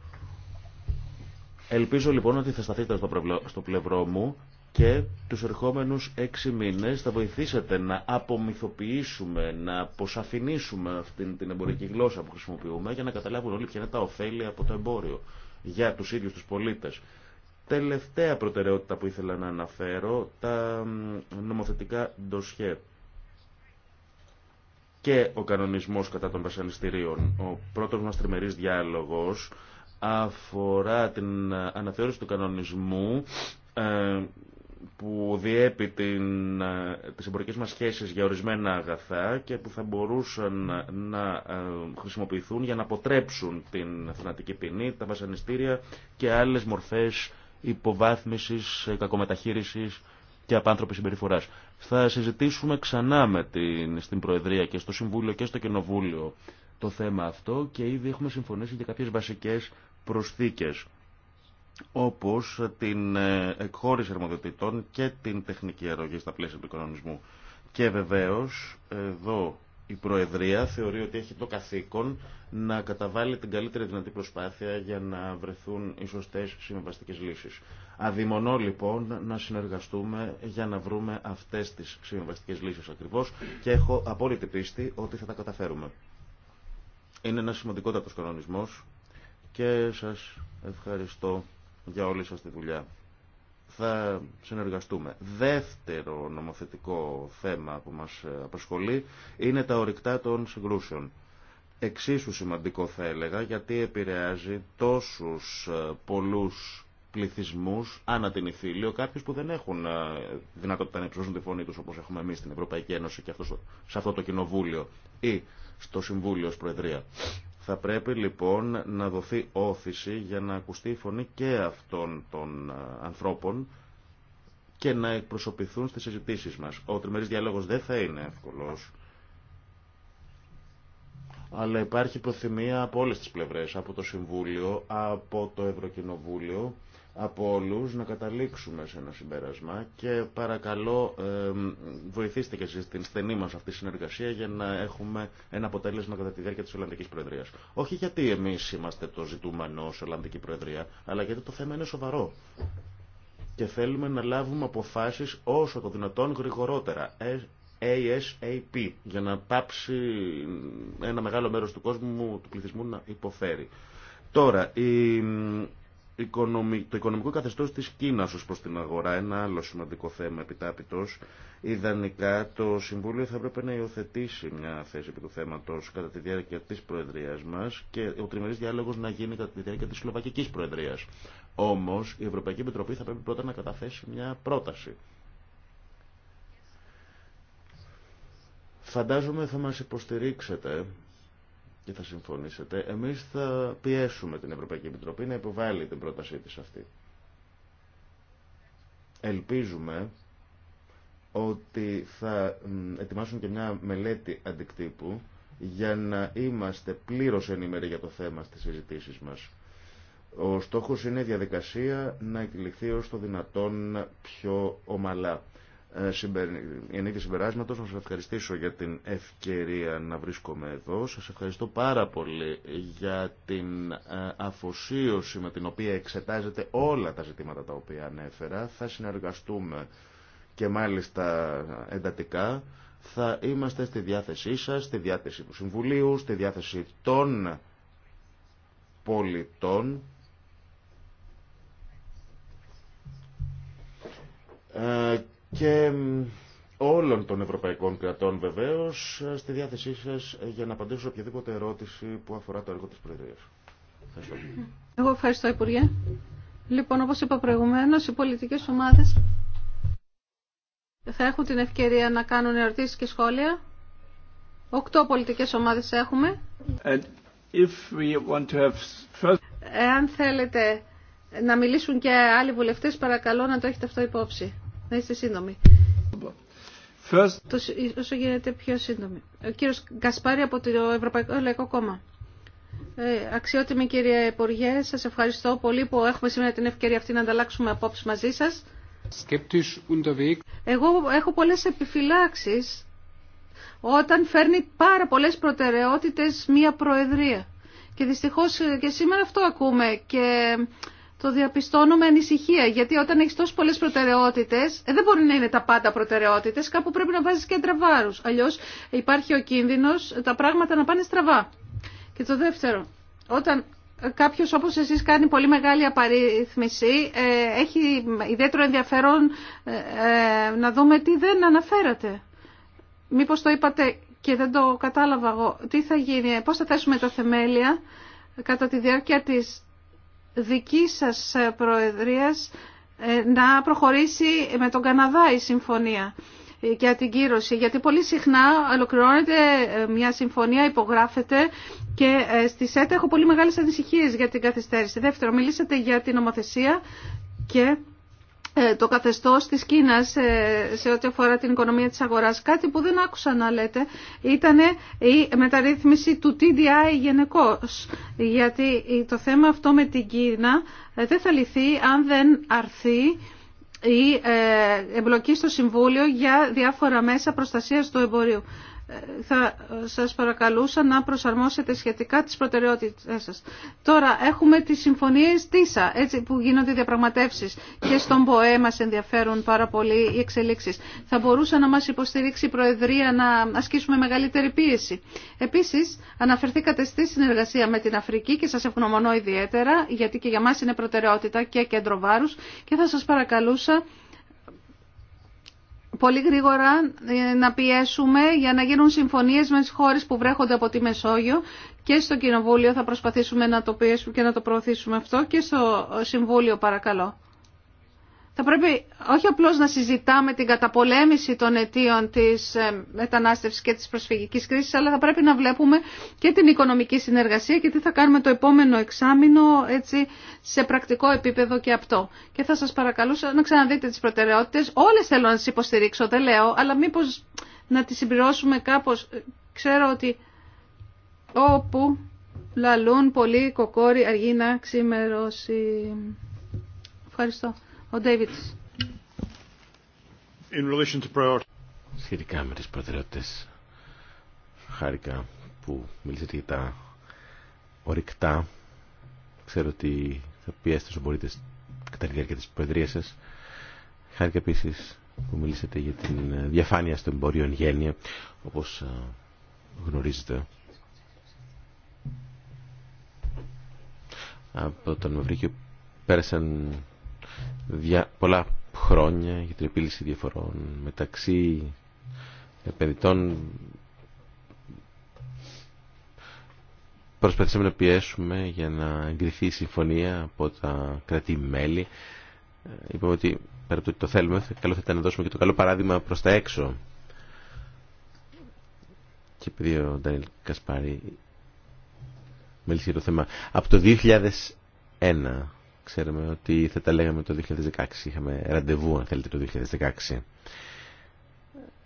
Ελπίζω λοιπόν ότι θα σταθείτε στο πλευρό μου και τους ερχόμενους έξι μήνες θα βοηθήσετε να απομυθοποιήσουμε, να αποσαφηνίσουμε αυτή την εμπορική γλώσσα που χρησιμοποιούμε για να καταλάβουν όλοι ποια είναι τα ωφέλη από το εμπόριο για τους ίδιους τους πολίτες. Τελευταία προτεραιότητα που ήθελα να αναφέρω, τα νομοθετικά ντοσιέ και ο κανονισμός κατά των βασανιστήριων. Ο πρώτος μας τριμερής διάλογος αφορά την αναθεώρηση του κανονισμού ε, που διέπει την, ε, τις εμπορικές μας σχέσεις για ορισμένα αγαθά και που θα μπορούσαν να ε, χρησιμοποιηθούν για να αποτρέψουν την θανατική ποινή, τα βασανιστήρια και άλλες μορφές υποβάθμισης, ε, κακομεταχείρισης και απάνθρωπη συμπεριφορά. Θα συζητήσουμε ξανά με την, στην Προεδρία και στο Συμβούλιο και στο Κοινοβούλιο το θέμα αυτό και ήδη έχουμε συμφωνήσει για κάποιες βασικές προσθήκες όπως την ε, εκχώρηση αρμοδιοτητών και την τεχνική αρρωγή στα πλαίσια του οικονομισμού. Και βεβαίω εδώ η Προεδρία θεωρεί ότι έχει το καθήκον να καταβάλει την καλύτερη δυνατή προσπάθεια για να βρεθούν οι σωστέ συμβαστικέ λύσει. Αδειμονώ λοιπόν να συνεργαστούμε για να βρούμε αυτέ τι συμβαστικέ λύσει ακριβώ και έχω απόλυτη πίστη ότι θα τα καταφέρουμε. Είναι ένα σημαντικότατο κανονισμό και σα ευχαριστώ για όλη σα τη δουλειά θα συνεργαστούμε. Δεύτερο νομοθετικό θέμα που μας απασχολεί είναι τα ορυκτά των συγκρούσεων. Εξίσου σημαντικό θα έλεγα γιατί επηρεάζει τόσους ε, πολλούς πληθυσμούς ανά την Ιφίλιο, κάποιους που δεν έχουν ε, δυνατότητα να υψώσουν τη φωνή τους όπως έχουμε εμείς στην Ευρωπαϊκή Ένωση και αυτό, σε αυτό το κοινοβούλιο ή στο Συμβούλιο ως Προεδρία. Θα πρέπει λοιπόν να δοθεί όθηση για να ακουστεί η φωνή και αυτών των ε, ανθρώπων και να εκπροσωπηθούν στις συζητήσει μας. Ο τριμερής διάλογος δεν θα είναι εύκολος, αλλά υπάρχει προθυμία από όλες τις πλευρές, από το Συμβούλιο, από το Ευρωκοινοβούλιο, από όλους να καταλήξουμε σε ένα συμπέρασμα και παρακαλώ βοηθήστε και εσείς την στενή μας αυτή συνεργασία για να έχουμε ένα αποτέλεσμα κατά τη διάρκεια της Ολλανδικής Προεδρίας. Όχι γιατί εμείς είμαστε το ζητούμενο ως Ολλανδική Προεδρία, αλλά γιατί το θέμα είναι σοβαρό. Και θέλουμε να λάβουμε αποφάσεις όσο το δυνατόν γρηγορότερα. Ε, ASAP για να πάψει ένα μεγάλο μέρος του κόσμου, του πληθυσμού να υποφέρει. Τώρα, η το οικονομικό καθεστώς της Κίνας ως προς την αγορά, ένα άλλο σημαντικό θέμα επιτάπητος, ιδανικά το Συμβούλιο θα έπρεπε να υιοθετήσει μια θέση επί του θέματος κατά τη διάρκεια της Προεδρίας μας και ο τριμερής διάλογος να γίνει κατά τη διάρκεια της Σλοβακικής Προεδρίας. Όμως η Ευρωπαϊκή Επιτροπή θα πρέπει πρώτα να καταθέσει μια πρόταση. Φαντάζομαι θα μας υποστηρίξετε και θα συμφωνήσετε, εμείς θα πιέσουμε την Ευρωπαϊκή Επιτροπή να υποβάλει την πρότασή της αυτή. Ελπίζουμε ότι θα ετοιμάσουν και μια μελέτη αντικτύπου για να είμαστε πλήρως ενημεροί για το θέμα στις συζητήσεις μας. Ο στόχος είναι η διαδικασία να εκκληθεί ως το δυνατόν πιο ομαλά. Ε, ενίκη συμπεράσματο να σα ευχαριστήσω για την ευκαιρία να βρίσκομαι εδώ. Σα ευχαριστώ πάρα πολύ για την ε, αφοσίωση με την οποία εξετάζετε όλα τα ζητήματα τα οποία ανέφερα. Θα συνεργαστούμε και μάλιστα εντατικά. Θα είμαστε στη διάθεσή σας, στη διάθεση του Συμβουλίου, στη διάθεση των πολιτών. Ε, και όλων των ευρωπαϊκών κρατών βεβαίως ε, στη διάθεσή σας για να απαντήσω οποιαδήποτε ερώτηση που αφορά το έργο της Προεδρίας. Εγώ ευχαριστώ Υπουργέ. Λοιπόν, όπως είπα προηγουμένως, οι πολιτικές ομάδες θα έχουν την ευκαιρία να κάνουν ερωτήσεις και σχόλια. Οκτώ πολιτικές ομάδες έχουμε. And if we want to have... Εάν θέλετε να μιλήσουν και άλλοι βουλευτές, παρακαλώ να το έχετε αυτό υπόψη. Να είστε σύντομοι. Το, όσο γίνεται πιο σύντομοι. Ο κύριος Γκασπάρη από το Ευρωπαϊκό Λαϊκό Κόμμα. Ε, αξιότιμη κύριε Υπουργέ, σας ευχαριστώ πολύ που έχουμε σήμερα την ευκαιρία αυτή να ανταλλάξουμε απόψει μαζί σα. Εγώ έχω πολλέ επιφυλάξει όταν φέρνει πάρα πολλέ προτεραιότητε μία προεδρία. Και δυστυχώ, ε, και σήμερα αυτό ακούμε και το διαπιστώνω με ανησυχία, γιατί όταν έχει τόσε πολλέ προτεραιότητε, ε, δεν μπορεί να είναι τα πάντα προτεραιότητε, κάπου πρέπει να βάζει κέντρα βάρου. Αλλιώ υπάρχει ο κίνδυνο τα πράγματα να πάνε στραβά. Και το δεύτερο, όταν κάποιο όπω εσεί κάνει πολύ μεγάλη απαρίθμηση, ε, έχει ιδιαίτερο ενδιαφέρον ε, ε, να δούμε τι δεν αναφέρατε. Μήπω το είπατε και δεν το κατάλαβα εγώ. Τι θα γίνει, πώ θα θέσουμε τα θεμέλια κατά τη διάρκεια της δική σας προεδρίας ε, να προχωρήσει με τον Καναδά η συμφωνία για την κύρωση. Γιατί πολύ συχνά ολοκληρώνεται ε, μια συμφωνία, υπογράφεται και ε, στη ΣΕΤΑ έχω πολύ μεγάλες ανησυχίες για την καθυστέρηση. Δεύτερο, μιλήσατε για την νομοθεσία και ε, το καθεστώς της Κίνας ε, σε ό,τι αφορά την οικονομία της αγοράς. Κάτι που δεν άκουσα να λέτε ήταν η μεταρρύθμιση του TDI γενικώ. Γιατί το θέμα αυτό με την Κίνα ε, δεν θα λυθεί αν δεν αρθεί η εμπλοκή στο Συμβούλιο για διάφορα μέσα προστασίας του εμπορίου θα σας παρακαλούσα να προσαρμόσετε σχετικά τις προτεραιότητες σας. Τώρα έχουμε τις συμφωνίες ΤΙΣΑ, έτσι που γίνονται διαπραγματεύσεις και στον ΠΟΕ μας ενδιαφέρουν πάρα πολύ οι εξελίξεις. Θα μπορούσε να μας υποστηρίξει η Προεδρία να ασκήσουμε μεγαλύτερη πίεση. Επίσης, αναφερθήκατε στη συνεργασία με την Αφρική και σας ευγνωμονώ ιδιαίτερα, γιατί και για μας είναι προτεραιότητα και κέντρο βάρους και θα σας παρακαλούσα πολύ γρήγορα ε, να πιέσουμε για να γίνουν συμφωνίες με τις χώρες που βρέχονται από τη Μεσόγειο και στο Κοινοβούλιο θα προσπαθήσουμε να το πιέσουμε και να το προωθήσουμε αυτό και στο Συμβούλιο παρακαλώ. Θα πρέπει όχι απλώς να συζητάμε την καταπολέμηση των αιτίων της ε, μετανάστευσης και της προσφυγικής κρίσης, αλλά θα πρέπει να βλέπουμε και την οικονομική συνεργασία και τι θα κάνουμε το επόμενο εξάμεινο έτσι, σε πρακτικό επίπεδο και αυτό. Και θα σας παρακαλούσα να ξαναδείτε τις προτεραιότητες. Όλες θέλω να τις υποστηρίξω, δεν λέω, αλλά μήπως να τις συμπληρώσουμε κάπως. Ξέρω ότι όπου λαλούν πολλοί κοκόροι αργή να ξημερώσει. Ευχαριστώ. Ο Σχετικά με τι προτεραιότητε, χάρηκα που μιλήσατε για τα ορυκτά. Ξέρω ότι θα πιέσετε όσο μπορείτε κατά τη διάρκεια της προεδρία σα. Χάρηκα επίση που μιλήσατε για την διαφάνεια στο εμπόριο εν γένεια, όπως γνωρίζετε. Από τον Μαυρίκιο πέρασαν πολλά χρόνια για την επίλυση διαφορών μεταξύ επενδυτών προσπαθήσαμε να πιέσουμε για να εγκριθεί η συμφωνία από τα κρατή-μέλη. Είπαμε ότι πέρα από το ότι το θέλουμε, καλό θα ήταν να δώσουμε και το καλό παράδειγμα προς τα έξω. Και επειδή ο Ντανίλ Κασπάρη μίλησε το θέμα. Από το 2001 Ξέρουμε ότι θα τα λέγαμε το 2016, είχαμε ραντεβού αν θέλετε το 2016.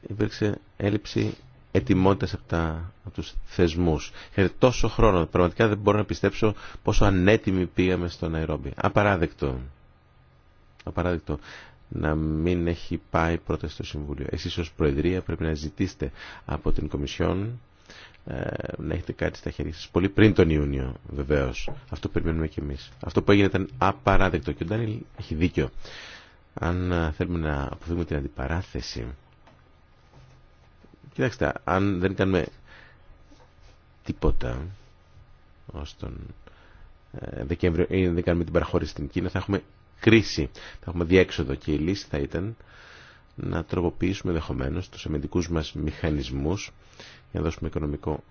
Υπήρξε έλλειψη ετοιμότητας από, τα, από τους θεσμούς. Είχατε τόσο χρόνο, πραγματικά δεν μπορώ να πιστέψω πόσο ανέτοιμοι πήγαμε στο Ναϊρόμπι. Απαράδεκτο. Απαράδεκτο να μην έχει πάει πρώτα στο Συμβούλιο. Εσείς ως Προεδρία πρέπει να ζητήσετε από την Κομισιόν ε, να έχετε κάτι στα χέρια σας. Πολύ πριν τον Ιούνιο βεβαίως. Αυτό που περιμένουμε και εμείς. Αυτό που έγινε ήταν απαράδεκτο και ο Ντάνιλ έχει δίκιο. Αν ε, θέλουμε να αποφύγουμε την αντιπαράθεση Κοιτάξτε, αν δεν κάνουμε τίποτα ως τον ε, Δεκέμβριο ή δεν κάνουμε την παραχώρηση στην Κίνα θα έχουμε κρίση, θα έχουμε διέξοδο και η λύση θα ήταν να τροποποιήσουμε ενδεχομένω τους αμυντικούς μας μηχανισμούς για να δώσουμε οικονομικό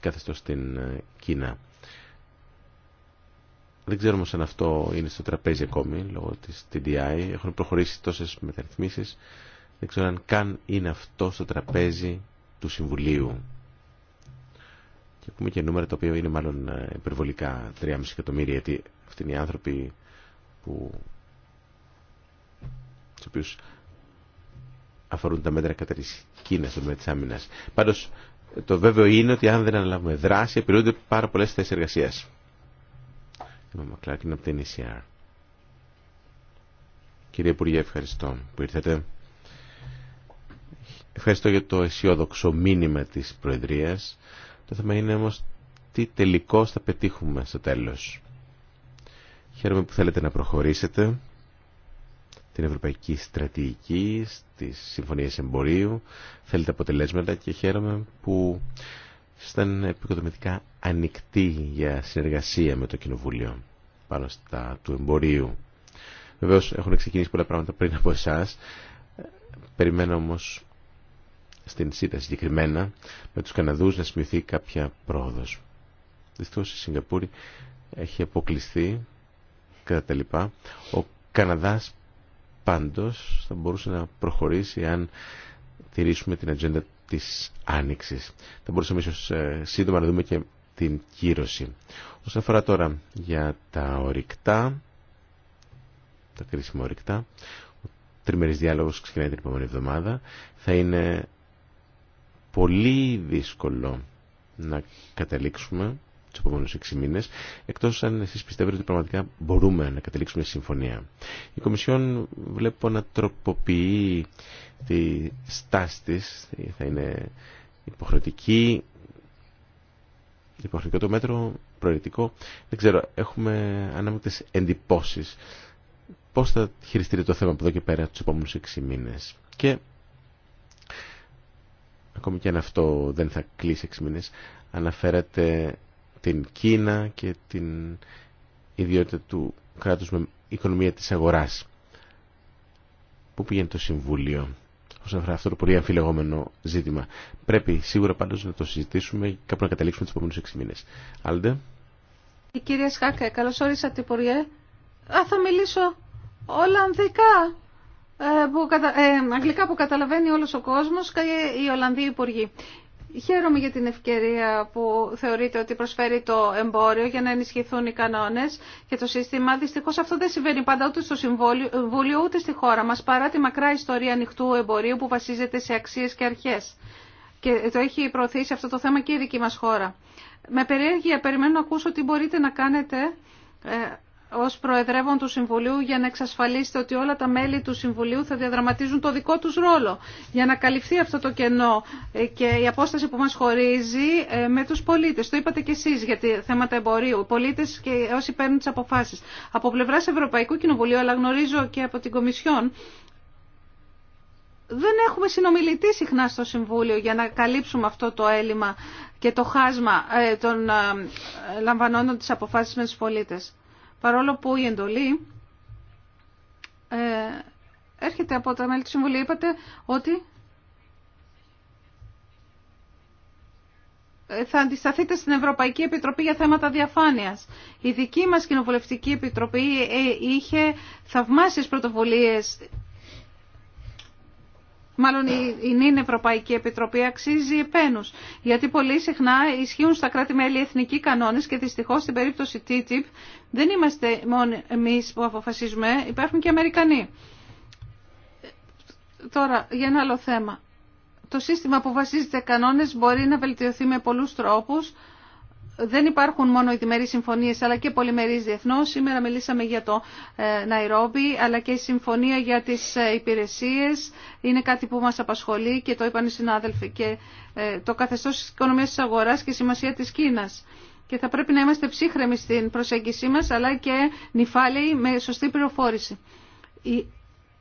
καθεστώς στην ε, Κίνα. Δεν ξέρουμε αν αυτό είναι στο τραπέζι ακόμη λόγω της TDI. Έχουν προχωρήσει τόσες μεταρρυθμίσεις. Δεν ξέρω αν καν είναι αυτό στο τραπέζι του Συμβουλίου. Και ακούμε και νούμερα τα οποία είναι μάλλον ε, υπερβολικά 3,5 εκατομμύρια γιατί αυτοί είναι οι άνθρωποι που του οποίους αφορούν τα μέτρα κατά της Κίνας στον τομέα της άμυνας. Πάντως, το βέβαιο είναι ότι αν δεν αναλάβουμε δράση, επιλούνται πάρα πολλέ θέσει εργασία. Είμαι Μακλάκιν από την ECR. Κύριε Υπουργέ, ευχαριστώ που ήρθατε. Ευχαριστώ για το αισιόδοξο μήνυμα τη Προεδρία. Το θέμα είναι όμω τι τελικώς θα πετύχουμε στο τέλο. Χαίρομαι που θέλετε να προχωρήσετε την Ευρωπαϊκή Στρατηγική, στις Συμφωνίε Εμπορίου. Θέλετε αποτελέσματα και χαίρομαι που ήταν επικοδομητικά ανοιχτή για συνεργασία με το Κοινοβούλιο πάνω στα του εμπορίου. Βεβαίω έχουν ξεκινήσει πολλά πράγματα πριν από εσά. Περιμένω όμω στην ΣΥΤΑ συγκεκριμένα με του Καναδού να σημειωθεί κάποια πρόοδο. Δυστυχώ η Σιγκαπούρη έχει αποκλειστεί κατά τα λοιπά. Ο Καναδά πάντως θα μπορούσε να προχωρήσει αν τηρήσουμε την ατζέντα της άνοιξης. Θα μπορούσαμε ίσως ε, σύντομα να δούμε και την κύρωση. Όσον αφορά τώρα για τα ορυκτά, τα κρίσιμα ορυκτά, ο τριμερής διάλογος ξεκινάει την επόμενη εβδομάδα, θα είναι πολύ δύσκολο να καταλήξουμε του επόμενου 6 μήνε, εκτό αν εσεί πιστεύετε ότι πραγματικά μπορούμε να καταλήξουμε σε συμφωνία. Η Κομισιόν βλέπω να τροποποιεί τη στάση τη, θα είναι υποχρεωτική, υποχρεωτικό το μέτρο, προαιρετικό. Δεν ξέρω, έχουμε ανάμεικτε εντυπώσει. Πώ θα χειριστείτε το θέμα από εδώ και πέρα του επόμενου 6 μήνε. Και ακόμη και αν αυτό δεν θα κλείσει 6 μήνε, αναφέρατε την Κίνα και την ιδιότητα του κράτους με οικονομία της αγοράς. Πού πήγαινε το Συμβούλιο όσον αφορά αυτό το πολύ αμφιλεγόμενο ζήτημα. Πρέπει σίγουρα πάντως να το συζητήσουμε και κάπου να καταλήξουμε τους επόμενους 6 μήνες. Άλντε. Η κυρία Σχάκα, καλώς την Υπουργέ. Α, θα μιλήσω Ολλανδικά. Ε, που κατα... Ε, αγγλικά που καταλαβαίνει όλος ο κόσμος και οι Ολλανδοί Υπουργοί. Χαίρομαι για την ευκαιρία που θεωρείτε ότι προσφέρει το εμπόριο για να ενισχυθούν οι κανόνε και το σύστημα. Δυστυχώ αυτό δεν συμβαίνει πάντα ούτε στο Συμβούλιο ούτε στη χώρα μα, παρά τη μακρά ιστορία ανοιχτού εμπορίου που βασίζεται σε αξίε και αρχέ. Και το έχει προωθήσει αυτό το θέμα και η δική μα χώρα. Με περιέργεια περιμένω να ακούσω τι μπορείτε να κάνετε ε, ως Προεδρεύων του Συμβουλίου για να εξασφαλίσετε ότι όλα τα μέλη του Συμβουλίου θα διαδραματίζουν το δικό τους ρόλο για να καλυφθεί αυτό το κενό ε, και η απόσταση που μας χωρίζει ε, με τους πολίτες. Το είπατε και εσείς για θέματα εμπορίου, οι πολίτες και όσοι παίρνουν τις αποφάσεις. Από πλευράς Ευρωπαϊκού Κοινοβουλίου, αλλά γνωρίζω και από την Κομισιόν, δεν έχουμε συνομιλητή συχνά στο Συμβούλιο για να καλύψουμε αυτό το έλλειμμα και το χάσμα ε, των λαμβανών της αποφάσεις με τους πολίτες παρόλο που η εντολή ε, έρχεται από τα μέλη του Συμβουλίου. Είπατε ότι ε, θα αντισταθείτε στην Ευρωπαϊκή Επιτροπή για θέματα διαφάνειας. Η δική μας Κοινοβουλευτική Επιτροπή ε, είχε θαυμάσιες πρωτοβουλίες μάλλον η νυν Ευρωπαϊκή Επιτροπή αξίζει επένου. Γιατί πολύ συχνά ισχύουν στα κράτη-μέλη εθνικοί κανόνε και δυστυχώ στην περίπτωση TTIP δεν είμαστε μόνο εμεί που αποφασίζουμε, υπάρχουν και Αμερικανοί. Τώρα, για ένα άλλο θέμα. Το σύστημα που βασίζεται κανόνες μπορεί να βελτιωθεί με πολλούς τρόπους δεν υπάρχουν μόνο οι διμερείς συμφωνίες αλλά και πολυμερείς διεθνώς. Σήμερα μιλήσαμε για το ε, Ναϊρόμπι αλλά και η συμφωνία για τις ε, υπηρεσίες είναι κάτι που μας απασχολεί και το είπαν οι συνάδελφοι και ε, το καθεστώς της οικονομίας της αγοράς και η σημασία της Κίνας. Και θα πρέπει να είμαστε ψύχρεμοι στην προσέγγισή μας αλλά και νυφάλαιοι με σωστή πληροφόρηση.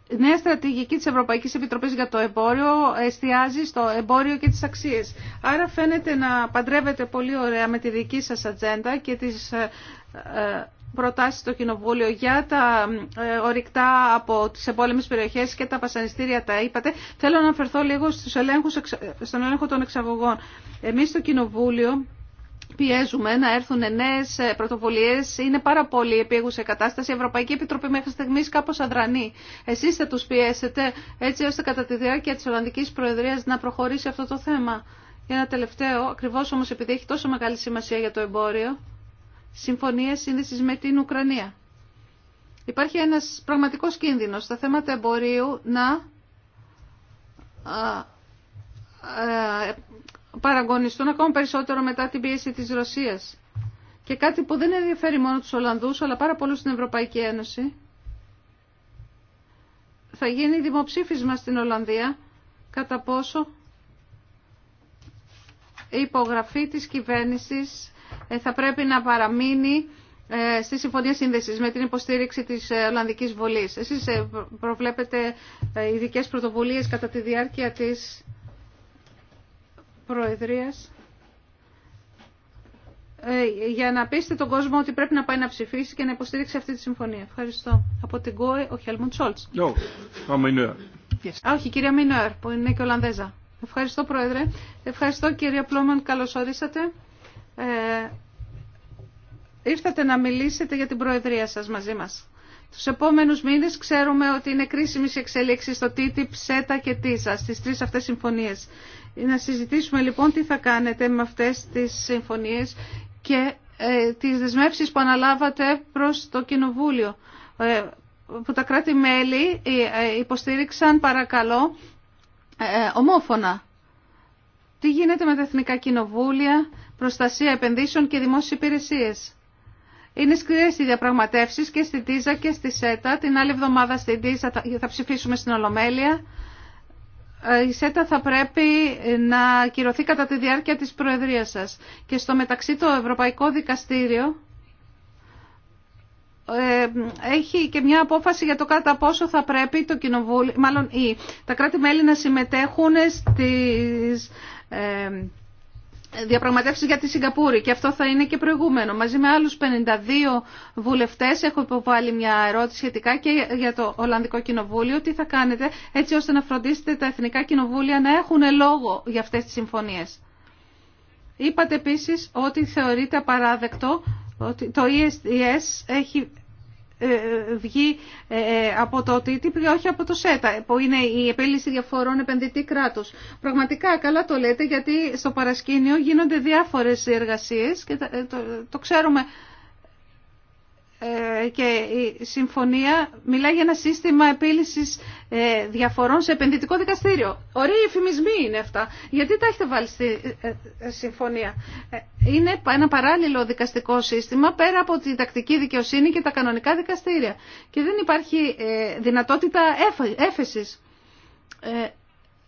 Η νέα στρατηγική της Ευρωπαϊκής Επιτροπής για το εμπόριο εστιάζει στο εμπόριο και τις αξίες. Άρα φαίνεται να παντρεύεται πολύ ωραία με τη δική σας ατζέντα και τις ε, ε, προτάσεις στο Κοινοβούλιο για τα ε, ορυκτά από τις εμπόλεμες περιοχές και τα πασανιστήρια τα είπατε. Θέλω να αναφερθώ λίγο στους στον έλεγχο των εξαγωγών. Εμείς στο Κοινοβούλιο πιέζουμε να έρθουν νέε πρωτοβουλίε. Είναι πάρα πολύ επίγουσα η κατάσταση. Η Ευρωπαϊκή Επιτροπή μέχρι στιγμή κάπω αδρανή. Εσεί θα του πιέσετε έτσι ώστε κατά τη διάρκεια τη Ολλανδική Προεδρία να προχωρήσει αυτό το θέμα. Για ένα τελευταίο, ακριβώ όμω επειδή έχει τόσο μεγάλη σημασία για το εμπόριο, συμφωνία σύνδεση με την Ουκρανία. Υπάρχει ένα πραγματικό κίνδυνο στα θέματα εμπορίου να ε, παραγωνιστούν ακόμα περισσότερο μετά την πίεση της Ρωσίας. Και κάτι που δεν ενδιαφέρει μόνο τους Ολλανδούς, αλλά πάρα πολύ στην Ευρωπαϊκή Ένωση. Θα γίνει δημοψήφισμα στην Ολλανδία κατά πόσο η υπογραφή της κυβέρνησης ε, θα πρέπει να παραμείνει ε, στη Συμφωνία Σύνδεσης με την υποστήριξη της ε, Ολλανδικής Βουλής. Εσείς προβλέπετε ειδικέ πρωτοβουλίες κατά τη διάρκεια της Προεδρίας ε, για να πείσετε τον κόσμο ότι πρέπει να πάει να ψηφίσει και να υποστηρίξει αυτή τη συμφωνία. Ευχαριστώ. Από την ΚΟΕ, ο Χέλμουντ Σόλτ. όχι, κυρία Μινουέρ, που είναι και Ολλανδέζα. Ευχαριστώ, Πρόεδρε. Ευχαριστώ, κυρία Πλόμαν, καλώ ορίσατε. Ε, ήρθατε να μιλήσετε για την Προεδρία σας μαζί μας. Του επόμενου μήνε ξέρουμε ότι είναι οι εξέλιξη στο TTIP, ΣΕΤΑ και ΤΙΣΑ, στις τρεις αυτές συμφωνίες. Να συζητήσουμε λοιπόν τι θα κάνετε με αυτές τις συμφωνίε και ε, τις δεσμεύσεις που αναλάβατε προς το Κοινοβούλιο, ε, που τα κράτη-μέλη ε, υποστήριξαν παρακαλώ ομόφωνα. Τι γίνεται με τα εθνικά κοινοβούλια, προστασία επενδύσεων και δημόσιες υπηρεσίες. Είναι σκληρέ οι διαπραγματεύσει και στη Τίζα και στη ΣΕΤΑ. Την άλλη εβδομάδα στην Τίζα θα ψηφίσουμε στην Ολομέλεια. Ε, η ΣΕΤΑ θα πρέπει να κυρωθεί κατά τη διάρκεια της Προεδρίας σας. Και στο μεταξύ το Ευρωπαϊκό Δικαστήριο ε, έχει και μια απόφαση για το κατά πόσο θα πρέπει το κοινοβούλιο, μάλλον ή, τα κράτη-μέλη να συμμετέχουν στις ε, Διαπραγματεύσει για τη Σιγκαπούρη και αυτό θα είναι και προηγούμενο. Μαζί με άλλους 52 βουλευτές έχω υποβάλει μια ερώτηση σχετικά και για το Ολλανδικό Κοινοβούλιο τι θα κάνετε έτσι ώστε να φροντίσετε τα εθνικά κοινοβούλια να έχουν λόγο για αυτές τις συμφωνίες. Είπατε επίσης ότι θεωρείται απαράδεκτο ότι το ESDS e έχει ε, βγει ε, από το TTIP και όχι από το ΣΕΤΑ, που είναι η επέλυση διαφορών επενδυτή κράτο. Πραγματικά καλά το λέτε, γιατί στο παρασκήνιο γίνονται διάφορες εργασίες και ε, το ξέρουμε ε, και η συμφωνία μιλάει για ένα σύστημα επίλυσης ε, διαφορών σε επενδυτικό δικαστήριο. Ωραίοι εφημισμοί είναι αυτά. Γιατί τα έχετε βάλει στη ε, συμφωνία. Είναι ένα παράλληλο δικαστικό σύστημα πέρα από τη τακτική δικαιοσύνη και τα κανονικά δικαστήρια. Και δεν υπάρχει δυνατότητα έφεσης.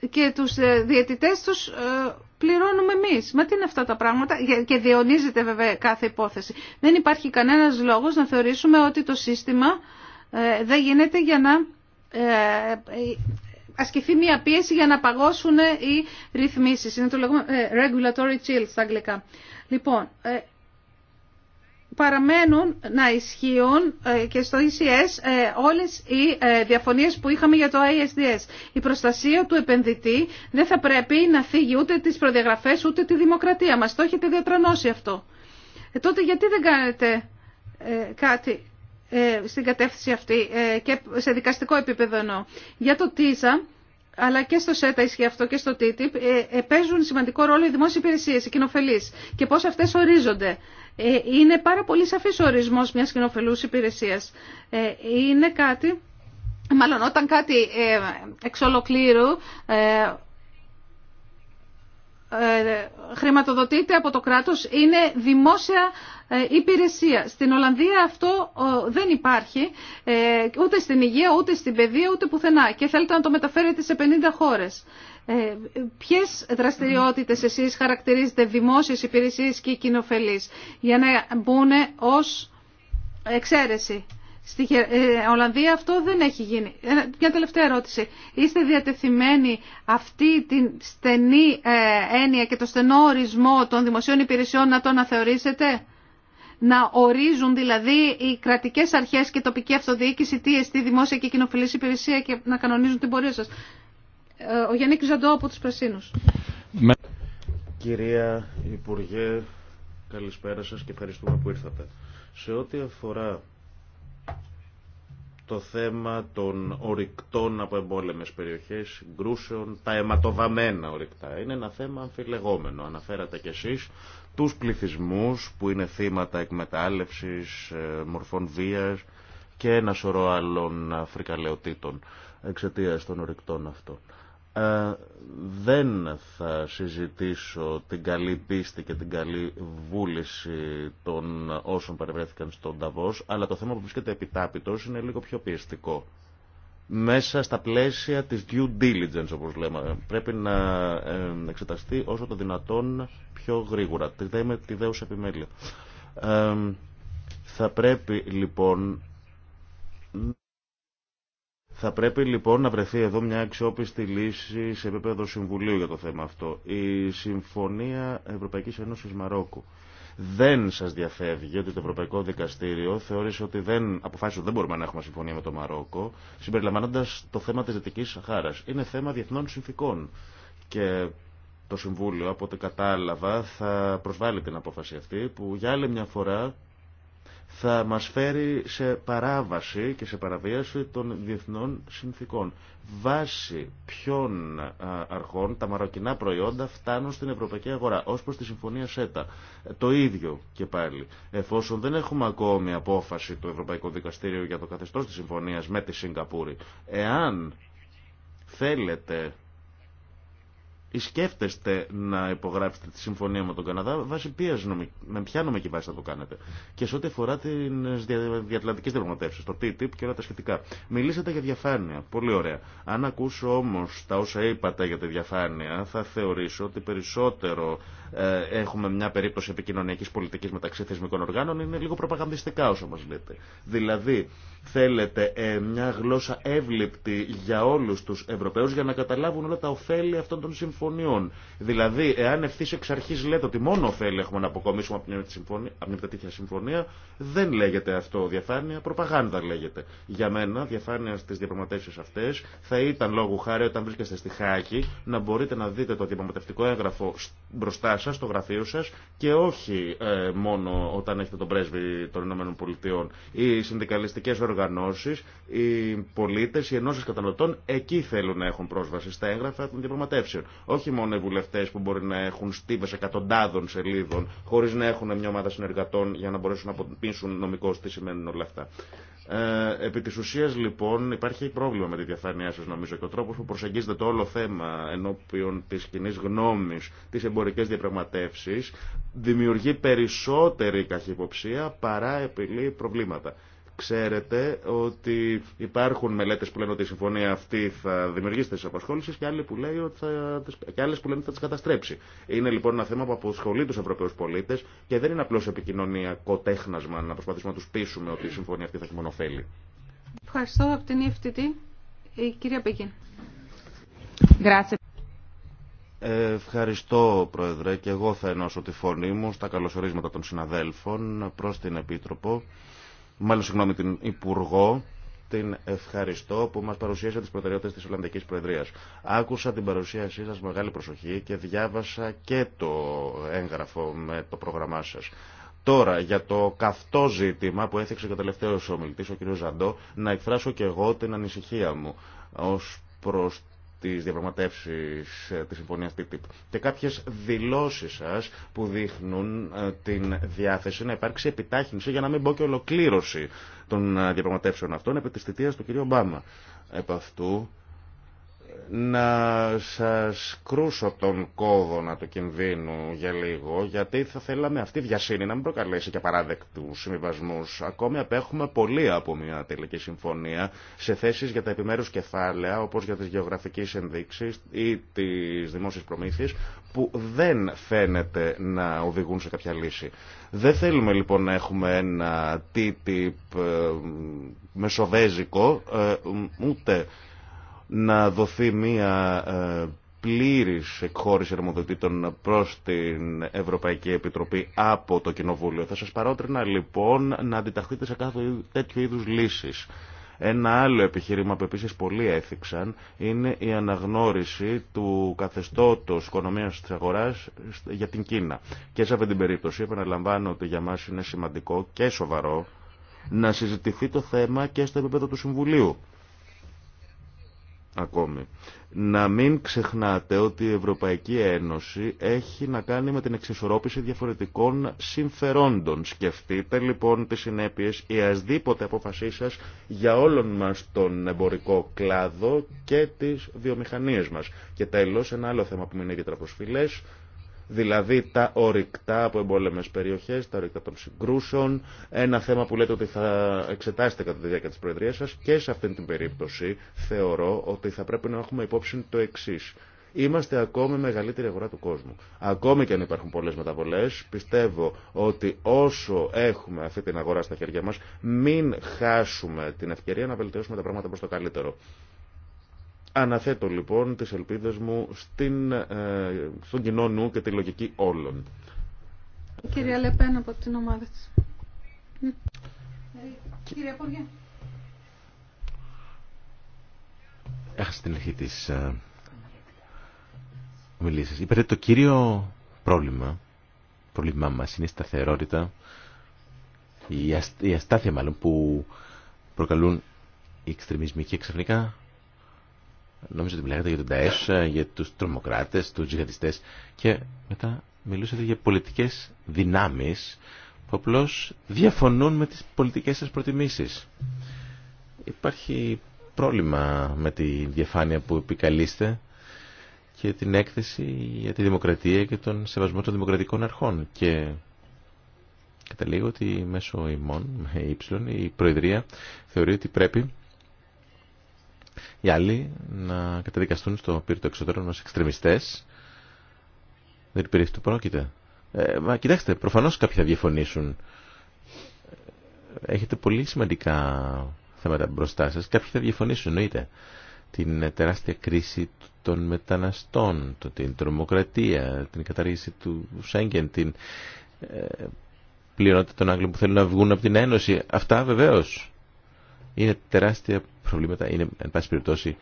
Και τους διαιτητές τους πληρώνουμε εμεί. Μα τι είναι αυτά τα πράγματα και διονύζεται βέβαια κάθε υπόθεση. Δεν υπάρχει κανένας λόγος να θεωρήσουμε ότι το σύστημα ε, δεν γίνεται για να ε, ε, ασκηθεί μια πίεση για να παγώσουν οι ρυθμίσεις. Είναι το λεγόμενο regulatory chill στα αγγλικά. Λοιπόν, παραμένουν να ισχύουν ε, και στο ECS ε, όλες οι ε, διαφωνίες που είχαμε για το ISDS. Η προστασία του επενδυτή δεν θα πρέπει να θίγει ούτε τις προδιαγραφές ούτε τη δημοκρατία μας. Το έχετε διατρανώσει αυτό. τότε γιατί δεν κάνετε κάτι στην κατεύθυνση αυτή και σε δικαστικό επίπεδο εννοώ. Για το TISA αλλά και στο ΣΕΤΑ ισχύει αυτό και στο TTIP, παίζουν σημαντικό ρόλο οι δημόσιες υπηρεσίες, οι κοινοφελείς και πώς αυτές ορίζονται. Ε, είναι πάρα πολύ σαφής ο ορισμός μιας κοινοφελούς υπηρεσίας. Ε, είναι κάτι, μάλλον όταν κάτι ε, εξ ολοκλήρου χρηματοδοτείται από το κράτος είναι δημόσια υπηρεσία. Στην Ολλανδία αυτό δεν υπάρχει ούτε στην υγεία, ούτε στην παιδεία, ούτε πουθενά και θέλετε να το μεταφέρετε σε 50 χώρες. Ε, ποιες δραστηριότητες εσείς χαρακτηρίζετε δημόσιες υπηρεσίε και κοινοφελή για να μπουν ω εξαίρεση. Στη ε, Ολλανδία αυτό δεν έχει γίνει. Ε, μια τελευταία ερώτηση. Είστε διατεθειμένοι αυτή την στενή ε, έννοια και το στενό ορισμό των δημοσίων υπηρεσιών να το αναθεωρήσετε. Να ορίζουν δηλαδή οι κρατικές αρχές και τοπική αυτοδιοίκηση τι εστί δημόσια και κοινοφιλής υπηρεσία και να κανονίζουν την πορεία σας. Ο Γιάννη Ζαντό από τους Πρασίνους. Κυρία Υπουργέ, καλησπέρα σας και ευχαριστούμε που ήρθατε. Σε ό,τι αφορά το θέμα των ορυκτών από εμπόλεμες περιοχές, συγκρούσεων, τα αιματοβαμμένα ορυκτά. Είναι ένα θέμα αμφιλεγόμενο. Αναφέρατε κι εσείς τους πληθυσμούς που είναι θύματα εκμετάλλευσης, ε, μορφών βίας και ένα σωρό άλλων αφρικαλαιοτήτων εξαιτία των ορυκτών αυτών. Ε, δεν θα συζητήσω την καλή πίστη και την καλή βούληση των όσων παρευρέθηκαν στον Ταβός, αλλά το θέμα που βρίσκεται επιτάπητος είναι λίγο πιο πιεστικό. Μέσα στα πλαίσια της due diligence, όπως λέμε, πρέπει να ε, εξεταστεί όσο το δυνατόν πιο γρήγορα, τη δέουσα επιμέλεια. Ε, θα πρέπει λοιπόν θα πρέπει λοιπόν να βρεθεί εδώ μια αξιόπιστη λύση σε επίπεδο Συμβουλίου για το θέμα αυτό. Η Συμφωνία Ευρωπαϊκής Ένωσης Μαρόκου δεν σας διαφεύγει ότι το Ευρωπαϊκό Δικαστήριο θεώρησε ότι δεν, αποφάσισε ότι δεν μπορούμε να έχουμε συμφωνία με το Μαρόκο, συμπεριλαμβάνοντας το θέμα της Δυτικής Σαχάρας. Είναι θέμα διεθνών συνθήκων. Και το Συμβούλιο, από ό,τι κατάλαβα, θα προσβάλλει την απόφαση αυτή, που για άλλη μια φορά θα μας φέρει σε παράβαση και σε παραβίαση των διεθνών συνθήκων. Βάσει ποιων αρχών τα μαροκινά προϊόντα φτάνουν στην ευρωπαϊκή αγορά, ως προς τη Συμφωνία ΣΕΤΑ. Το ίδιο και πάλι. Εφόσον δεν έχουμε ακόμη απόφαση του Ευρωπαϊκού Δικαστήριου για το καθεστώς της Συμφωνίας με τη Σιγκαπούρη, εάν θέλετε σκέφτεστε να υπογράψετε τη συμφωνία με τον Καναδά, βάσει ποια νομικ... με ποια νομική βάση θα το κάνετε. Και σε ό,τι αφορά τι διατλαντικέ διαπραγματεύσει, το TTIP και όλα τα σχετικά. Μιλήσατε για διαφάνεια. Πολύ ωραία. Αν ακούσω όμω τα όσα είπατε για τη διαφάνεια, θα θεωρήσω ότι περισσότερο ε, έχουμε μια περίπτωση επικοινωνιακή πολιτική μεταξύ θεσμικών οργάνων. Είναι λίγο προπαγανδιστικά όσο μα λέτε. Δηλαδή, θέλετε ε, μια γλώσσα εύληπτη για όλου του Ευρωπαίου για να καταλάβουν όλα τα ωφέλη αυτών των συμφωνίων συμφωνιών. Δηλαδή, εάν ευθύ εξ αρχή λέτε ότι μόνο ωφέλη έχουμε να αποκομίσουμε από μια τέτοια συμφωνία, δεν λέγεται αυτό διαφάνεια, προπαγάνδα λέγεται. Για μένα, διαφάνεια στι διαπραγματεύσει αυτέ θα ήταν λόγου χάρη όταν βρίσκεστε στη Χάκη να μπορείτε να δείτε το διαπραγματευτικό έγγραφο μπροστά σα, στο γραφείο σα και όχι ε, μόνο όταν έχετε τον πρέσβη των ΗΠΑ. Οι συνδικαλιστικέ οργανώσει, οι πολίτε, οι ενώσει καταναλωτών εκεί θέλουν να έχουν πρόσβαση στα έγγραφα των διαπραγματεύσεων. Όχι μόνο οι βουλευτέ που μπορεί να έχουν στίβε εκατοντάδων σελίδων, χωρί να έχουν μια ομάδα συνεργατών για να μπορέσουν να πείσουν νομικώ τι σημαίνουν όλα αυτά. Ε, επί τη ουσία λοιπόν υπάρχει πρόβλημα με τη διαφάνειά σα νομίζω και ο τρόπο που προσεγγίζεται το όλο θέμα ενώπιον τη κοινή γνώμη, τι εμπορικέ διαπραγματεύσει, δημιουργεί περισσότερη καχυποψία παρά επιλύει προβλήματα. Ξέρετε ότι υπάρχουν μελέτε που λένε ότι η συμφωνία αυτή θα δημιουργήσει θέσει απασχόληση και, άλλοι που άλλε που λένε ότι θα τι καταστρέψει. Είναι λοιπόν ένα θέμα που αποσχολεί του Ευρωπαίου πολίτε και δεν είναι απλώ επικοινωνία τέχνασμα να προσπαθήσουμε να του πείσουμε ότι η συμφωνία αυτή θα έχει ωφέλη. Ευχαριστώ από την EFTT. Η κυρία Πεκίν. Ευχαριστώ, Πρόεδρε, και εγώ θα ενώσω τη φωνή μου στα καλωσορίσματα των συναδέλφων προς την Επίτροπο μάλλον συγγνώμη την Υπουργό, την ευχαριστώ που μας παρουσίασε τις προτεραιότητες της Ολλανδικής Προεδρίας. Άκουσα την παρουσίασή σας μεγάλη προσοχή και διάβασα και το έγγραφο με το πρόγραμμά σας. Τώρα, για το καυτό ζήτημα που έθιξε και ο τελευταίος ομιλητής, ο κ. Ζαντό, να εκφράσω και εγώ την ανησυχία μου ως προς τις διαπραγματεύσεις ε, της συμφωνίας TTIP και κάποιες δηλώσεις σας που δείχνουν ε, την διάθεση να υπάρξει επιτάχυνση για να μην πω και ολοκλήρωση των ε, διαπραγματεύσεων αυτών επί της θητείας του κ. Ομπάμα. Επ' αυτού να σας κρούσω τον κόδωνα του κινδύνου για λίγο, γιατί θα θέλαμε αυτή η βιασύνη να μην προκαλέσει και παράδεκτους συμβιβασμού. Ακόμη απέχουμε πολύ από μια τελική συμφωνία σε θέσεις για τα επιμέρους κεφάλαια, όπως για τις γεωγραφικές ενδείξεις ή τις δημόσιες προμήθειες, που δεν φαίνεται να οδηγούν σε κάποια λύση. Δεν θέλουμε λοιπόν να έχουμε ένα TTIP ε, μεσοβέζικο, ε, ούτε να δοθεί μία ε, πλήρης εκχώρηση αρμοδοτήτων προς την Ευρωπαϊκή Επιτροπή από το Κοινοβούλιο. Θα σας παρότρινα λοιπόν να αντιταχθείτε σε κάθε τέτοιου είδους λύσεις. Ένα άλλο επιχείρημα που επίσης πολλοί έθιξαν είναι η αναγνώριση του καθεστώτος οικονομίας της αγοράς για την Κίνα. Και σε αυτή την περίπτωση επαναλαμβάνω ότι για μας είναι σημαντικό και σοβαρό να συζητηθεί το θέμα και στο επίπεδο του Συμβουλίου ακόμη. Να μην ξεχνάτε ότι η Ευρωπαϊκή Ένωση έχει να κάνει με την εξισορρόπηση διαφορετικών συμφερόντων. Σκεφτείτε λοιπόν τις συνέπειες ή ασδήποτε αποφασή σας για όλον μας τον εμπορικό κλάδο και τις βιομηχανίες μας. Και τέλος, ένα άλλο θέμα που είναι ιδιαίτερα προσφυλές, δηλαδή τα ορυκτά από εμπόλεμες περιοχές, τα ορυκτά των συγκρούσεων, ένα θέμα που λέτε ότι θα εξετάσετε κατά τη διάρκεια της Προεδρίας σας και σε αυτήν την περίπτωση θεωρώ ότι θα πρέπει να έχουμε υπόψη το εξή. Είμαστε ακόμη μεγαλύτερη αγορά του κόσμου. Ακόμη και αν υπάρχουν πολλές μεταβολές, πιστεύω ότι όσο έχουμε αυτή την αγορά στα χέρια μας, μην χάσουμε την ευκαιρία να βελτιώσουμε τα πράγματα προς το καλύτερο. Αναθέτω λοιπόν τις ελπίδες μου στην, ε, στον κοινό νου και τη λογική όλων. Κύριε Αλεπένα Λεπέν από την ομάδα της. Ναι. Κύριε Υπουργέ. Έχασα την αρχή της ε, μιλής σας. το κύριο πρόβλημα, πρόβλημά μας είναι η σταθερότητα, η, η αστάθεια μάλλον που προκαλούν οι εξτρεμισμοί και ξαφνικά νομίζω ότι μιλάγατε για τον ΤΑΕΣ, για τους τρομοκράτες, τους τζιγαντιστές και μετά μιλούσατε για πολιτικές δυνάμεις που απλώ διαφωνούν με τις πολιτικές σας προτιμήσεις. Υπάρχει πρόβλημα με τη διαφάνεια που επικαλείστε και την έκθεση για τη δημοκρατία και τον σεβασμό των δημοκρατικών αρχών. Και καταλήγω ότι μέσω ημών, με η Προεδρία θεωρεί ότι πρέπει οι άλλοι να καταδικαστούν στο του εξωτερών ως εξτρεμιστές. Δεν υπήρχε το πρόκειται. Ε, μα κοιτάξτε, προφανώς κάποιοι θα διαφωνήσουν. Έχετε πολύ σημαντικά θέματα μπροστά σας. Κάποιοι θα διαφωνήσουν, εννοείται. Την τεράστια κρίση των μεταναστών, την τρομοκρατία, την καταργήση του Σέγγεν, την ε, των Άγγλων που θέλουν να βγουν από την Ένωση. Αυτά βεβαίως είναι τεράστια προβλήματα, είναι εν πάση περιπτώσει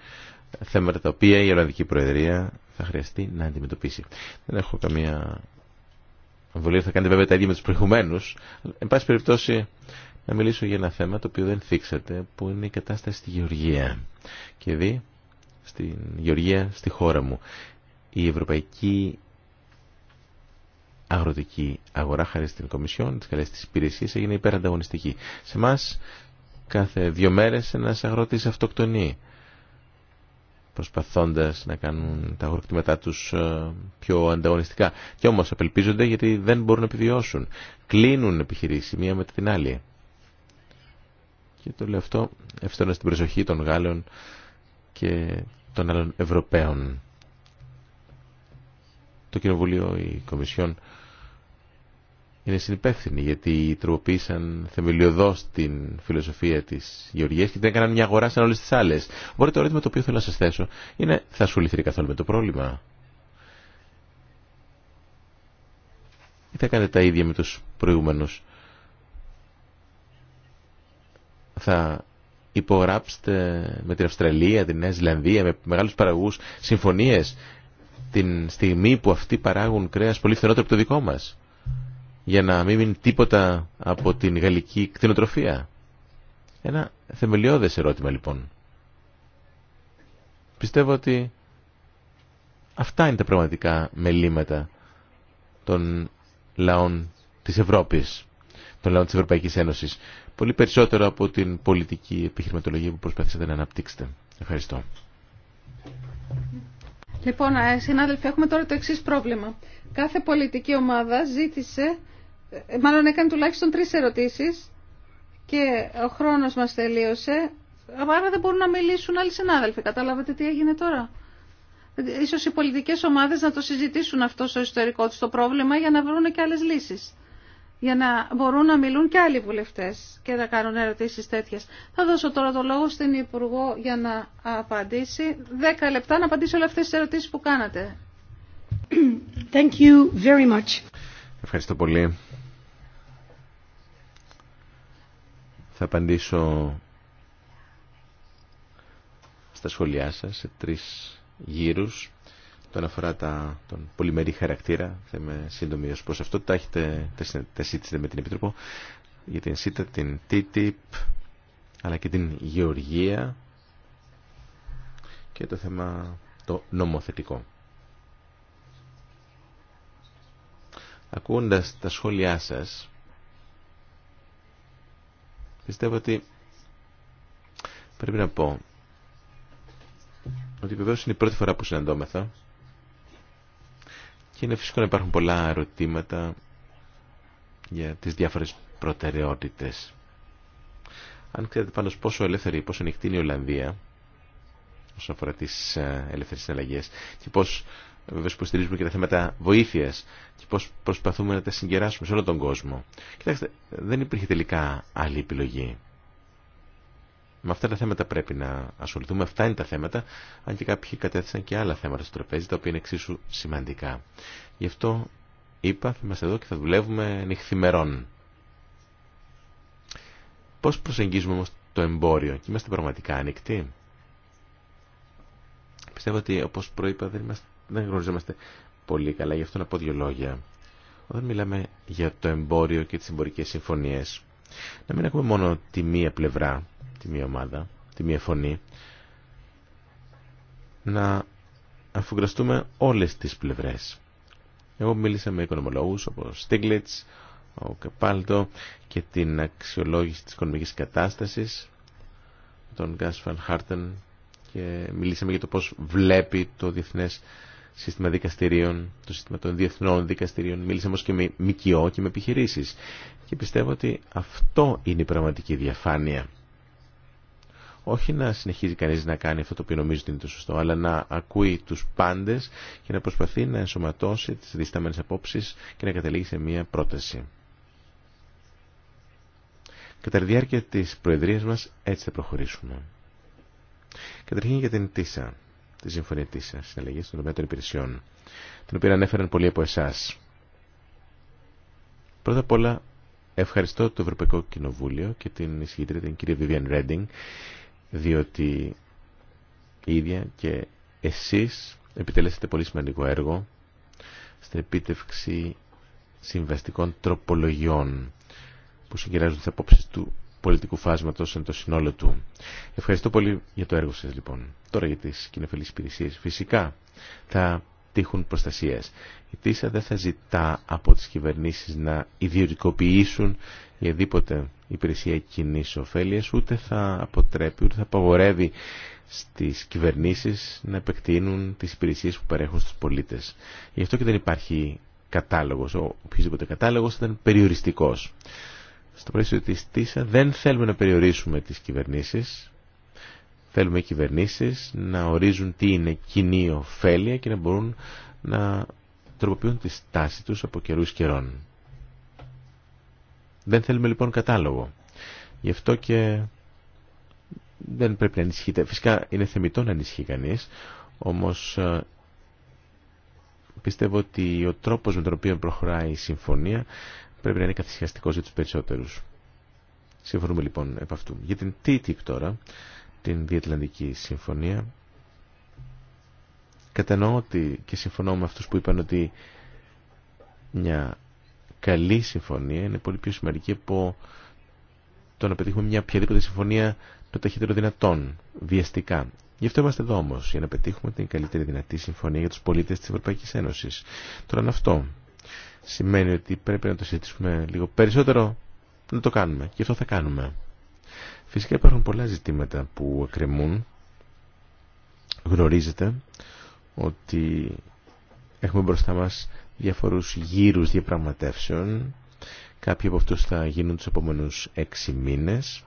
θέματα τα οποία η Ολλανδική Προεδρία θα χρειαστεί να αντιμετωπίσει. Δεν έχω καμία αμβολία, θα κάνετε βέβαια τα ίδια με τους προηγουμένους. Εν πάση περιπτώσει να μιλήσω για ένα θέμα το οποίο δεν θίξατε, που είναι η κατάσταση στη Γεωργία. Και δει, στη Γεωργία, στη χώρα μου, η Ευρωπαϊκή Αγροτική Αγορά, χάρη στην Κομισιόν, τη καλέ τη υπηρεσίε, έγινε υπερανταγωνιστική. Σε εμά κάθε δύο μέρες ένας αγρότης αυτοκτονεί προσπαθώντας να κάνουν τα αγροκτήματά τους ε, πιο ανταγωνιστικά. Και όμως απελπίζονται γιατί δεν μπορούν να επιβιώσουν. Κλείνουν επιχειρήσει μία με την άλλη. Και το λέω αυτό στην την προσοχή των Γάλλων και των άλλων Ευρωπαίων. Το Κοινοβουλίο, η Κομισιόν είναι συνυπεύθυνοι γιατί τροποποίησαν θεμελιωδώς την φιλοσοφία τη γεωργίας και την έκαναν μια αγορά σαν όλε τι άλλε. Οπότε το ερώτημα το οποίο θέλω να σα θέσω είναι θα ασχοληθεί καθόλου με το πρόβλημα ή θα κάνετε τα ίδια με του προηγούμενου. Θα υπογράψετε με την Αυστραλία, την Νέα Ζηλανδία, με μεγάλου παραγωγού συμφωνίε την στιγμή που αυτοί παράγουν κρέας πολύ φθηνότερο από το δικό μας για να μην μείνει τίποτα από την γαλλική κτηνοτροφία. Ένα θεμελιώδες ερώτημα λοιπόν. Πιστεύω ότι αυτά είναι τα πραγματικά μελήματα των λαών της Ευρώπης, των λαών της Ευρωπαϊκής Ένωσης. Πολύ περισσότερο από την πολιτική επιχειρηματολογία που προσπαθήσατε να αναπτύξετε. Ευχαριστώ. Λοιπόν, ε, συνάδελφοι, έχουμε τώρα το εξής πρόβλημα. Κάθε πολιτική ομάδα ζήτησε ε, μάλλον έκανε τουλάχιστον τρεις ερωτήσεις και ο χρόνος μας τελείωσε, άρα δεν μπορούν να μιλήσουν άλλοι συνάδελφοι. Κατάλαβατε τι έγινε τώρα. Ίσως οι πολιτικές ομάδες να το συζητήσουν αυτό στο ιστορικό τους το πρόβλημα για να βρουν και άλλες λύσεις. Για να μπορούν να μιλούν και άλλοι βουλευτές και να κάνουν ερωτήσεις τέτοιες. Θα δώσω τώρα το λόγο στην Υπουργό για να απαντήσει. Δέκα λεπτά να απαντήσει όλες αυτές τις ερωτήσεις που κάνατε. Thank you very much. Ευχαριστώ πολύ. Θα απαντήσω στα σχόλιά σας σε τρεις γύρους. Τον αφορά τα, τον πολυμερή χαρακτήρα, θα είμαι σύντομη ως προς αυτό. Τα, έχετε, τα με την Επίτροπο για την ΣΥΤΑ, την TTIP, αλλά και την Γεωργία και το θέμα το νομοθετικό. Ακούγοντας τα σχόλιά σας, Πιστεύω ότι πρέπει να πω ότι βεβαίω είναι η πρώτη φορά που συναντώμεθα και είναι φυσικό να υπάρχουν πολλά ερωτήματα για τις διάφορες προτεραιότητες. Αν ξέρετε πάντως πόσο ελεύθερη, πόσο ανοιχτή είναι η Ολλανδία όσον αφορά τις ε, ελεύθερες συναλλαγές και πώς Βεβαίω στηρίζουμε και τα θέματα βοήθεια και πώ προσπαθούμε να τα συγκεράσουμε σε όλο τον κόσμο. Κοιτάξτε, δεν υπήρχε τελικά άλλη επιλογή. Με αυτά τα θέματα πρέπει να ασχοληθούμε. Αυτά είναι τα θέματα, αν και κάποιοι κατέθεσαν και άλλα θέματα στο τραπέζι, τα οποία είναι εξίσου σημαντικά. Γι' αυτό είπα, θα είμαστε εδώ και θα δουλεύουμε νυχθημερών. Πώ προσεγγίζουμε όμω το εμπόριο και είμαστε πραγματικά ανοιχτοί. Πιστεύω ότι, όπω προείπα, δεν είμαστε δεν γνωριζόμαστε πολύ καλά, γι' αυτό να πω δύο λόγια. Όταν μιλάμε για το εμπόριο και τις εμπορικές συμφωνίες, να μην έχουμε μόνο τη μία πλευρά, τη μία ομάδα, τη μία φωνή, να αφουγκραστούμε όλες τις πλευρές. Εγώ μίλησα με οικονομολόγους όπως Στίγλιτς, ο Καπάλτο και την αξιολόγηση της οικονομικής κατάστασης, τον Γκάσφαν Χάρτεν και μιλήσαμε για το πώς βλέπει το διεθνές σύστημα δικαστηρίων, το σύστημα των διεθνών δικαστηρίων. Μίλησα όμω και με ΜΚΟ και με επιχειρήσει. Και πιστεύω ότι αυτό είναι η πραγματική διαφάνεια. Όχι να συνεχίζει κανείς να κάνει αυτό το οποίο νομίζει ότι είναι το σωστό, αλλά να ακούει τους πάντες και να προσπαθεί να ενσωματώσει τις διστάμενες απόψει και να καταλήγει σε μία πρόταση. Κατά τη διάρκεια της Προεδρίας μας έτσι θα προχωρήσουμε. Καταρχήν για την ΤΙΣΑ τη συμφωνία τη συναλλαγή των τομέα υπηρεσιών, την οποία ανέφεραν πολλοί από εσά. Πρώτα απ' όλα, ευχαριστώ το Ευρωπαϊκό Κοινοβούλιο και την εισηγήτρια, την κυρία Vivian Ρέντινγκ, διότι η ίδια και εσεί επιτελέσατε πολύ σημαντικό έργο στην επίτευξη συμβαστικών τροπολογιών που συγκεράζουν τι απόψει του πολιτικού φάσματος εν το συνόλο του. Ευχαριστώ πολύ για το έργο σας λοιπόν. Τώρα για τις κοινοφελείς υπηρεσίε. Φυσικά θα τύχουν προστασίες. Η ΤΙΣΑ δεν θα ζητά από τις κυβερνήσεις να ιδιωτικοποιήσουν οποιαδήποτε υπηρεσία κοινή ωφέλεια, ούτε θα αποτρέπει, ούτε θα απαγορεύει στις κυβερνήσεις να επεκτείνουν τις υπηρεσίες που παρέχουν στους πολίτες. Γι' αυτό και δεν υπάρχει κατάλογος. Ο οποιοδήποτε κατάλογος ήταν περιοριστικός στο πλαίσιο της ΤΙΣΑ δεν θέλουμε να περιορίσουμε τις κυβερνήσεις. Θέλουμε οι κυβερνήσεις να ορίζουν τι είναι κοινή ωφέλεια και να μπορούν να τροποποιούν τη στάση τους από καιρούς καιρών. Δεν θέλουμε λοιπόν κατάλογο. Γι' αυτό και δεν πρέπει να ανησυχείτε. Φυσικά είναι θεμητό να ανησυχεί κανείς, όμως ε, πιστεύω ότι ο τρόπος με τον οποίο προχωράει η συμφωνία πρέπει να είναι καθυσιαστικό για του περισσότερου. Συμφωνούμε λοιπόν επ' αυτού. Για την TTIP τώρα, την Διατλαντική Συμφωνία, κατανοώ ότι και συμφωνώ με αυτού που είπαν ότι μια καλή συμφωνία είναι πολύ πιο σημαντική από το να πετύχουμε μια οποιαδήποτε συμφωνία το ταχύτερο δυνατόν, βιαστικά. Γι' αυτό είμαστε εδώ όμω, για να πετύχουμε την καλύτερη δυνατή συμφωνία για του πολίτε τη Ευρωπαϊκή Ένωση. Τώρα αν αυτό σημαίνει ότι πρέπει να το συζητήσουμε λίγο περισσότερο, να το κάνουμε. Και αυτό θα κάνουμε. Φυσικά υπάρχουν πολλά ζητήματα που εκκρεμούν. Γνωρίζετε ότι έχουμε μπροστά μας διαφορούς γύρους διαπραγματεύσεων. Κάποιοι από αυτούς θα γίνουν τους επόμενους έξι μήνες.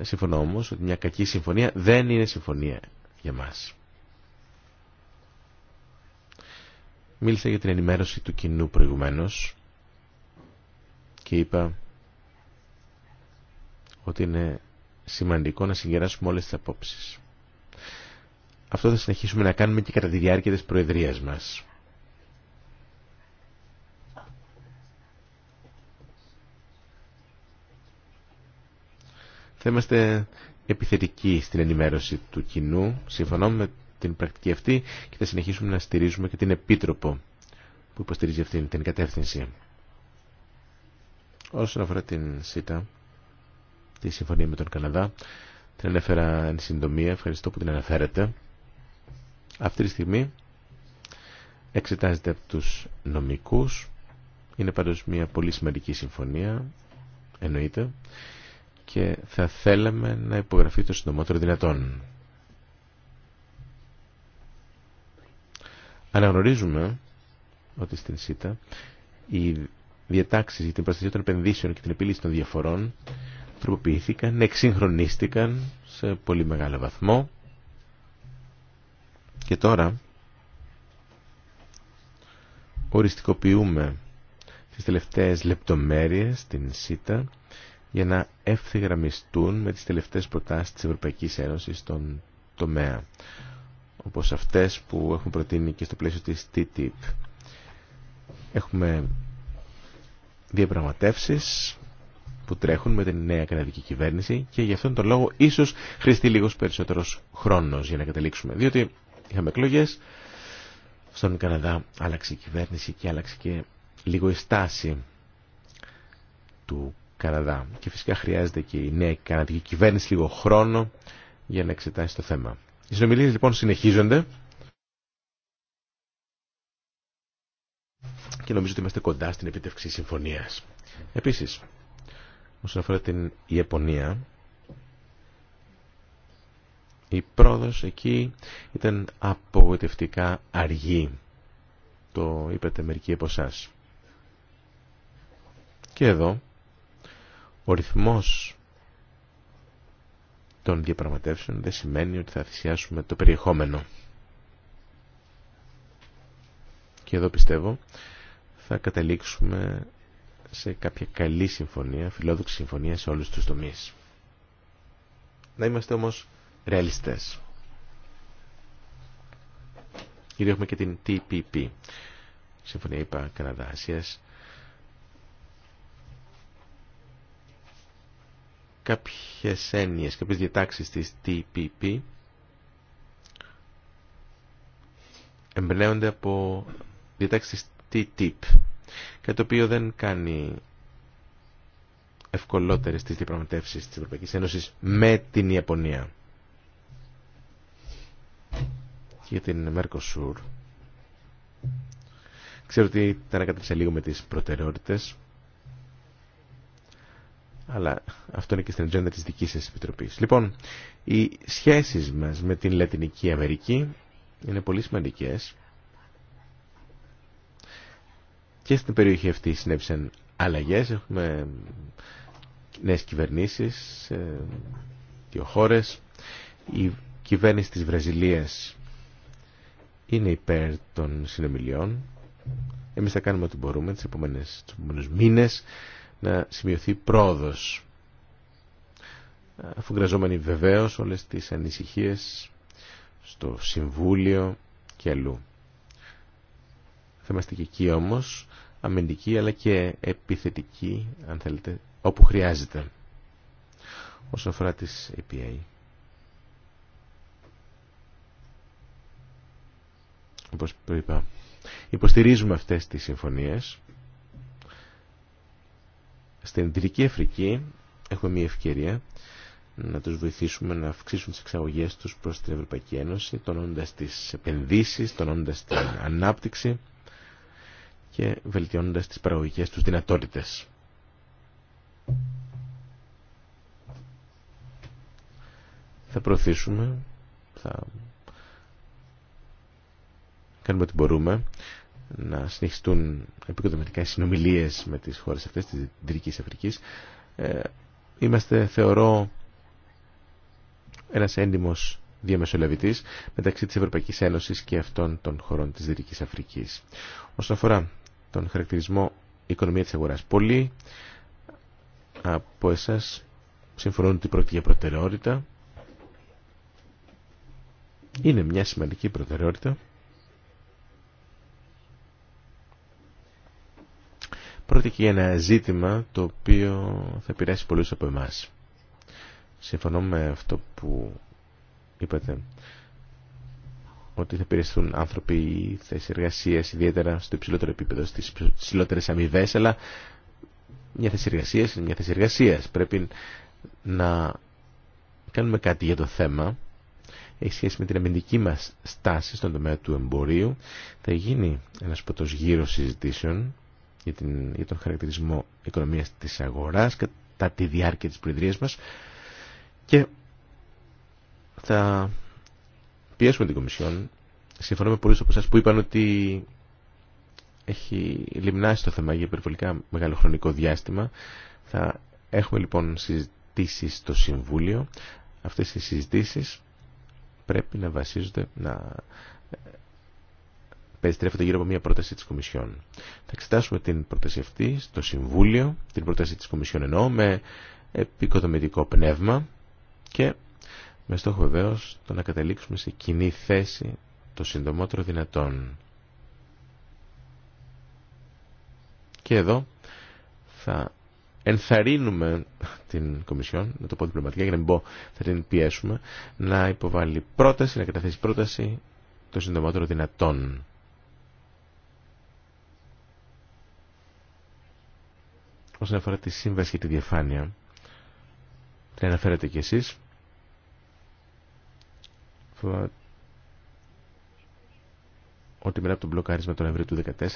Συμφωνώ όμως ότι μια κακή συμφωνία δεν είναι συμφωνία για μας. Μίλησα για την ενημέρωση του κοινού προηγουμένως και είπα ότι είναι σημαντικό να συγκεράσουμε όλες τις απόψεις. Αυτό θα συνεχίσουμε να κάνουμε και κατά τη διάρκεια της Προεδρίας μας. Θα είμαστε επιθετικοί στην ενημέρωση του κοινού, συμφωνώ με την πρακτική αυτή και θα συνεχίσουμε να στηρίζουμε και την Επίτροπο που υποστηρίζει αυτήν την κατεύθυνση. Όσον αφορά την ΣΥΤΑ, τη συμφωνία με τον Καναδά, την ανέφερα εν συντομία, ευχαριστώ που την αναφέρετε. Αυτή τη στιγμή εξετάζεται από τους νομικούς, είναι πάντως μια πολύ σημαντική συμφωνία, εννοείται, και θα θέλαμε να υπογραφεί το συντομότερο δυνατόν. Αναγνωρίζουμε ότι στην ΣΥΤΑ οι διατάξει για την προστασία των επενδύσεων και την επίλυση των διαφορών τροποποιήθηκαν, εξυγχρονίστηκαν σε πολύ μεγάλο βαθμό και τώρα οριστικοποιούμε τις τελευταίες λεπτομέρειες στην ΣΥΤΑ για να ευθυγραμμιστούν με τις τελευταίες προτάσεις της Ευρωπαϊκής Ένωσης στον τομέα όπως αυτές που έχουν προτείνει και στο πλαίσιο της TTIP. Έχουμε διαπραγματεύσεις που τρέχουν με την νέα Καναδική κυβέρνηση και γι' αυτόν τον λόγο ίσως χρειαστεί λίγος περισσότερος χρόνος για να καταλήξουμε. Διότι είχαμε εκλογέ. Στον Καναδά άλλαξε η κυβέρνηση και άλλαξε και λίγο η στάση του Καναδά. Και φυσικά χρειάζεται και η νέα καναδική κυβέρνηση λίγο χρόνο για να εξετάσει το θέμα. Οι συνομιλίες λοιπόν συνεχίζονται και νομίζω ότι είμαστε κοντά στην επιτευξή συμφωνίας. Επίσης, όσον αφορά την Ιαπωνία, η πρόοδος εκεί ήταν απογοητευτικά αργή. Το είπατε μερικοί από εσά. Και εδώ, ο ρυθμός των διαπραγματεύσεων δεν σημαίνει ότι θα θυσιάσουμε το περιεχόμενο. Και εδώ πιστεύω θα καταλήξουμε σε κάποια καλή συμφωνία, φιλόδοξη συμφωνία σε όλους τους τομείς. Να είμαστε όμως ρεαλιστές. Γιατί έχουμε και την TPP, Συμφωνία είπα Καναδά Ασίας, κάποιες έννοιες, κάποιες διατάξεις της TPP εμπνέονται από διατάξεις της TTIP κάτι το οποίο δεν κάνει ευκολότερες τις διαπραγματεύσεις της Ευρωπαϊκής Ένωσης με την Ιαπωνία και την Mercosur. Ξέρω ότι τα ανακατεύσα λίγο με τις προτεραιότητες αλλά αυτό είναι και στην ατζέντα της δικής σας επιτροπής. Λοιπόν, οι σχέσεις μας με την Λατινική Αμερική είναι πολύ σημαντικές και στην περιοχή αυτή συνέβησαν αλλαγές, έχουμε νέες κυβερνήσεις, ε, δύο χώρες. Η κυβέρνηση της Βραζιλίας είναι υπέρ των συνομιλιών. Εμείς θα κάνουμε ό,τι μπορούμε τις επόμενες, τους να σημειωθεί πρόοδος αφού γραζόμενοι βεβαίως όλες τις ανησυχίες στο Συμβούλιο και αλλού. Θα είμαστε και εκεί όμως αμυντικοί αλλά και επιθετικοί αν θέλετε όπου χρειάζεται όσον αφορά τις EPA. Όπως είπα, υποστηρίζουμε αυτές τις συμφωνίες στην Δυτική Αφρική έχουμε μια ευκαιρία να τους βοηθήσουμε να αυξήσουν τις εξαγωγές τους προς την Ευρωπαϊκή Ένωση, τονώντας τις επενδύσεις, τονώντας την ανάπτυξη και βελτιώνοντας τις παραγωγικές τους δυνατότητες. Θα προωθήσουμε, θα κάνουμε ό,τι μπορούμε να συνεχιστούν επικοδομητικά συνομιλίες με τις χώρες αυτές της Δυτικής Αφρικής ε, είμαστε θεωρώ ένας έντιμος διαμεσολαβητής μεταξύ της Ευρωπαϊκής Ένωσης και αυτών των χωρών της Δυτικής Αφρικής. Όσον αφορά τον χαρακτηρισμό οικονομία της αγοράς, πολλοί από εσάς συμφωνούν ότι πρόκειται για προτεραιότητα. Είναι μια σημαντική προτεραιότητα Πρόκειται και για ένα ζήτημα το οποίο θα επηρεάσει πολλούς από εμάς. Συμφωνώ με αυτό που είπατε ότι θα επηρεαστούν άνθρωποι ή θέσει εργασία ιδιαίτερα στο υψηλότερο επίπεδο, στις υψηλότερες αμοιβέ, αλλά μια θέση εργασία είναι μια θέση εργασία. Πρέπει να κάνουμε κάτι για το θέμα. Έχει σχέση με την αμυντική μας στάση στον τομέα του εμπορίου. Θα γίνει ένας ποτός γύρω συζητήσεων για, την, τον χαρακτηρισμό οικονομίας της αγοράς κατά τη διάρκεια της προεδρίας μας και θα πιέσουμε την Κομισιόν. Συμφωνώ με πολλούς από εσάς που είπαν ότι έχει λιμνάσει το θέμα για υπερβολικά μεγάλο χρονικό διάστημα. Θα έχουμε λοιπόν συζητήσεις στο Συμβούλιο. Αυτές οι συζητήσεις πρέπει να βασίζονται, να περιστρέφονται γύρω από μια πρόταση της Κομισιόν. Θα εξετάσουμε την πρόταση αυτή στο Συμβούλιο, την πρόταση της Κομισιόν εννοώ, με επικοδομητικό πνεύμα και με στόχο βεβαίω το να καταλήξουμε σε κοινή θέση το συντομότερο δυνατόν. Και εδώ θα ενθαρρύνουμε την Κομισιόν, να το πω διπλωματικά για να μην πω θα την πιέσουμε, να υποβάλει πρόταση, να καταθέσει πρόταση το συντομότερο δυνατόν. Όσον αφορά τη σύμβαση και τη διαφάνεια, την αναφέρατε κι εσείς. ότι μετά από τον μπλοκάρισμα των Ευρύτου του 2014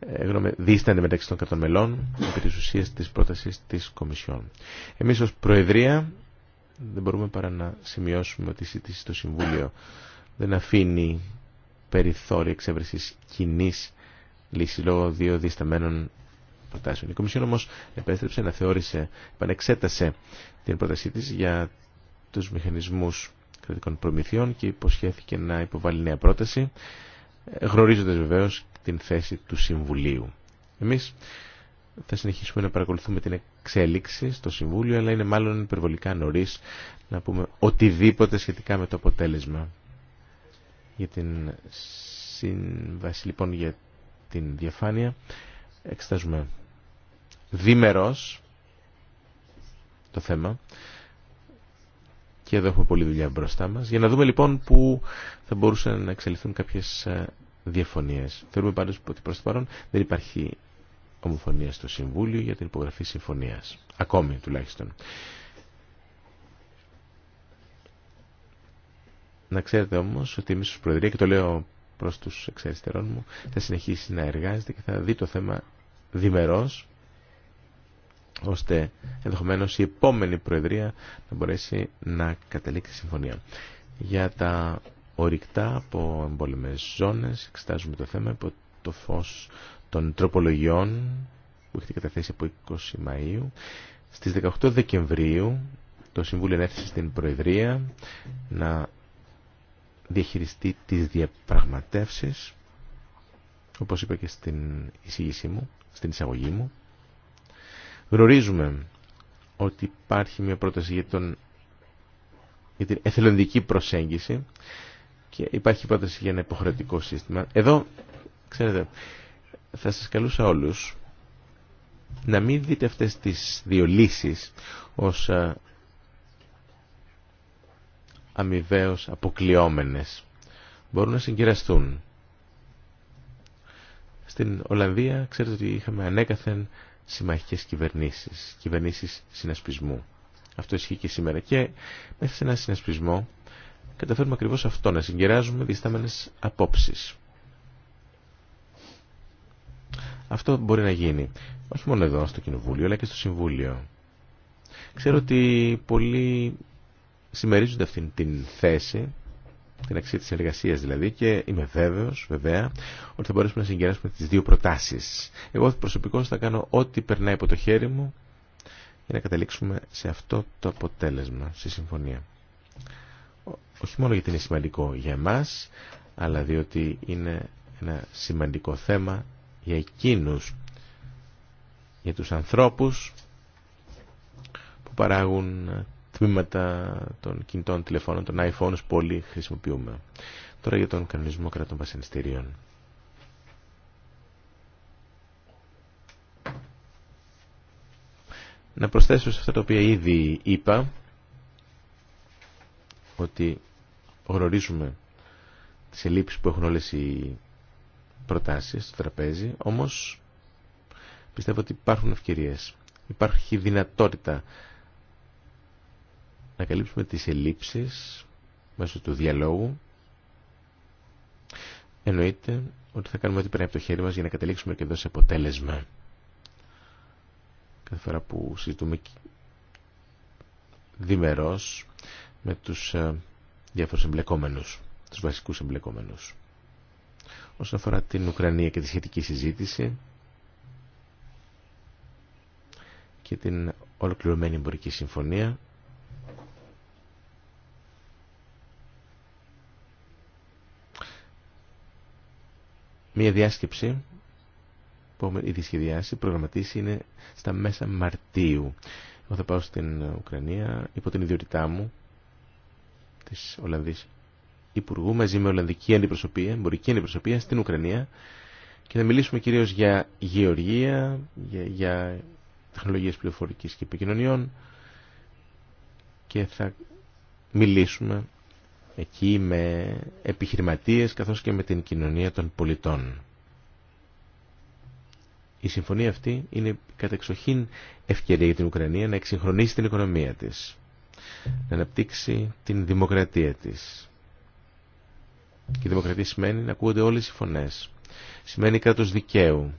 ε, γνώμε, δίστανται μεταξύ των κρατών μελών επί της ουσίας της πρότασης της Κομισιόν. Εμείς ως Προεδρία δεν μπορούμε παρά να σημειώσουμε ότι η το στο Συμβούλιο δεν αφήνει περιθώριο εξέβρεσης κοινή λύση λόγω δύο δισταμένων προτάσεων. Η Κομισιόν όμω επέστρεψε να θεώρησε, επανεξέτασε την πρότασή της για τους μηχανισμούς κρατικών προμηθειών και υποσχέθηκε να υποβάλει νέα πρόταση, γνωρίζοντα βεβαίω την θέση του Συμβουλίου. Εμείς θα συνεχίσουμε να παρακολουθούμε την εξέλιξη στο Συμβούλιο, αλλά είναι μάλλον υπερβολικά νωρί να πούμε οτιδήποτε σχετικά με το αποτέλεσμα. Για την σύμβαση λοιπόν για την διαφάνεια εξετάζουμε δίμερος το θέμα και εδώ έχουμε πολλή δουλειά μπροστά μας για να δούμε λοιπόν που θα μπορούσαν να εξελιχθούν κάποιες ε, διαφωνίες. Θεωρούμε πάντως ότι προς το παρόν δεν υπάρχει ομοφωνία στο Συμβούλιο για την υπογραφή συμφωνίας. Ακόμη τουλάχιστον. Να ξέρετε όμως ότι εμείς ως Προεδρία και το λέω προς τους εξαριστερών μου θα συνεχίσει να εργάζεται και θα δει το θέμα διμερός ώστε ενδεχομένως η επόμενη Προεδρία να μπορέσει να καταλήξει συμφωνία. Για τα ορυκτά από εμπόλεμες ζώνες εξετάζουμε το θέμα από το φως των τροπολογιών που έχετε καταθέσει από 20 Μαΐου. Στις 18 Δεκεμβρίου το Συμβούλιο έρθει στην Προεδρία να διαχειριστεί τις διαπραγματεύσεις όπως είπα και στην εισήγησή μου στην εισαγωγή μου. Γνωρίζουμε ότι υπάρχει μια πρόταση για, τον, την εθελοντική προσέγγιση και υπάρχει πρόταση για ένα υποχρεωτικό σύστημα. Εδώ, ξέρετε, θα σας καλούσα όλους να μην δείτε αυτές τις δύο λύσεις ως ε, αμοιβαίως αποκλειόμενες. Μπορούν να συγκεραστούν. Στην Ολλανδία ξέρετε ότι είχαμε ανέκαθεν συμμαχικές κυβερνήσεις, κυβερνήσεις συνασπισμού. Αυτό ισχύει και σήμερα. Και μέσα σε ένα συνασπισμό καταφέρουμε ακριβώς αυτό, να συγκεράζουμε διστάμενες απόψεις. Αυτό μπορεί να γίνει. Όχι μόνο εδώ στο Κοινοβούλιο, αλλά και στο Συμβούλιο. Ξέρω ότι πολλοί συμμερίζονται αυτήν την θέση την αξία της εργασίας δηλαδή και είμαι βέβαιος, βέβαια, ότι θα μπορέσουμε να συγκεράσουμε τις δύο προτάσεις. Εγώ προσωπικώς θα κάνω ό,τι περνάει από το χέρι μου για να καταλήξουμε σε αυτό το αποτέλεσμα, στη συμφωνία. Όχι μόνο γιατί είναι σημαντικό για εμάς, αλλά διότι είναι ένα σημαντικό θέμα για εκείνους, για τους ανθρώπους που παράγουν τμήματα των κινητών τηλεφώνων, των iPhones που όλοι χρησιμοποιούμε. Τώρα για τον κανονισμό κρατών βασανιστήριων. Να προσθέσω σε αυτά τα οποία ήδη είπα ότι γνωρίζουμε τις ελλείψεις που έχουν όλες οι προτάσεις στο τραπέζι, όμως πιστεύω ότι υπάρχουν ευκαιρίες. Υπάρχει δυνατότητα να καλύψουμε τις ελλείψεις μέσω του διαλόγου. Εννοείται ότι θα κάνουμε ό,τι πρέπει από το χέρι μας για να καταλήξουμε και εδώ σε αποτέλεσμα. Κάθε φορά που συζητούμε διμερός με τους ε, διάφορους εμπλεκόμενους, τους βασικούς εμπλεκόμενους. Όσον αφορά την Ουκρανία και τη σχετική συζήτηση και την ολοκληρωμένη εμπορική συμφωνία, Μία διάσκεψη που έχουμε ήδη σχεδιάσει, προγραμματίσει, είναι στα μέσα Μαρτίου. Εγώ θα πάω στην Ουκρανία υπό την ιδιότητά μου της Ολλανδής Υπουργού μαζί με Ολλανδική Αντιπροσωπεία, Εμπορική Αντιπροσωπεία στην Ουκρανία και θα μιλήσουμε κυρίως για γεωργία, για, για τεχνολογίες πληροφορικής και επικοινωνιών και θα μιλήσουμε εκεί με επιχειρηματίες καθώς και με την κοινωνία των πολιτών. Η συμφωνία αυτή είναι κατεξοχήν ευκαιρία για την Ουκρανία να εξυγχρονίσει την οικονομία της, να αναπτύξει την δημοκρατία της. Και η δημοκρατία σημαίνει να ακούγονται όλες οι φωνές. Σημαίνει κράτος δικαίου.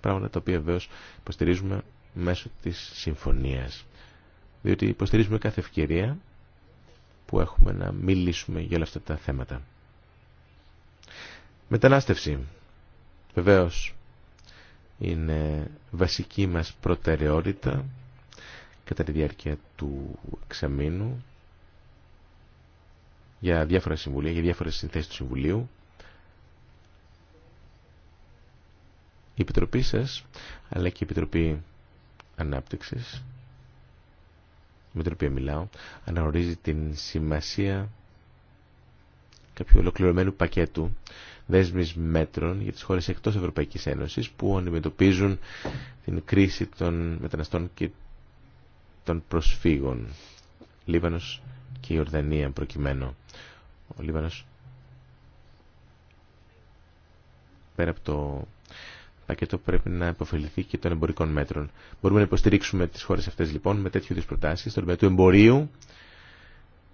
Πράγματα τα οποία βεβαίω υποστηρίζουμε μέσω της συμφωνίας. Διότι υποστηρίζουμε κάθε ευκαιρία που έχουμε να μιλήσουμε για όλα αυτά τα θέματα. Μετανάστευση. Βεβαίως είναι βασική μας προτεραιότητα κατά τη διάρκεια του εξαμήνου για διάφορα συμβουλία, για διάφορες συνθέσεις του Συμβουλίου. Η Επιτροπή σας, αλλά και η Επιτροπή Ανάπτυξης, με την οποία μιλάω αναγνωρίζει την σημασία κάποιου ολοκληρωμένου πακέτου δέσμης μέτρων για τις χώρες εκτός Ευρωπαϊκής Ένωσης που αντιμετωπίζουν την κρίση των μεταναστών και των προσφύγων. Λίβανος και η Ορδανία προκειμένου. Ο Λίβανος πέρα από το πακέτο πρέπει να υποφεληθεί και των εμπορικών μέτρων. Μπορούμε να υποστηρίξουμε τι χώρε αυτέ λοιπόν με τέτοιου είδου προτάσει, στον τομέα του εμπορίου.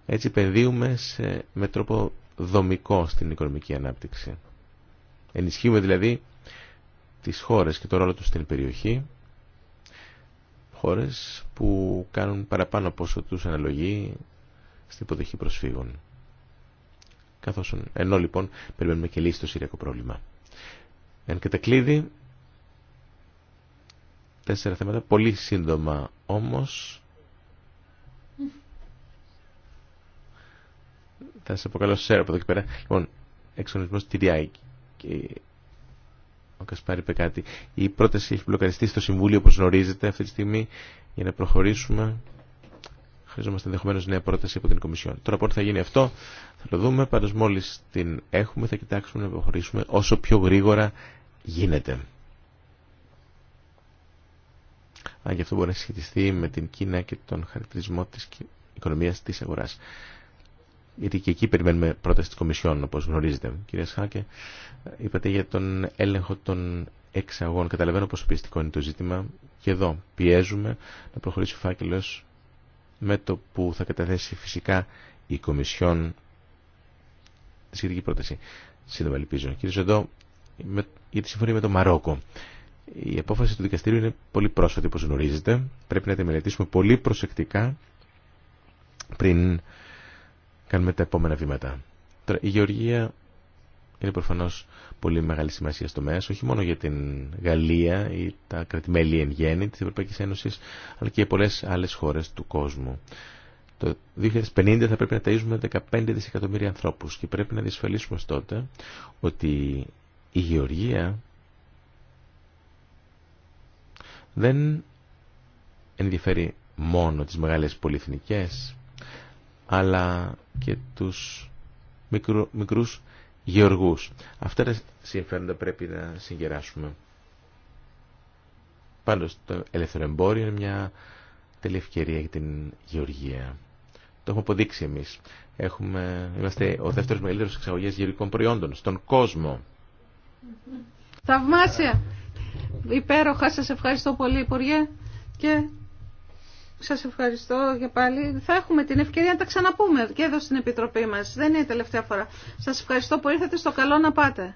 Έτσι επενδύουμε σε, με τρόπο δομικό στην οικονομική ανάπτυξη. Ενισχύουμε δηλαδή τι χώρε και το ρόλο του στην περιοχή. Χώρε που κάνουν παραπάνω από όσο αναλογεί στην υποδοχή προσφύγων. Καθώς ενώ λοιπόν περιμένουμε και λύση στο συριακό πρόβλημα. Εν κατακλείδη, τέσσερα θέματα, πολύ σύντομα όμως. Θα σας αποκαλώ σέρα από εδώ και πέρα. Λοιπόν, εξονισμός TDI. Και ο Κασπάρη είπε κάτι. Η πρόταση έχει μπλοκαριστεί στο Συμβούλιο, όπως γνωρίζετε αυτή τη στιγμή, για να προχωρήσουμε. Χρειαζόμαστε ενδεχομένω νέα πρόταση από την Κομισιόν. Τώρα πότε θα γίνει αυτό, θα το δούμε. Πάντω, μόλι την έχουμε, θα κοιτάξουμε να προχωρήσουμε όσο πιο γρήγορα γίνεται αν και αυτό μπορεί να σχετιστεί με την Κίνα και τον χαρακτηρισμό τη οικονομία τη αγορά, Γιατί και εκεί περιμένουμε πρόταση τη Κομισιόν, όπω γνωρίζετε. Κυρία Σχάκε, είπατε για τον έλεγχο των εξαγών. Καταλαβαίνω πόσο πιεστικό είναι το ζήτημα. Και εδώ πιέζουμε να προχωρήσει ο φάκελο με το που θα καταθέσει φυσικά η Κομισιόν τη σχετική πρόταση. Σύντομα ελπίζω. Κύριε εδώ για τη συμφωνία με το Μαρόκο. Η απόφαση του δικαστήριου είναι πολύ πρόσφατη, όπως γνωρίζετε. Πρέπει να τη μελετήσουμε πολύ προσεκτικά πριν κάνουμε τα επόμενα βήματα. Τώρα, η γεωργία είναι προφανώς πολύ μεγάλη σημασία στο μέσο, όχι μόνο για την Γαλλία ή τα κρατημέλη εν γέννη της Ευρωπαϊκής Ένωσης, αλλά και για πολλές άλλες χώρες του κόσμου. Το 2050 θα πρέπει να ταΐζουμε 15 δισεκατομμύρια ανθρώπους και πρέπει να διασφαλίσουμε τότε ότι η γεωργία δεν ενδιαφέρει μόνο τις μεγάλες πολυεθνικές, αλλά και τους μικρού, μικρούς γεωργούς. Αυτά τα συμφέροντα πρέπει να συγκεράσουμε. Πάντως το ελεύθερο εμπόριο είναι μια τέλεια ευκαιρία για την γεωργία. Το έχουμε αποδείξει εμείς. Έχουμε, είμαστε ο δεύτερος μεγαλύτερος εξαγωγής γεωργικών προϊόντων στον κόσμο. Θαυμάσια! Υπέροχα, σας ευχαριστώ πολύ Υπουργέ και σας ευχαριστώ και πάλι. Θα έχουμε την ευκαιρία να τα ξαναπούμε και εδώ στην Επιτροπή μας. Δεν είναι η τελευταία φορά. Σας ευχαριστώ που ήρθατε στο καλό να πάτε.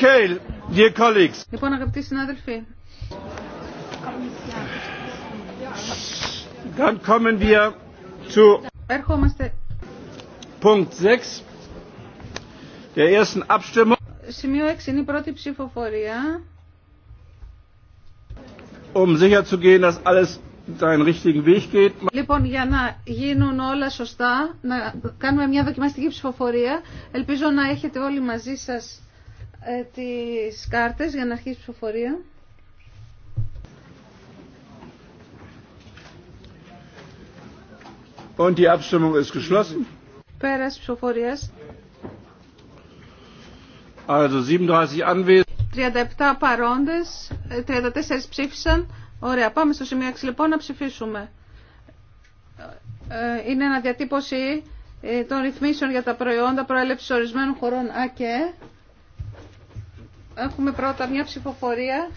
Okay, dear colleagues. Λοιπόν, αγαπητοί συνάδελφοι. Dann kommen wir zu Ερχόμαστε. Punkt 6 der ersten Abstimmung. Σημείο 6 είναι η πρώτη ψηφοφορία. Um sicherzugehen, dass alles seinen richtigen Weg geht. Λοιπόν, για να γίνουν όλα σωστά, να κάνουμε μια δοκιμαστική ψηφοφορία. Ελπίζω να έχετε όλοι μαζί σας ε, τις κάρτες για να αρχίσει η ψηφοφορία. Und die Πέρας ψηφοφορίας. 37 anwesend. 37 παρόντες, 34 ε, ψήφισαν. Ωραία, πάμε στο σημείο 6 λοιπόν να ψηφίσουμε. Ε, είναι αναδιατύπωση ε, των ρυθμίσεων για τα προϊόντα προέλευσης ορισμένων χωρών ΑΚΕ. Έχουμε πρώτα μια ψηφοφορία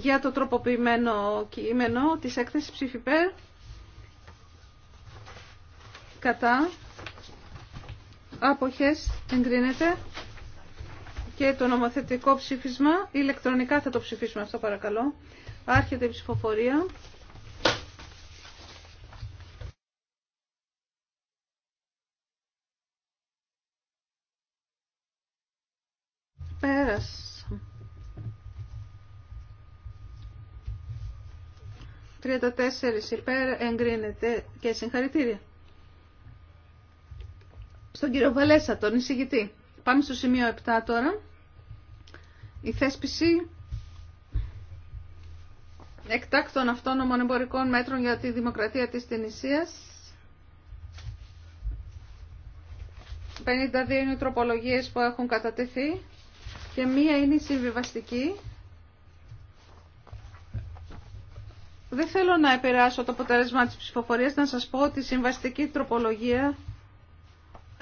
για το τροποποιημένο κείμενο της έκθεσης ψηφιπέρ κατά άποχες εγκρίνεται και το νομοθετικό ψήφισμα ηλεκτρονικά θα το ψηφίσουμε αυτό παρακαλώ άρχεται η ψηφοφορία 34 υπέρ εγκρίνεται και συγχαρητήρια. Στον κύριο Βαλέσα, τον εισηγητή. Πάμε στο σημείο 7 τώρα. Η θέσπιση εκτάκτων αυτόνομων εμπορικών μέτρων για τη δημοκρατία της Τινησίας. 52 είναι οι τροπολογίες που έχουν κατατεθεί και μία είναι η συμβιβαστική Δεν θέλω να επηρεάσω το αποτέλεσμα της ψηφοφορίας, να σας πω ότι η συμβαστική τροπολογία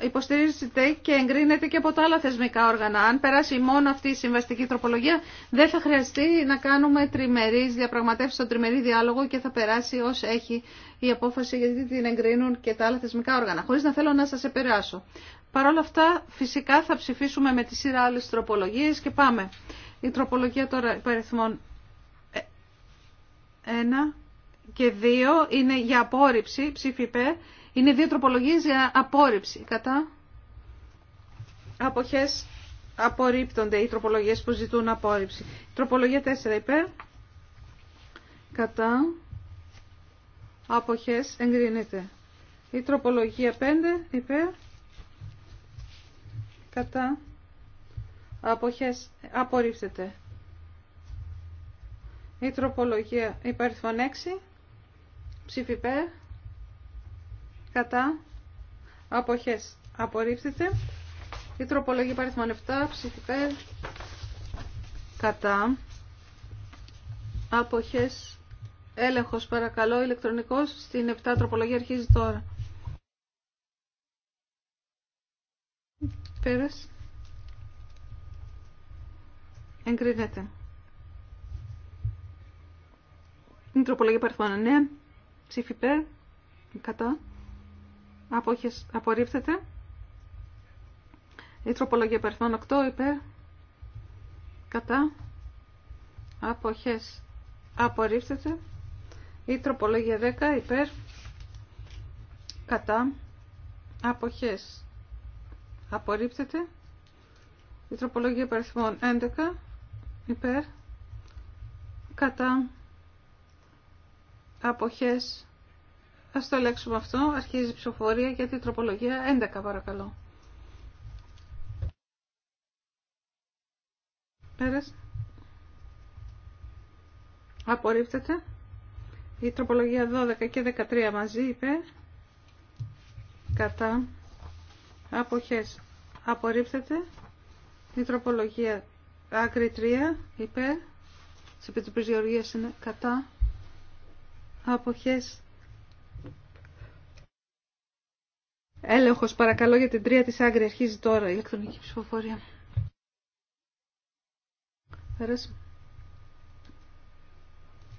υποστηρίζεται και εγκρίνεται και από τα άλλα θεσμικά όργανα. Αν περάσει μόνο αυτή η συμβαστική τροπολογία, δεν θα χρειαστεί να κάνουμε τριμερείς διαπραγματεύσεις στον τριμερή διάλογο και θα περάσει ως έχει η απόφαση γιατί την εγκρίνουν και τα άλλα θεσμικά όργανα, χωρίς να θέλω να σας επηρεάσω. Παρ' όλα αυτά, φυσικά θα ψηφίσουμε με τη σειρά άλλες τροπολογίες και πάμε. Η τροπολογία τώρα υπαριθμών 1 και δύο είναι για απόρριψη, ψήφι Είναι δύο τροπολογίες για απόρριψη. Κατά αποχές απορρίπτονται οι τροπολογίες που ζητούν απόρριψη. Τροπολογία 4 υπέρ. Κατά αποχές εγκρίνεται. Η τροπολογία 5 υπέρ. Κατά αποχές απορρίπτεται. Η τροπολογία υπαριθμών 6. ψηφιπέ, Κατά. Αποχές. απορρίφθηκε. Η τροπολογία υπαριθμών 7. ψηφιπέ, Κατά. Αποχές. Έλεγχος παρακαλώ ηλεκτρονικός. Στην 7 τροπολογία αρχίζει τώρα. Πέρας. Εγκρίνεται. Την τροπολογία παρθμών 9. Ναι. Ψήφι υπέρ. Κατά. Απόχες. Απορρίπτεται. Η τροπολογία 8 υπέρ. Κατά. Απόχες. Απορρίπτεται. Η τροπολογία 10 υπέρ. Κατά. Αποχές. Απορρίπτεται. Η τροπολογία παριθμών 11 υπέρ. Κατά αποχές. Ας το ελέγξουμε αυτό. Αρχίζει η ψηφοφορία για την τροπολογία 11 παρακαλώ. Πέρασε. Απορρίπτεται. Η τροπολογία 12 και 13 μαζί είπε. Κατά. Αποχές. Απορρίπτεται. Η τροπολογία άκρη 3 υπέρ. Σε επί είναι κατά αποχές έλεγχος παρακαλώ για την τρία της άγκρη αρχίζει τώρα η ηλεκτρονική ψηφοφορία Πέρασε.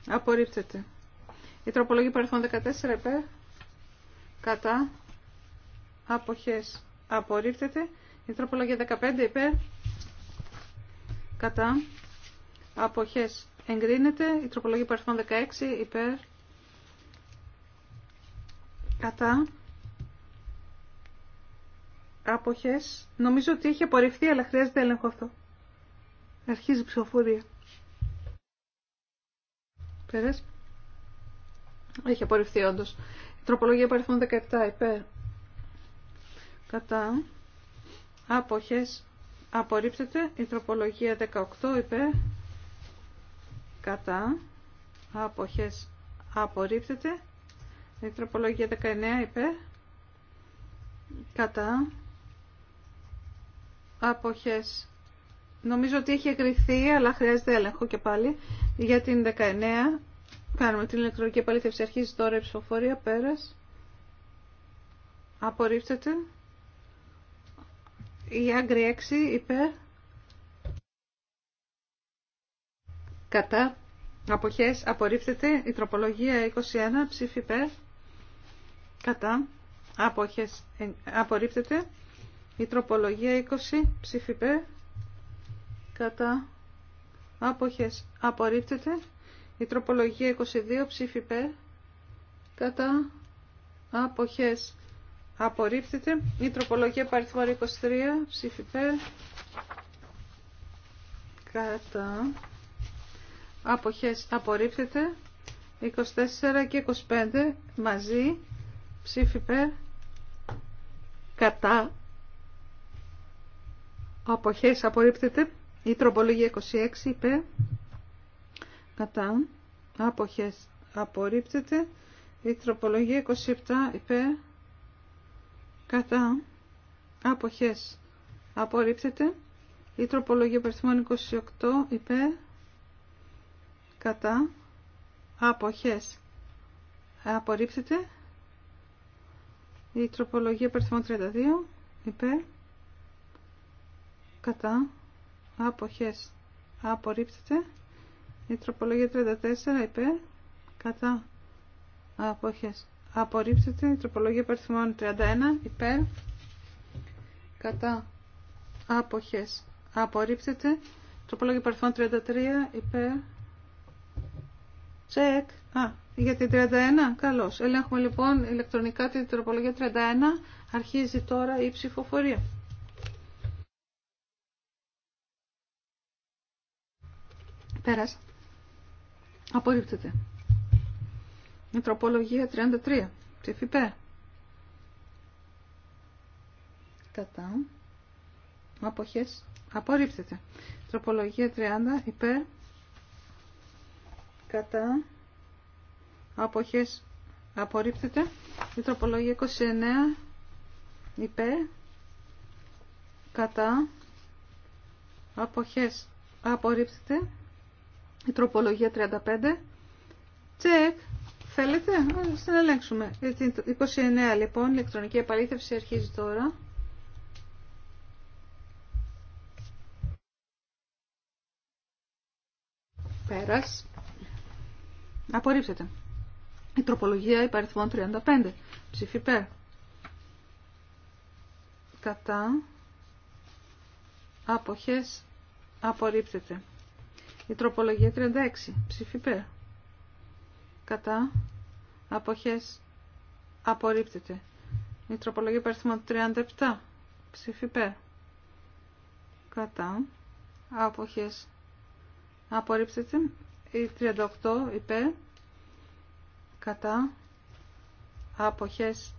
Απορρίπτεται. Η τροπολογία παρελθόν 14 υπέρ. Κατά. Αποχές. Απορρίπτεται. Η τροπολογία 15 υπέρ. Κατά. Αποχές. Εγκρίνεται. Η τροπολογία παρελθόν 16 υπέρ κατά άποχες. Νομίζω ότι έχει απορριφθεί, αλλά χρειάζεται έλεγχο αυτό. Αρχίζει η ψηφοφορία. Πέρας. Έχει απορριφθεί όντω. Τροπολογία παρελθόν 17 υπέρ. Κατά. Άποχες. Απορρίπτεται. Η τροπολογία 18 υπέρ. Κατά. Άποχες. Απορρίπτεται. Η τροπολογία 19 είπε Κατά. Αποχές. Νομίζω ότι έχει εγκριθεί, αλλά χρειάζεται έλεγχο και πάλι. Για την 19 κάνουμε την ηλεκτρονική επαλήθευση. Αρχίζει τώρα η ψηφοφορία. Πέρας. Απορρίπτεται. Η άγκρη 6 είπε. Κατά. Αποχές. Απορρίπτεται. Η τροπολογία 21 ψήφι υπέρ. Ε, κατά αποχές απορρίπτεται η τροπολογία 20 ψηφιπέ κατά αποχές απορρίπτεται η τροπολογία 22 ψηφιπέ κατά αποχές απορρίπτεται η τροπολογία παριθμό 23 ψηφιπέ κατά αποχές απορρίπτεται 24 και 25 μαζί Ψήφι περ. Κατά. Αποχές απορρίπτεται. Η τροπολογία 26 είπε, Κατά. Αποχές απορρίπτεται. Η τροπολογία 27 υπέρ. Κατά. Αποχές απορρίπτεται. Η τροπολογία περιθμών 28 είπε, Κατά. Αποχές απορρίπτεται. Η τροπολογία περιθμών 32 υπέρ κατά αποχές απορρίπτεται. Η τροπολογία 34 υπέρ κατά αποχές απορρίπτεται. Η τροπολογία περιθμών 31 υπέρ κατά αποχές απορρίπτεται. Η τροπολογία περιθμών 33 υπέρ Τσεκ. Α, για την 31. καλώ. Ελέγχουμε λοιπόν ηλεκτρονικά την τροπολογία 31. Αρχίζει τώρα η ψηφοφορία. Πέρασε. Απορρίπτεται. Η τροπολογία 33. Ψήφι φυπέ. Κατά. Αποχές. Απορρίπτεται. Τροπολογία 30 υπέρ κατά αποχές απορρίπτεται η τροπολογία 29 υπέ κατά αποχές απορρίπτεται η τροπολογία 35 τσεκ θέλετε ας την ελέγξουμε 29 λοιπόν ηλεκτρονική επαλήθευση αρχίζει τώρα πέρας Απορρίψετε. Η τροπολογία υπαριθμών 35. Ψήφι Κατά. Αποχές. Απορρίπτεται. Η τροπολογία 36. Ψήφι Κατά. Αποχές. Απορρίπτεται. Η τροπολογία υπαριθμών 37. Ψήφι Κατά. Αποχές. Απορρίπτεται ή 38 υπέρ κατά αποχές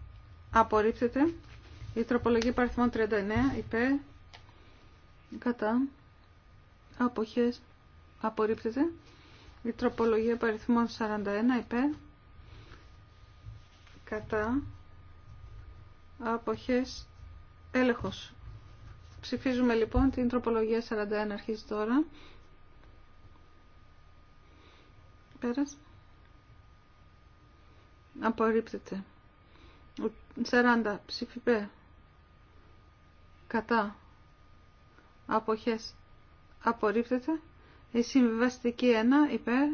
απορρίπτεται η τροπολογία παριθμών 39 υπέρ κατά αποχές απορρίπτεται η τροπολογία παριθμών 41 υπέρ κατά αποχές έλεγχος ψηφίζουμε λοιπόν την τροπολογία 41 αρχίζει τώρα Πέρας. Απορρίπτεται. 40 ψηφιπέ. Κατά. Αποχές. Απορρίπτεται. Η συμβιβαστική 1 υπέρ.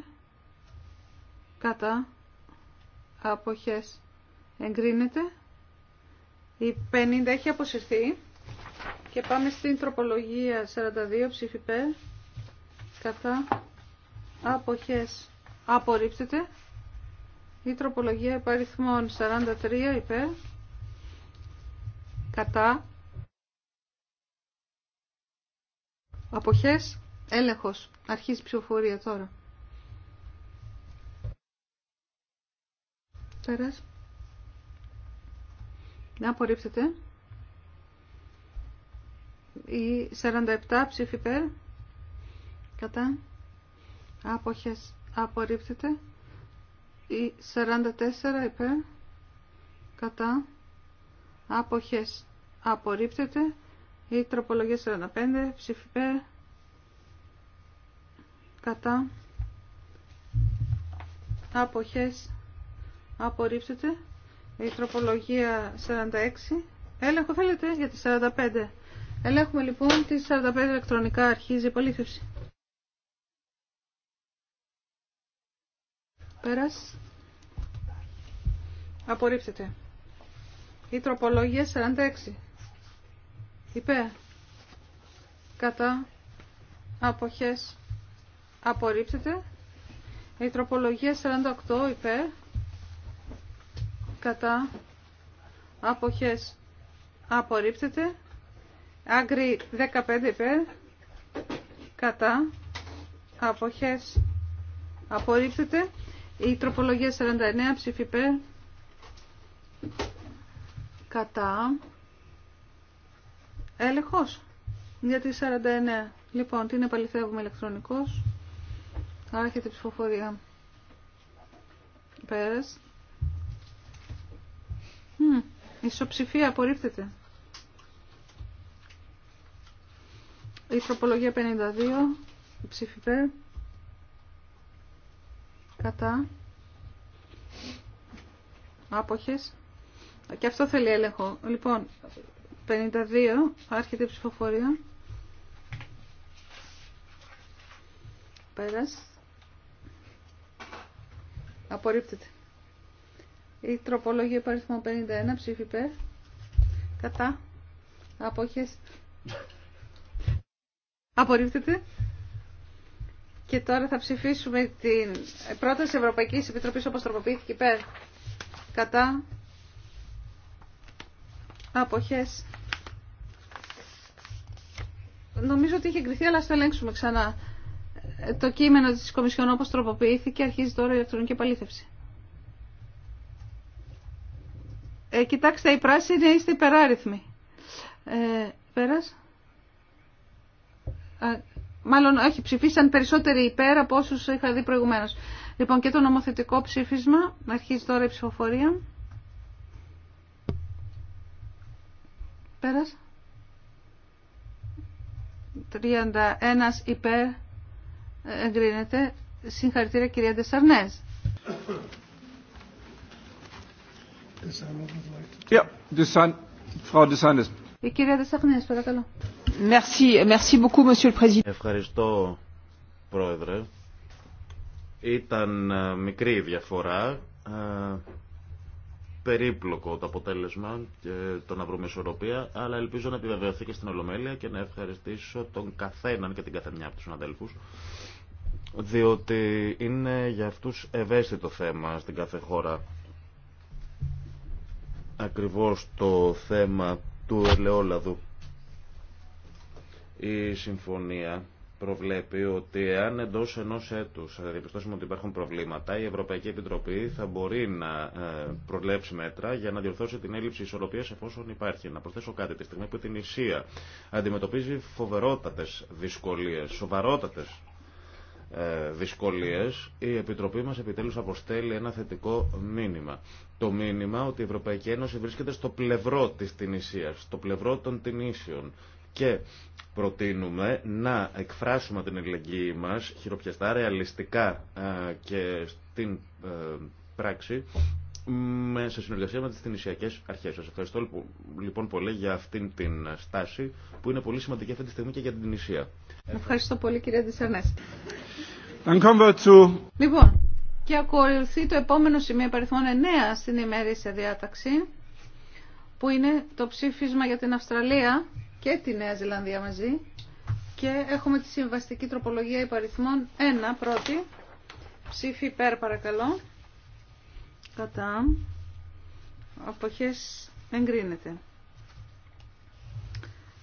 Κατά. Αποχές. Εγκρίνεται. Η 50 έχει αποσυρθεί. Και πάμε στην τροπολογία 42 ψηφιπέ. Κατά. Αποχές απορρίπτεται. Η τροπολογία υπαριθμών 43 υπέρ, κατά, αποχές, έλεγχος, αρχής ψηφοφορία τώρα. Πέρας. Να απορρίπτεται. Η 47 ψήφι υπέρ, κατά, άποχες, απορρίπτεται η 44 υπέρ κατά άποχες απορρίπτεται η τροπολογία 45 ψηφιπέ κατά άποχες απορρίπτεται η τροπολογία 46 έλεγχο θέλετε για τη 45 ελέγχουμε λοιπόν τη 45 ηλεκτρονικά αρχίζει η Πέρας. Η τροπολογία 46. Υπέ. Κατά. Αποχές. Απορρίπτεται. Η τροπολογία 48 Υπέ. Κατά. Αποχές. Απορρίπτεται. Άγκρι 15 υπέρ. Κατά. Αποχές. Απορρίπτεται. Η τροπολογία 49 ψήφι Κατά. Έλεγχος. Για τη 49. Λοιπόν, την επαληθεύουμε ηλεκτρονικός. Άρχεται η ψηφοφορία. Πέρας. ισοψηφία απορρίπτεται. Η τροπολογία 52. Ψήφι κατά άποχες και αυτό θέλει έλεγχο λοιπόν 52 άρχεται η ψηφοφορία πέρας απορρίπτεται η τροπολογία παριθμό 51 ψήφι κατά άποχες απορρίπτεται και τώρα θα ψηφίσουμε την πρόταση ευρωπαϊκή Επιτροπή όπω τροποποιήθηκε υπέρ. Κατά. Αποχές. Νομίζω ότι είχε εγκριθεί, αλλά α το ελέγξουμε ξανά. Ε, το κείμενο της Κομισιόν όπω τροποποιήθηκε αρχίζει τώρα η ηλεκτρονική επαλήθευση. Ε, κοιτάξτε, οι πράσινοι είστε υπεράριθμοι. Ε, πέρας. Μάλλον όχι, ψηφίσαν περισσότεροι υπέρ από όσους είχα δει προηγουμένως. Λοιπόν και το νομοθετικό ψήφισμα, αρχίζει τώρα η ψηφοφορία. Πέρας. 31 υπέρ εγκρίνεται. Συγχαρητήρια κυρία Ντεσσαρνέ. Yeah, Η κυρία Δεσσαρνές, παρακαλώ. Ευχαριστώ, Πρόεδρε. Ήταν ε, μικρή η διαφορά, ε, περίπλοκο το αποτέλεσμα και το να βρούμε ισορροπία, αλλά ελπίζω να επιβεβαιωθεί και στην Ολομέλεια και να ευχαριστήσω τον καθέναν και την καθεμιά από τους συναδέλφους, διότι είναι για αυτούς ευαίσθητο θέμα στην κάθε χώρα. Ακριβώς το θέμα του ελαιόλαδου η συμφωνία προβλέπει ότι αν εντό ενό έτου διαπιστώσουμε ότι υπάρχουν προβλήματα, η Ευρωπαϊκή Επιτροπή θα μπορεί να ε, προβλέψει μέτρα για να διορθώσει την έλλειψη ισορροπία εφόσον υπάρχει. Να προσθέσω κάτι. Τη στιγμή που την Ισία αντιμετωπίζει φοβερότατε δυσκολίε, σοβαρότατε ε, δυσκολίε. η Επιτροπή μα επιτέλου αποστέλει ένα θετικό μήνυμα το μήνυμα ότι η Ευρωπαϊκή Ένωση βρίσκεται στο πλευρό τη Τινησίας στο πλευρό των Τινήσεων και προτείνουμε να εκφράσουμε την ελληνική μας χειροπιαστά, ρεαλιστικά ε, και στην ε, πράξη με, σε συνεργασία με τις θυνησιακές αρχές. Σας ευχαριστώ λοιπόν, λοιπόν πολύ για αυτήν την στάση που είναι πολύ σημαντική αυτή τη στιγμή και για την νησία. Ευχαριστώ πολύ κυρία Δησανές. Λοιπόν, και ακολουθεί το επόμενο σημείο παριθμών 9 στην ημέρη σε διάταξη που είναι το ψήφισμα για την Αυστραλία και τη Νέα Ζηλανδία μαζί και έχουμε τη συμβαστική τροπολογία υπαριθμών 1 πρώτη. Ψήφι υπέρ παρακαλώ. Κατά. Αποχές εγκρίνεται.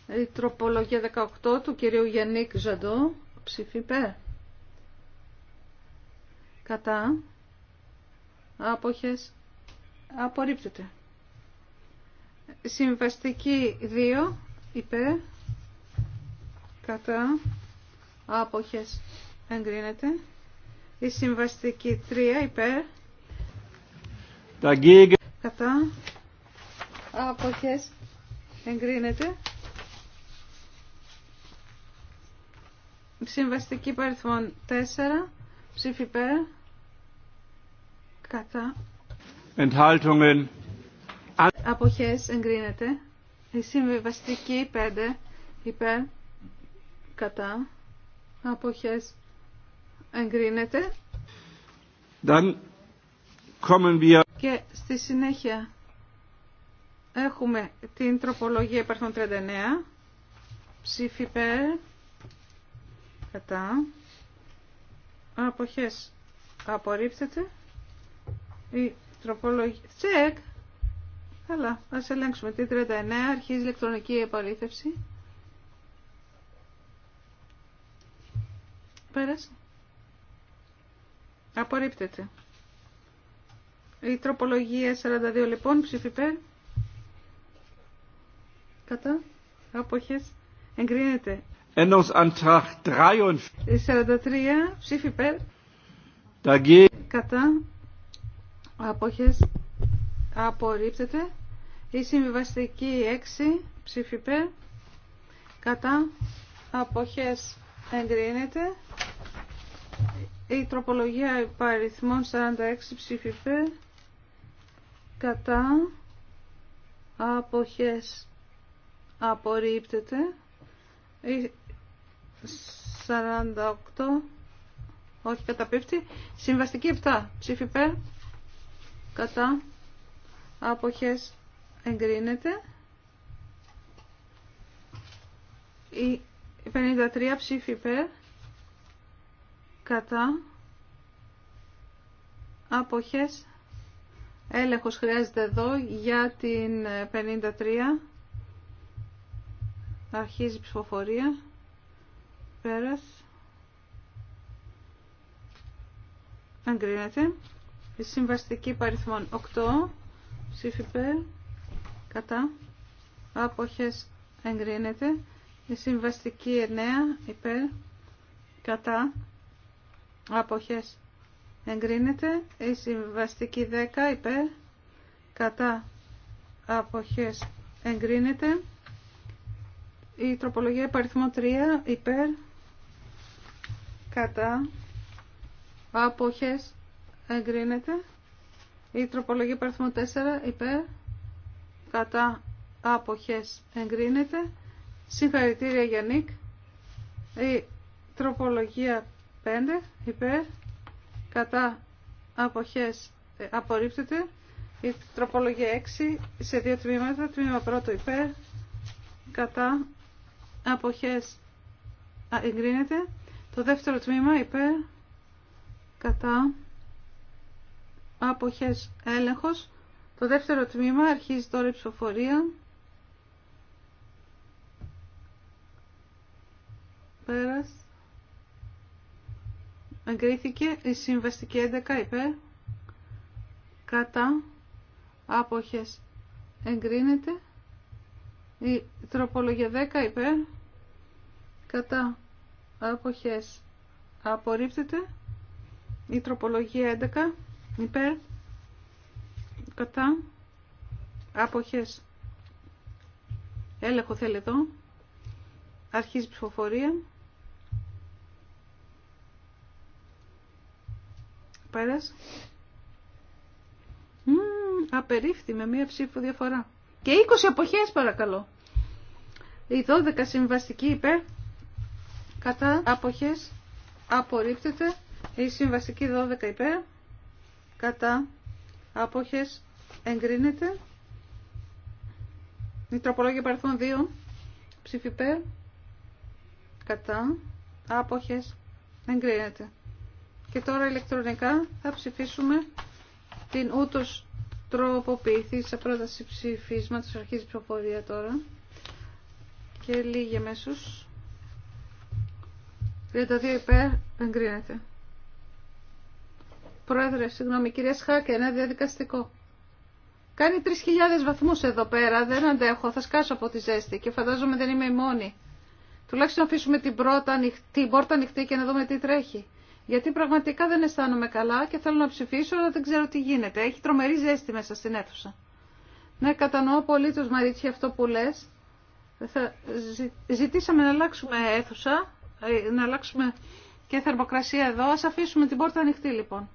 Η τροπολογία 18 του κυρίου Γιάννικ Ζαντό. Ψήφι υπέρ. Κατά. Αποχές απορρίπτεται. Συμβαστική 2 υπέρ κατά άποχες εγκρίνεται η συμβαστική 3 υπέρ κατά άποχες εγκρίνεται συμβαστική παριθμόν 4 ψήφι υπέρ κατά Enthaltungen. Αποχές εγκρίνεται. Η συμβιβαστική 5 υπέρ κατά αποχές εγκρίνεται. Dann kommen wir... Και στη συνέχεια έχουμε την τροπολογία υπάρχουν 39 ψήφι υπέρ κατά αποχές απορρίπτεται η τροπολογία τσεκ αλλά ας ελέγξουμε τι 39, αρχίζει ηλεκτρονική επαλήθευση. Πέρασε. Απορρίπτεται. Η τροπολογία 42 λοιπόν ψήφι Κατά. Αποχές. Εγκρίνεται. Η 43. 43 ψήφι Ταγκή. Κατά. Αποχές απορρίπτεται. Η συμβιβαστική 6 ψήφι κατά αποχές εγκρίνεται. Η τροπολογία υπαριθμών 46 ψηφιπε, κατά αποχές απορρίπτεται. Η 48 όχι καταπίπτει. Συμβαστική 7 ψήφι υπέρ κατά άποχες εγκρίνεται. Η 53 ψήφι υπέρ, κατά, άποχες, έλεγχος χρειάζεται εδώ για την 53, αρχίζει η ψηφοφορία, πέρας, εγκρίνεται. Η συμβαστική παριθμών 8 Ψήφι Κατά. Αποχές εγκρίνεται. Η συμβαστική 9 υπέρ. Κατά. Αποχές εγκρίνεται. Η συμβαστική 10 υπέρ. Κατά. Αποχές εγκρίνεται. Η τροπολογία υπαριθμό 3 υπέρ. Κατά. Αποχές εγκρίνεται. Η τροπολογία 4 υπέρ κατά άποχες εγκρίνεται. Συγχαρητήρια για Νίκ. Η τροπολογία 5 υπέρ κατά αποχές ε, απορρίπτεται. Η τροπολογία 6 σε δύο τμήματα. Τμήμα πρώτο υπέρ κατά αποχές εγκρίνεται. Το δεύτερο τμήμα υπέρ κατά αποχές έλεγχος. Το δεύτερο τμήμα αρχίζει τώρα η ψηφοφορία. Πέρας. Εγκρίθηκε η συμβαστική 11 υπέρ. Κατά. Άποχες. Εγκρίνεται. Η τροπολογία 10 υπέρ. Κατά. Άποχες. Απορρίπτεται. Η τροπολογία 11 υπέρ κατά αποχές έλεγχο θέλει εδώ αρχίζει ψηφοφορία πέρας απερίφθη με μία ψήφο διαφορά και 20 αποχές παρακαλώ η 12 συμβαστική υπέρ κατά αποχές απορρίπτεται η συμβαστική 12 υπέρ κατά άποχες εγκρίνεται. Η τροπολόγια παρελθόν 2 ψηφιπέρ κατά άποχες εγκρίνεται. Και τώρα ηλεκτρονικά θα ψηφίσουμε την ούτως τροποποιηθή σε πρόταση ψηφίσματος αρχίζει ψηφοφορία τώρα και λίγοι μέσους 32 υπέρ εγκρίνεται. Πρόεδρε, συγγνώμη, κυρία Σχάκε, ένα διαδικαστικό. Κάνει 3.000 βαθμούς εδώ πέρα, δεν αντέχω, θα σκάσω από τη ζέστη και φαντάζομαι δεν είμαι η μόνη. Τουλάχιστον αφήσουμε την, πρώτα, την πόρτα ανοιχτή και να δούμε τι τρέχει. Γιατί πραγματικά δεν αισθάνομαι καλά και θέλω να ψηφίσω, αλλά δεν ξέρω τι γίνεται. Έχει τρομερή ζέστη μέσα στην αίθουσα. Ναι, κατανοώ πολύ τους Μαρίτσι αυτό που λες. Θα ζητήσαμε να αλλάξουμε αίθουσα, ε, να αλλάξουμε και θερμοκρασία εδώ. Ας αφήσουμε την πόρτα ανοιχτή λοιπόν.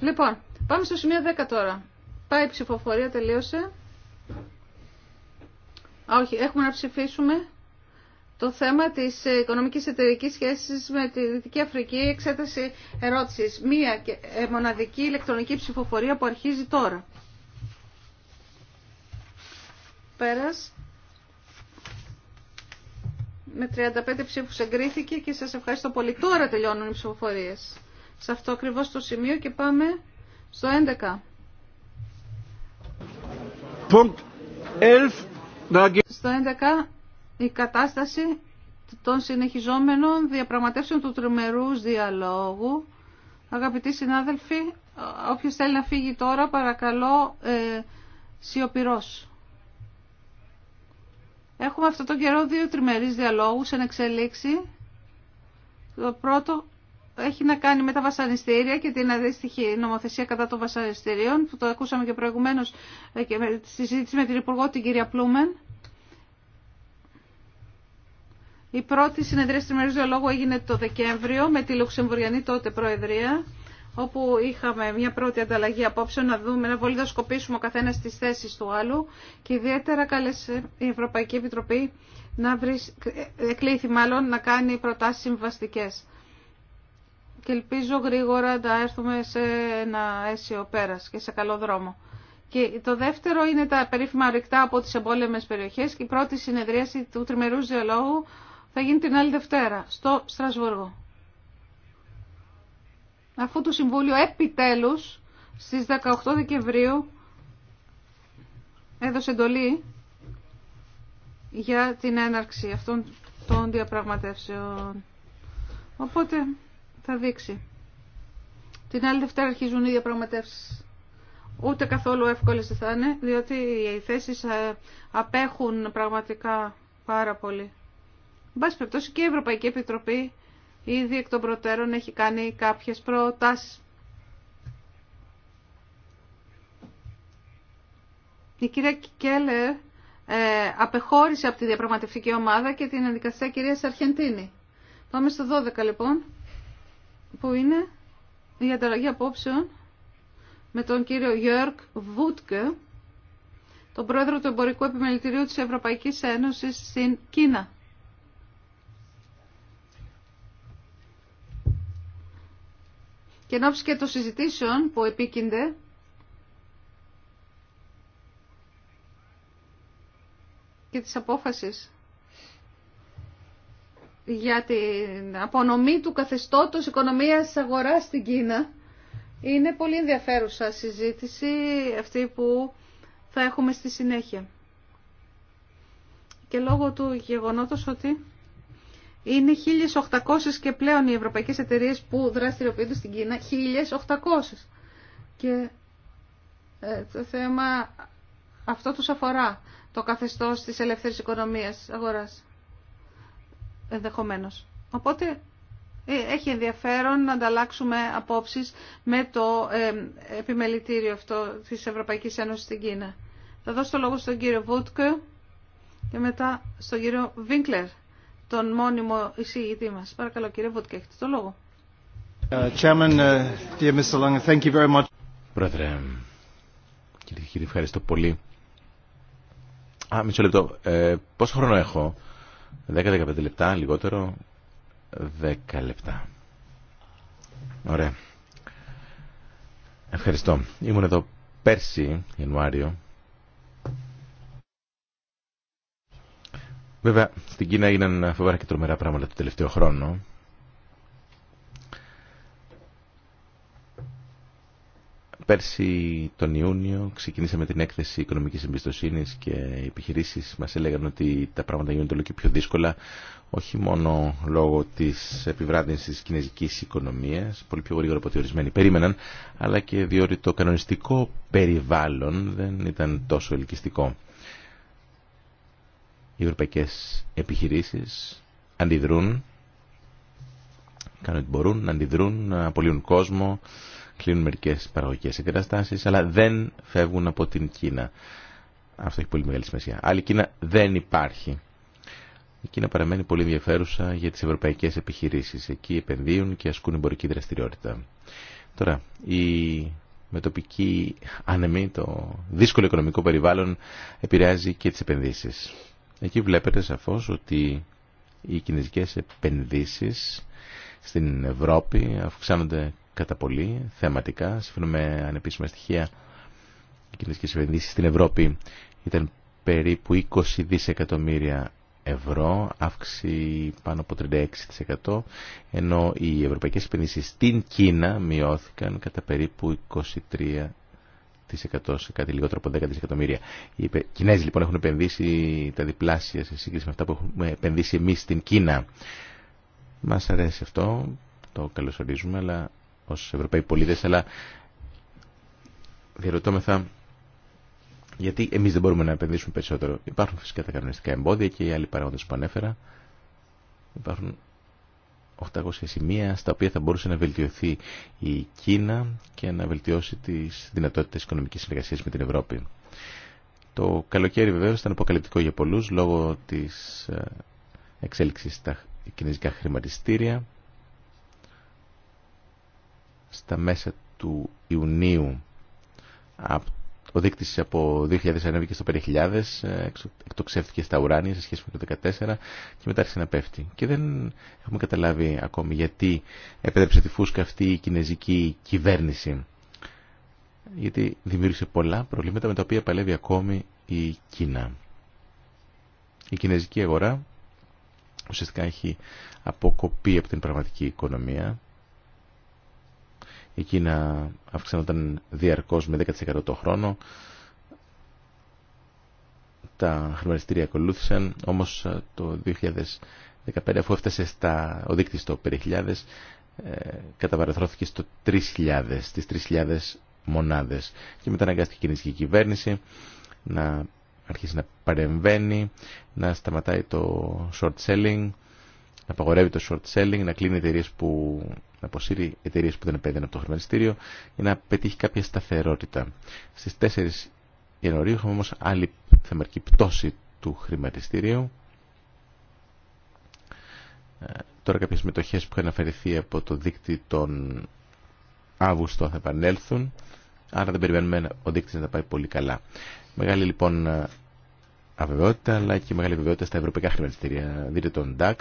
Λοιπόν, πάμε στο σημείο 10 τώρα. Πάει η ψηφοφορία, τελείωσε. Όχι, έχουμε να ψηφίσουμε το θέμα της οικονομικής εταιρικής σχέσης με τη Δυτική Αφρική, εξέταση ερώτησης. Μία ε, μοναδική ηλεκτρονική ψηφοφορία που αρχίζει τώρα. Πέρας. Με 35 ψήφους εγκρίθηκε και σας ευχαριστώ πολύ. Τώρα τελειώνουν οι ψηφοφορίες σε αυτό ακριβώς το σημείο και πάμε στο 11. Στο 11 η κατάσταση των συνεχιζόμενων διαπραγματεύσεων του τριμερούς διαλόγου. Αγαπητοί συνάδελφοι, όποιος θέλει να φύγει τώρα παρακαλώ ε, σιωπηρός. Έχουμε αυτόν τον καιρό δύο τριμερείς διαλόγους εν εξελίξη. Το πρώτο έχει να κάνει με τα βασανιστήρια και την αντίστοιχη νομοθεσία κατά των βασανιστήριων, που το ακούσαμε και προηγουμένως ε, και συζήτηση με την Υπουργό, την κυρία Πλούμεν. Η πρώτη συνεδρία του Λόγου έγινε το Δεκέμβριο με τη Λουξεμβουριανή τότε Προεδρία, όπου είχαμε μια πρώτη ανταλλαγή απόψεων να δούμε, να βολιδοσκοπήσουμε ο καθένα τι θέσει του άλλου και ιδιαίτερα κάλεσε η Ευρωπαϊκή Επιτροπή να βρει, εκλήθη ε, μάλλον, να κάνει προτάσεις συμβαστικές και ελπίζω γρήγορα να έρθουμε σε ένα αίσιο πέρα και σε καλό δρόμο. Και το δεύτερο είναι τα περίφημα ρηκτά από τις εμπόλεμες περιοχές και η πρώτη συνεδρίαση του τριμερούς διαλόγου θα γίνει την άλλη Δευτέρα στο Στρασβούργο. Αφού το Συμβούλιο επιτέλου στις 18 Δεκεμβρίου έδωσε εντολή για την έναρξη αυτών των διαπραγματεύσεων. Οπότε θα δείξει. Την άλλη Δευτέρα αρχίζουν οι διαπραγματεύσει. Ούτε καθόλου εύκολε θα είναι, διότι οι θέσει ε, απέχουν πραγματικά πάρα πολύ. Εν πάση περιπτώσει και η Ευρωπαϊκή Επιτροπή ήδη εκ των προτέρων έχει κάνει κάποιες προτάσει. Η κυρία Κέλλερ ε, απεχώρησε από τη διαπραγματευτική ομάδα και την αντικαθιστά κυρία Σαρχεντίνη. Πάμε στο 12 λοιπόν που είναι η ανταλλαγή απόψεων με τον κύριο Γιώργ Βούτκε, τον πρόεδρο του Εμπορικού Επιμελητηρίου της Ευρωπαϊκής Ένωσης στην Κίνα. Και ενώψει και των συζητήσεων που επίκυνται, και της απόφασης για την απονομή του καθεστώτος οικονομίας αγοράς στην Κίνα. Είναι πολύ ενδιαφέρουσα συζήτηση αυτή που θα έχουμε στη συνέχεια. Και λόγω του γεγονότος ότι είναι 1.800 και πλέον οι ευρωπαϊκές εταιρείες που δραστηριοποιούνται στην Κίνα, 1.800. Και ε, το θέμα αυτό τους αφορά το καθεστώς της ελεύθερης οικονομίας αγοράς. Οπότε ε, έχει ενδιαφέρον να ανταλλάξουμε απόψεις με το ε, επιμελητήριο αυτό της Ευρωπαϊκής Ένωσης στην Κίνα. Θα δώσω το λόγο στον κύριο Βούτκε και μετά στον κύριο Βίνκλερ, τον μόνιμο εισηγητή μας. Παρακαλώ κύριε Βούτκε, έχετε το λόγο. Πρόεδρε, κύριε κύριε, ευχαριστώ πολύ. Α, μισό λεπτό. Ε, πόσο χρόνο έχω. 10-15 λεπτά, λιγότερο 10 λεπτά. Ωραία. Ευχαριστώ. Ήμουν εδώ πέρσι, Ιανουάριο. Βέβαια, στην Κίνα έγιναν φοβερά και τρομερά πράγματα το τελευταίο χρόνο. Πέρσι τον Ιούνιο ξεκινήσαμε την έκθεση οικονομικής εμπιστοσύνης και οι επιχειρήσεις μας έλεγαν ότι τα πράγματα γίνονται όλο και πιο δύσκολα όχι μόνο λόγω της επιβράδυνσης της κινέζικης οικονομίας, πολύ πιο γρήγορα από ό,τι ορισμένοι περίμεναν, αλλά και διότι το κανονιστικό περιβάλλον δεν ήταν τόσο ελκυστικό. Οι ευρωπαϊκές επιχειρήσεις αντιδρούν, κάνουν ότι μπορούν, αντιδρούν, απολύουν κόσμο, κλείνουν μερικές παραγωγικές εγκαταστάσεις, αλλά δεν φεύγουν από την Κίνα. Αυτό έχει πολύ μεγάλη σημασία. Άλλη Κίνα δεν υπάρχει. Η Κίνα παραμένει πολύ ενδιαφέρουσα για τις ευρωπαϊκές επιχειρήσεις. Εκεί επενδύουν και ασκούν εμπορική δραστηριότητα. Τώρα, η μετοπική άνεμη, το δύσκολο οικονομικό περιβάλλον επηρεάζει και τις επενδύσεις. Εκεί βλέπετε σαφώς ότι οι κινέζικες επενδύσεις στην Ευρώπη αυξάνονται κατά πολύ θεματικά. Σύμφωνα με ανεπίσημα στοιχεία, οι κοινωνικές επενδύσεις στην Ευρώπη ήταν περίπου 20 δισεκατομμύρια ευρώ, αύξηση πάνω από 36%, ενώ οι ευρωπαϊκές επενδύσεις στην Κίνα μειώθηκαν κατά περίπου 23% σε κάτι λιγότερο από 10 δισεκατομμύρια. Οι Κινέζοι λοιπόν έχουν επενδύσει τα διπλάσια σε σύγκριση με αυτά που έχουμε επενδύσει εμείς στην Κίνα. Μας αρέσει αυτό, το καλωσορίζουμε, αλλά ως Ευρωπαίοι πολίτες, αλλά διαρωτώμεθα γιατί εμείς δεν μπορούμε να επενδύσουμε περισσότερο. Υπάρχουν φυσικά τα κανονιστικά εμπόδια και οι άλλοι παράγοντες που ανέφερα. Υπάρχουν 800 σημεία στα οποία θα μπορούσε να βελτιωθεί η Κίνα και να βελτιώσει τις δυνατότητες οικονομικής συνεργασίας με την Ευρώπη. Το καλοκαίρι βεβαίω ήταν αποκαλυπτικό για πολλούς λόγω της ε, εξέλιξης στα κινέζικα χρηματιστήρια στα μέσα του Ιουνίου ο δείκτης από 2.000 ανέβηκε στο 5.000, ε, εκτοξεύτηκε στα ουράνια σε σχέση με το 2014 και μετά άρχισε να πέφτει. Και δεν έχουμε καταλάβει ακόμη γιατί επέτρεψε τη φούσκα αυτή η κινέζικη κυβέρνηση. Γιατί δημιούργησε πολλά προβλήματα με τα οποία παλεύει ακόμη η Κίνα. Η κινέζικη αγορά ουσιαστικά έχει αποκοπεί από την πραγματική οικονομία η Κίνα αυξανόταν διαρκώς με 10% το χρόνο. Τα χρηματιστήρια ακολούθησαν, όμως ε, το 2015 αφού έφτασε στα, ο δείκτης στο 5.000 ε, καταπαραθρώθηκε στο 3.000, στις 3.000 μονάδες και μετά αναγκάστηκε η κινησική κυβέρνηση να αρχίσει να παρεμβαίνει, να σταματάει το short selling, να απαγορεύει το short selling, να κλείνει εταιρείε που να αποσύρει εταιρείε που δεν επένδυναν από το χρηματιστήριο ή να πετύχει κάποια σταθερότητα. Στις 4 Ιανουαρίου είχαμε όμως άλλη θεμερική πτώση του χρηματιστήριου. Ε, τώρα κάποιες μετοχές που είχαν αφαιρεθεί από το δίκτυο τον Αύγουστο θα επανέλθουν, άρα δεν περιμένουμε ο δίκτυος να τα πάει πολύ καλά. Μεγάλη λοιπόν ε, αβεβαιότητα, αλλά και μεγάλη βεβαιότητα στα ευρωπαϊκά χρηματιστήρια. Δείτε τον DAX,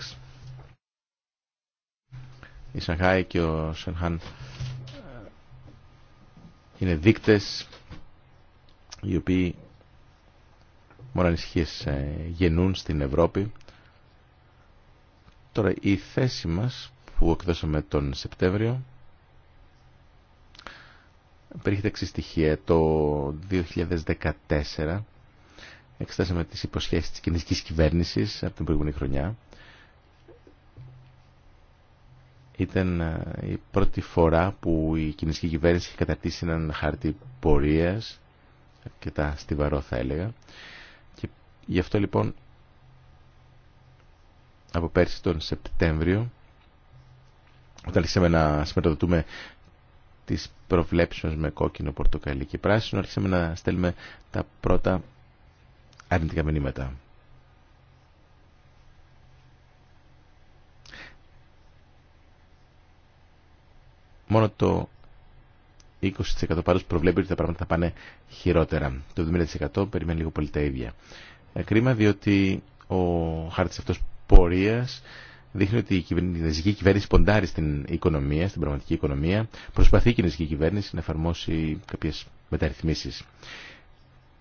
η Σανχάη και ο Σανχάν ε, είναι δείκτες οι οποίοι μόνο ανησυχίες ε, γεννούν στην Ευρώπη. Τώρα η θέση μας που εκδώσαμε τον Σεπτέμβριο περίχεται εξής στοιχεία. Το 2014 εξετάσαμε τις υποσχέσεις της κοινωνικής κυβέρνησης από την προηγούμενη χρονιά Ήταν ε, η πρώτη φορά που η κινησική κυβέρνηση είχε καταρτήσει έναν χάρτη πορείας, τα στιβαρό θα έλεγα. Και γι' αυτό λοιπόν από πέρσι τον Σεπτέμβριο, όταν άρχισαμε να συμμετοδοτούμε τις προβλέψεις με κόκκινο, πορτοκαλί και πράσινο, άρχισαμε να στέλνουμε τα πρώτα αρνητικά μηνύματα. Μόνο το 20% πάντως προβλέπει ότι τα πράγματα θα πάνε χειρότερα. Το 70% περιμένει λίγο πολύ τα ίδια. Ε, κρίμα διότι ο χάρτης αυτό πορείας δείχνει ότι η κινέζικη κυβέρνηση ποντάρει στην οικονομία, στην πραγματική οικονομία. Προσπαθεί η κυβέρνηση να εφαρμόσει κάποιες μεταρρυθμίσεις.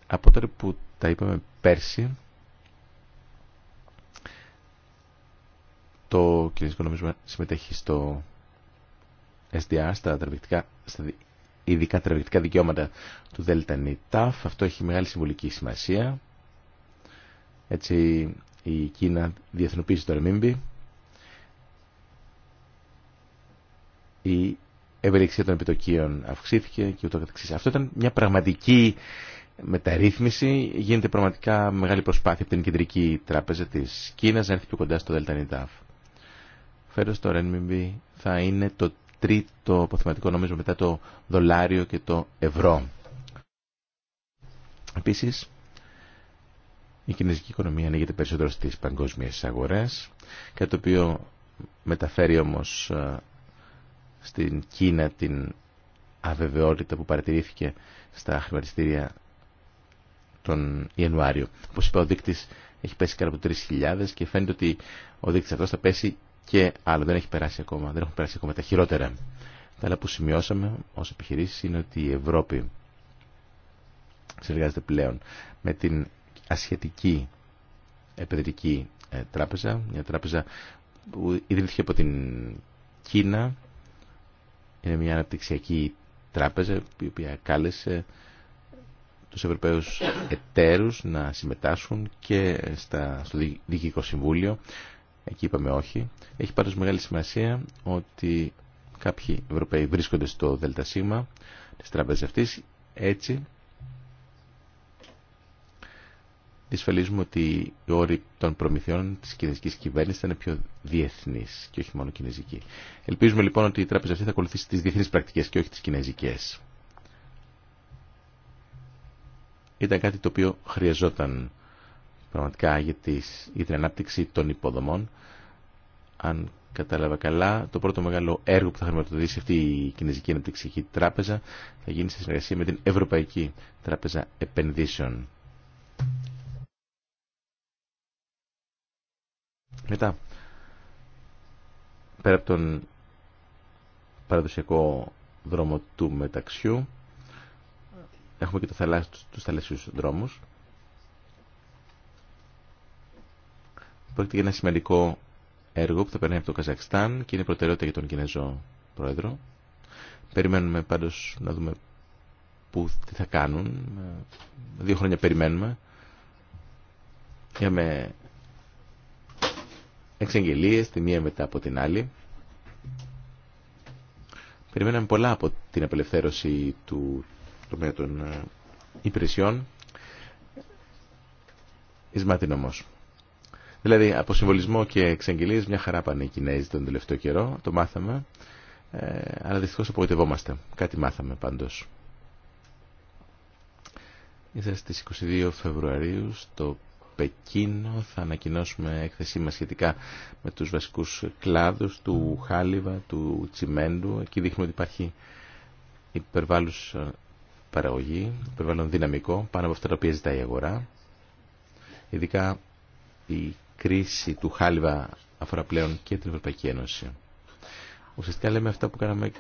Από τότε που τα είπαμε πέρσι, το κινέζικο νομίσμα συμμετέχει στο στα στα ειδικά τραβηκτικά δικαιώματα του ΔΕΛΤΑΝΙΤΑΦ. Αυτό έχει μεγάλη συμβολική σημασία. Έτσι η Κίνα διεθνοποίησε το Ρεμίμπι. Η ευελιξία των επιτοκίων αυξήθηκε και ούτω καθεξής. Αυτό ήταν μια πραγματική μεταρρύθμιση. Γίνεται πραγματικά μεγάλη προσπάθεια από την Κεντρική Τράπεζα της Κίνας να έρθει πιο κοντά στο ΔΕΛΤΑΝΙΤΑΦ. Φέτο το Ρεμίμπι θα είναι το τρίτο αποθεματικό νομίζω μετά το δολάριο και το ευρώ. Επίσης, η κινέζικη οικονομία ανοίγεται περισσότερο στις παγκόσμιες αγορές, κάτι το οποίο μεταφέρει όμως ε, στην Κίνα την αβεβαιότητα που παρατηρήθηκε στα χρηματιστήρια τον Ιανουάριο. Όπως είπα, ο δείκτης έχει πέσει κάτω από 3.000 και φαίνεται ότι ο δείκτης αυτός θα πέσει και άλλο δεν έχει περάσει ακόμα, δεν έχουν περάσει ακόμα τα χειρότερα. Τα άλλα που σημειώσαμε ω επιχειρήσει είναι ότι η Ευρώπη συνεργάζεται πλέον με την ασιατική επενδυτική ε, τράπεζα, μια τράπεζα που ιδρύθηκε από την Κίνα, είναι μια αναπτυξιακή τράπεζα η οποία κάλεσε τους Ευρωπαίους εταίρους να συμμετάσχουν και στα, στο Διοικητικό Συμβούλιο εκεί είπαμε όχι. Έχει πάντως μεγάλη σημασία ότι κάποιοι Ευρωπαίοι βρίσκονται στο ΔΣ της τράπεζας αυτής. Έτσι δυσφαλίζουμε ότι οι όροι των προμηθειών της κινέζικης κυβέρνησης θα είναι πιο διεθνείς και όχι μόνο κινέζικοι. Ελπίζουμε λοιπόν ότι η τράπεζα αυτή θα ακολουθήσει τις διεθνείς πρακτικές και όχι τις κινέζικες. Ήταν κάτι το οποίο χρειαζόταν πραγματικά για, τις, για την ανάπτυξη των υποδομών. Αν κατάλαβα καλά, το πρώτο μεγάλο έργο που θα χρηματοδοτήσει αυτή η Κινέζικη Αναπτυξιακή Τράπεζα θα γίνει σε συνεργασία με την Ευρωπαϊκή Τράπεζα Επενδύσεων. Μετά, πέρα από τον παραδοσιακό δρόμο του μεταξιού, έχουμε και το θαλάσσι, τους θαλασσιούς δρόμους. Πρόκειται για ένα σημαντικό έργο που θα περνάει από το Καζακστάν και είναι προτεραιότητα για τον Κινέζο Πρόεδρο. Περιμένουμε πάντω να δούμε που, τι θα κάνουν. Δύο χρόνια περιμένουμε. Είχαμε εξαγγελίε τη μία μετά από την άλλη. Περιμέναμε πολλά από την απελευθέρωση του τομέα των ε, υπηρεσιών. Ισμάτιν όμως. Δηλαδή από συμβολισμό και εξαγγελίε μια χαρά πάνε οι Κινέζοι τον τελευταίο καιρό, το μάθαμε. Ε, αλλά δυστυχώ απογοητευόμαστε. Κάτι μάθαμε πάντω. Είστε στις 22 Φεβρουαρίου στο Πεκίνο θα ανακοινώσουμε έκθεσή μα σχετικά με τους βασικούς κλάδους του χάλιβα, του τσιμέντου. Εκεί δείχνουμε ότι υπάρχει υπερβάλλους παραγωγή, υπερβάλλον δυναμικό, πάνω από αυτά τα οποία ζητάει η αγορά. Ειδικά κρίση του χάλιβα αφορά πλέον και την Ευρωπαϊκή Ένωση. Ουσιαστικά λέμε αυτά που κάναμε,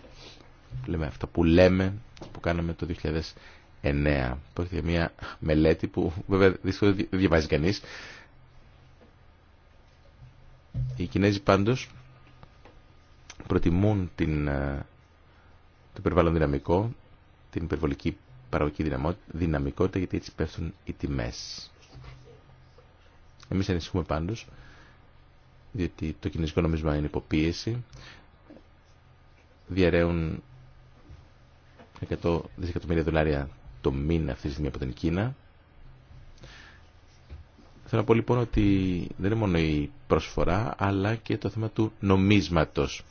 λέμε αυτά που λέμε, που κάναμε το 2009. Πρόκειται για μια μελέτη που βέβαια δύσκολα δεν διαβάζει κανείς. Οι Κινέζοι πάντως προτιμούν την, ε, το περιβάλλον δυναμικό, την υπερβολική παραγωγική δυναμικότητα γιατί έτσι πέφτουν οι τιμές. Εμείς ανησυχούμε πάντως, διότι το κινέζικο νομίσμα είναι υποπίεση, διαραίουν 100 δισεκατομμύρια δολάρια το μήνα αυτή τη στιγμή από την Κίνα. Θέλω να πω λοιπόν ότι δεν είναι μόνο η προσφορά, αλλά και το θέμα του νομίσματος.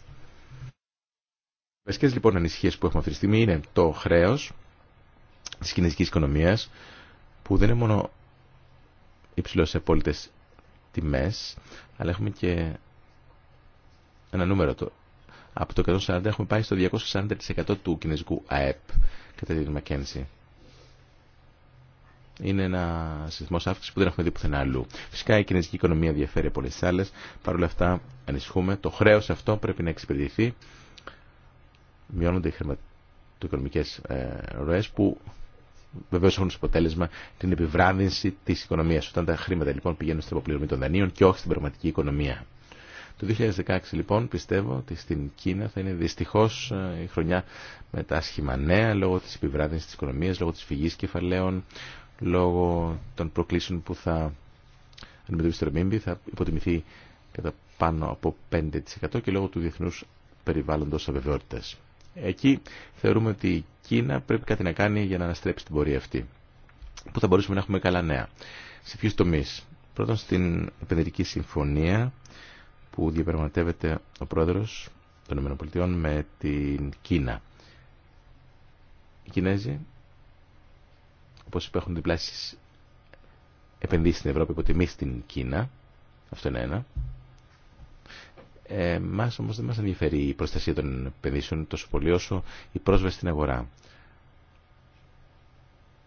Οι βασικές λοιπόν ανησυχίες που έχουμε αυτή τη στιγμή είναι το χρέος της κινέζικης οικονομίας, που δεν είναι μόνο υψηλό σε απόλυτε τιμές, αλλά έχουμε και ένα νούμερο το. Από το 140 έχουμε πάει στο 240% του κινέζικου ΑΕΠ, κατά τη Μακένση. Είναι ένα σεισμό αύξηση που δεν έχουμε δει πουθενά αλλού. Φυσικά η κινέζικη οικονομία διαφέρει από όλε τι άλλε. Παρ' όλα αυτά ανησυχούμε. Το χρέο αυτό πρέπει να εξυπηρετηθεί. Μειώνονται οι χρηματοοικονομικέ ε, ροέ που βεβαίω έχουν ως αποτέλεσμα την επιβράδυνση τη οικονομία. Όταν τα χρήματα λοιπόν πηγαίνουν στην αποπληρωμή των δανείων και όχι στην πραγματική οικονομία. Το 2016 λοιπόν πιστεύω ότι στην Κίνα θα είναι δυστυχώ ε, η χρονιά με τα άσχημα νέα λόγω τη επιβράδυνση τη οικονομία, λόγω τη φυγή κεφαλαίων, λόγω των προκλήσεων που θα αντιμετωπίσει το Ρεμίμπι, θα υποτιμηθεί κατά πάνω από 5% και λόγω του διεθνού περιβάλλοντο αβεβαιότητα. Εκεί θεωρούμε ότι η Κίνα πρέπει κάτι να κάνει για να αναστρέψει την πορεία αυτή. Πού θα μπορούσαμε να έχουμε καλά νέα. Σε ποιου τομεί. Πρώτον στην επενδυτική συμφωνία που διαπραγματεύεται ο πρόεδρος των ΗΠΑ με την Κίνα. Οι Κινέζοι, όπως είπα, έχουν διπλάσεις επενδύσει στην Ευρώπη, υποτιμήσει στην Κίνα. Αυτό είναι ένα. Ε, Μά όμω δεν μα ενδιαφέρει η προστασία των επενδύσεων τόσο πολύ όσο η πρόσβαση στην αγορά.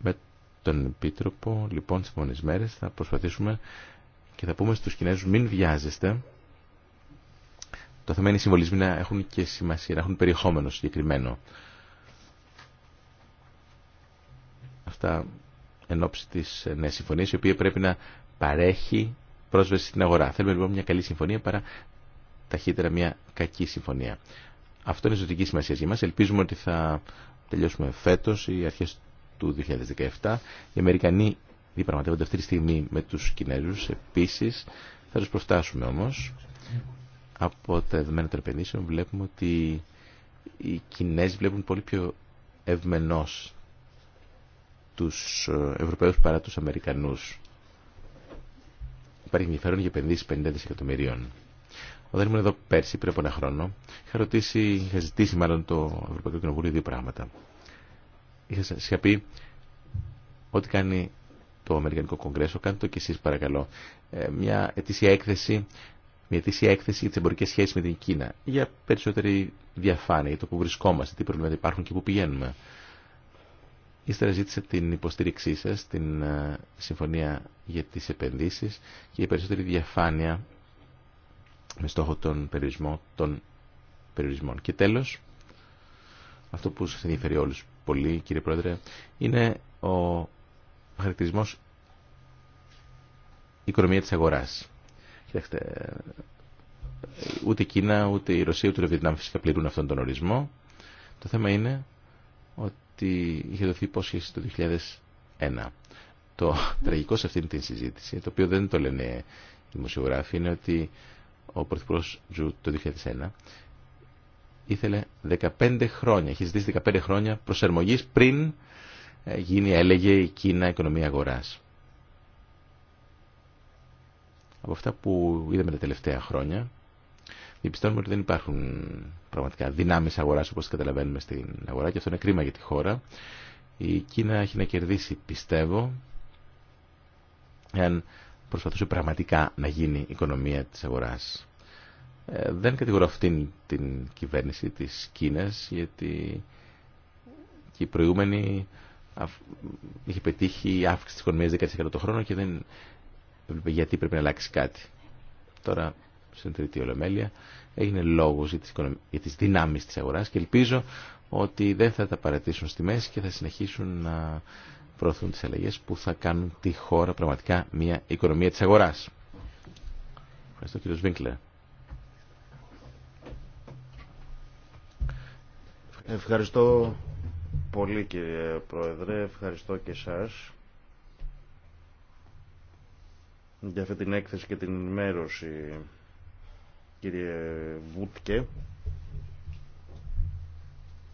Με τον Επίτροπο, λοιπόν, τι επόμενε μέρε θα προσπαθήσουμε και θα πούμε στου Κινέζου μην βιάζεστε. Το θέμα είναι οι συμβολισμοί να έχουν και σημασία, να έχουν περιεχόμενο συγκεκριμένο. Αυτά εν ώψη τη νέα συμφωνία, η οποία πρέπει να παρέχει πρόσβαση στην αγορά. Θέλουμε λοιπόν μια καλή συμφωνία παρά ταχύτερα μια κακή συμφωνία. Αυτό είναι ζωτική σημασία για μας. Ελπίζουμε ότι θα τελειώσουμε φέτος ή αρχές του 2017. Οι Αμερικανοί διαπραγματεύονται αυτή τη στιγμή με τους Κινέζους επίσης. Θα τους προφτάσουμε όμως. Από τα δεδομένα των επενδύσεων βλέπουμε ότι οι Κινέζοι βλέπουν πολύ πιο ευμενώς τους ε, Ευρωπαίους παρά τους Αμερικανούς. Υπάρχει ενδιαφέρον για επενδύσεις 50 δισεκατομμυρίων. Όταν ήμουν εδώ πέρσι, πριν από ένα χρόνο, είχα, ρωτήσει, είχα ζητήσει μάλλον το Ευρωπαϊκό Κοινοβούλιο δύο πράγματα. Είχα, πει, ό,τι κάνει το Αμερικανικό Κογκρέσο, κάντε το κι εσεί παρακαλώ. Ε, μια ετήσια έκθεση μια έκθεση για τι εμπορικέ σχέσει με την Κίνα. Για περισσότερη διαφάνεια, για το που βρισκόμαστε, τι προβλήματα υπάρχουν και πού πηγαίνουμε. Ύστερα ζήτησα την υποστήριξή σα την ε, Συμφωνία για τι Επενδύσει και για περισσότερη διαφάνεια με στόχο τον περιορισμό των περιορισμών. Και τέλος, αυτό που σας ενδιαφέρει όλους πολύ κύριε Πρόεδρε, είναι ο χαρακτηρισμός οικονομία της αγοράς. Κοιτάξτε, ούτε η Κίνα, ούτε η Ρωσία, ούτε η Βιετνάμ φυσικά πληρούν αυτόν τον ορισμό. Το θέμα είναι ότι είχε δοθεί υπόσχεση το 2001. Το <laughs> τραγικό σε αυτήν την συζήτηση, το οποίο δεν το λένε οι δημοσιογράφοι, είναι ότι ο Πρωθυπουργό Τζου το 2001 ήθελε 15 χρόνια, έχει ζητήσει 15 χρόνια προσαρμογή πριν ε, γίνει, έλεγε, η Κίνα οικονομία αγοράς. Από αυτά που είδαμε τα τελευταία χρόνια, διαπιστώνουμε ότι δεν υπάρχουν πραγματικά δυνάμεις αγοράς όπως καταλαβαίνουμε στην αγορά και αυτό είναι κρίμα για τη χώρα. Η Κίνα έχει να κερδίσει, πιστεύω, εάν προσπαθούσε πραγματικά να γίνει η οικονομία της αγοράς. Ε, δεν κατηγορώ αυτήν την κυβέρνηση της Κίνας γιατί και η προηγούμενη είχε πετύχει η αύξηση της οικονομίας 10% το χρόνο και δεν γιατί πρέπει να αλλάξει κάτι. Τώρα, στην τρίτη ολομέλεια, έγινε λόγος για τις, οικονομ... για τις δυνάμεις της αγοράς και ελπίζω ότι δεν θα τα παρατήσουν στη μέση και θα συνεχίσουν να προωθούν τις αλλαγές που θα κάνουν τη χώρα πραγματικά μια οικονομία της αγοράς. Ευχαριστώ κύριο Βίνκλερ. Ευχαριστώ πολύ κύριε Πρόεδρε, ευχαριστώ και εσάς για αυτή την έκθεση και την ενημέρωση κύριε Βούτκε.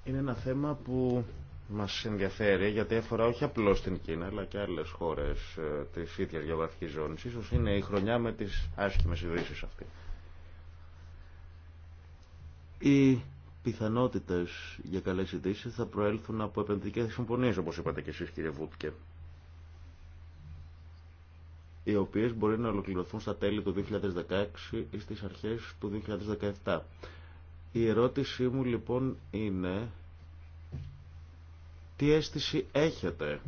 Είναι ένα θέμα που μας ενδιαφέρει γιατί αφορά όχι απλώς την Κίνα αλλά και άλλες χώρες ε, της ίδιας γεωγραφικής ζώνη Ίσως είναι η χρονιά με τις άσχημες ειδήσει αυτή. Οι πιθανότητες για καλές ειδήσει θα προέλθουν από επενδυτικές συμφωνίες όπως είπατε και εσείς κύριε Βούτκε οι οποίες μπορεί να ολοκληρωθούν στα τέλη του 2016 ή στις αρχές του 2017. Η ερώτησή μου λοιπόν είναι τι αίσθηση έχετε,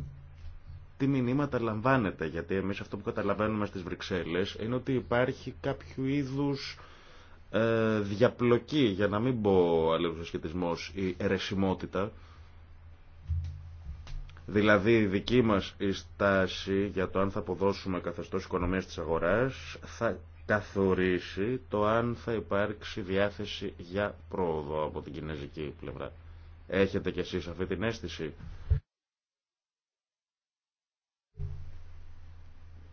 τι μηνύματα λαμβάνετε, γιατί εμείς αυτό που καταλαβαίνουμε στις Βρυξέλλες είναι ότι υπάρχει κάποιο είδους ε, διαπλοκή, για να μην πω ασχετισμός, η αιρεσιμότητα, Δηλαδή η δική μας στάση για το αν θα αποδώσουμε καθεστώς οικονομίας της αγοράς θα καθορίσει το αν θα υπάρξει διάθεση για πρόοδο από την κινέζικη πλευρά. Έχετε κι εσείς αυτή την αίσθηση.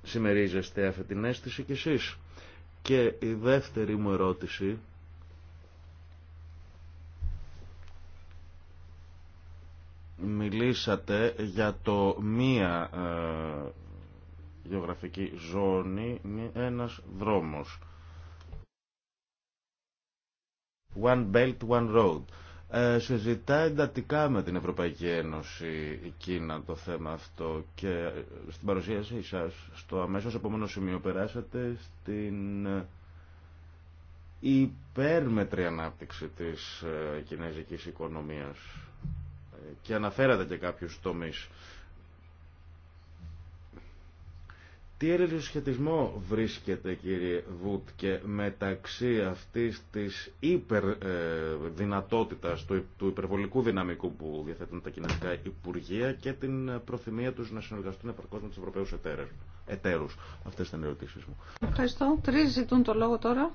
Συμμερίζεστε αυτή την αίσθηση κι εσείς. Και η δεύτερη μου ερώτηση μιλήσατε για το μία ε, γεωγραφική ζώνη, ένας δρόμος. One belt, one road. Ε, συζητά εντατικά με την Ευρωπαϊκή Ένωση η Κίνα το θέμα αυτό και ε, στην παρουσίασή σας στο αμέσως επόμενο σημείο περάσατε στην ε, υπέρμετρη ανάπτυξη της κινέζικης οικονομίας και αναφέρατε και κάποιους τομείς Τι σχετισμό βρίσκεται κύριε Βούτκε μεταξύ αυτής της υπερδυνατότητας ε, του, του υπερβολικού δυναμικού που διαθέτουν τα κοινωνικά υπουργεία και την προθυμία τους να συνεργαστούν επαρκώς με τους Ευρωπαίους εταίρους. εταίρους. Αυτές ήταν οι ερωτήσεις μου. Ευχαριστώ. Τρεις ζητούν το λόγο τώρα.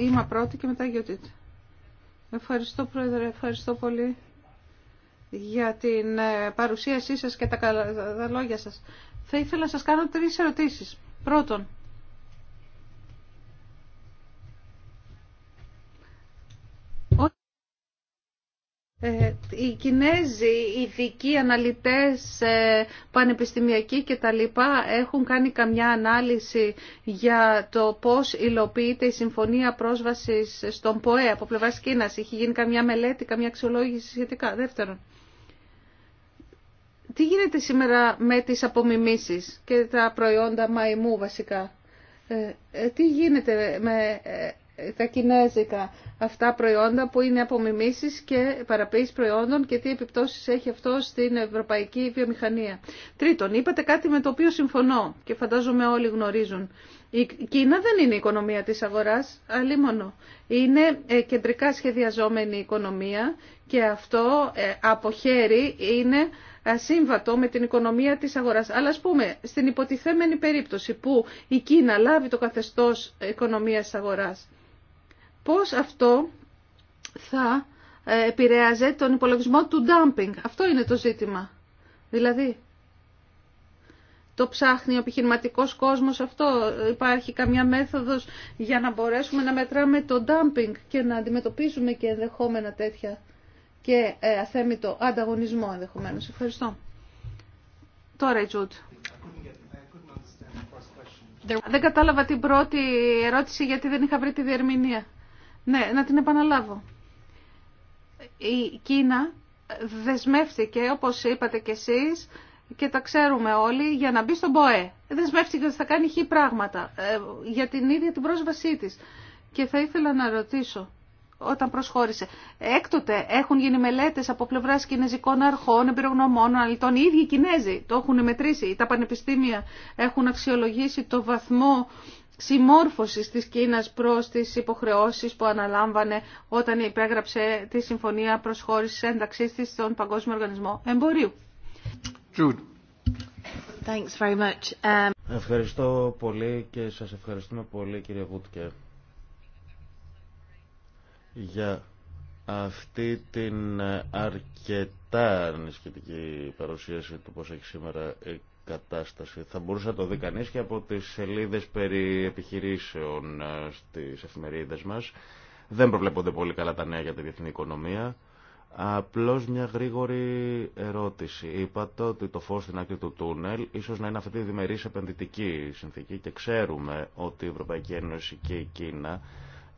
Είμαι πρώτη και μετά γιοτήτη. Ευχαριστώ πρόεδρε, ευχαριστώ πολύ για την ε, παρουσίασή σας και τα λόγια σας. Θα ήθελα να σας κάνω τρεις ερωτήσεις. Πρώτον, Ε, οι Κινέζοι, ειδικοί αναλυτές, ε, πανεπιστημιακοί και τα λοιπά έχουν κάνει καμιά ανάλυση για το πώς υλοποιείται η Συμφωνία Πρόσβασης στον ΠΟΕ από πλευράς Κίνας. Έχει γίνει καμιά μελέτη, καμιά αξιολόγηση σχετικά. Δεύτερον, τι γίνεται σήμερα με τις απομιμήσεις και τα προϊόντα μαϊμού βασικά. Ε, τι γίνεται με τα κινέζικα αυτά προϊόντα που είναι απομιμήσεις και παραποίηση προϊόντων και τι επιπτώσεις έχει αυτό στην ευρωπαϊκή βιομηχανία. Τρίτον, είπατε κάτι με το οποίο συμφωνώ και φαντάζομαι όλοι γνωρίζουν. Η Κίνα δεν είναι η οικονομία της αγοράς, μόνο. Είναι ε, κεντρικά σχεδιαζόμενη οικονομία και αυτό ε, από χέρι είναι ασύμβατο με την οικονομία της αγοράς. Αλλά ας πούμε, στην υποτιθέμενη περίπτωση που η Κίνα λάβει το καθεστώς οικονομίας της αγοράς, πώς αυτό θα ε, επηρεάζει τον υπολογισμό του dumping. Αυτό είναι το ζήτημα. Δηλαδή, το ψάχνει ο επιχειρηματικό κόσμος αυτό. Υπάρχει καμιά μέθοδος για να μπορέσουμε να μετράμε το dumping και να αντιμετωπίσουμε και ενδεχόμενα τέτοια και ε, αθέμητο ανταγωνισμό ενδεχομένω. Ευχαριστώ. Τώρα η Τζούτ. Δεν κατάλαβα την πρώτη ερώτηση γιατί δεν είχα βρει τη διερμηνία. Ναι, να την επαναλάβω. Η Κίνα δεσμεύτηκε, όπως είπατε κι εσείς, και τα ξέρουμε όλοι, για να μπει στον ΠΟΕ. Δεσμεύτηκε ότι θα κάνει χι πράγματα ε, για την ίδια την πρόσβασή τη. Και θα ήθελα να ρωτήσω, όταν προσχώρησε, έκτοτε έχουν γίνει μελέτε από πλευρά κινέζικων αρχών, εμπειρογνωμών, αναλυτών, οι ίδιοι Κινέζοι το έχουν μετρήσει, τα πανεπιστήμια έχουν αξιολογήσει το βαθμό συμμόρφωση τη κίνα προ τι υποχρεώσει που αναλάμβανε όταν υπέγραψε τη Συμφωνία προσχώρηση ένταξή τη στον Παγκόσμιο Οργανισμό Εμπορίου. Um, Ευχαριστώ πολύ και σας ευχαριστούμε πολύ κύριε Γούτκε για αυτή την αρκετά ανησυχητική παρουσίαση του πώς έχει σήμερα η κατάσταση. Θα μπορούσε να το δει κανείς και από τις σελίδες περί επιχειρήσεων ε, στις εφημερίδες μας. Δεν προβλέπονται πολύ καλά τα νέα για τη διεθνή οικονομία. Απλώς μια γρήγορη ερώτηση. Είπατε ότι το φως στην άκρη του τούνελ ίσως να είναι αυτή η διμερής επενδυτική συνθήκη και ξέρουμε ότι η Ευρωπαϊκή Ένωση και η Κίνα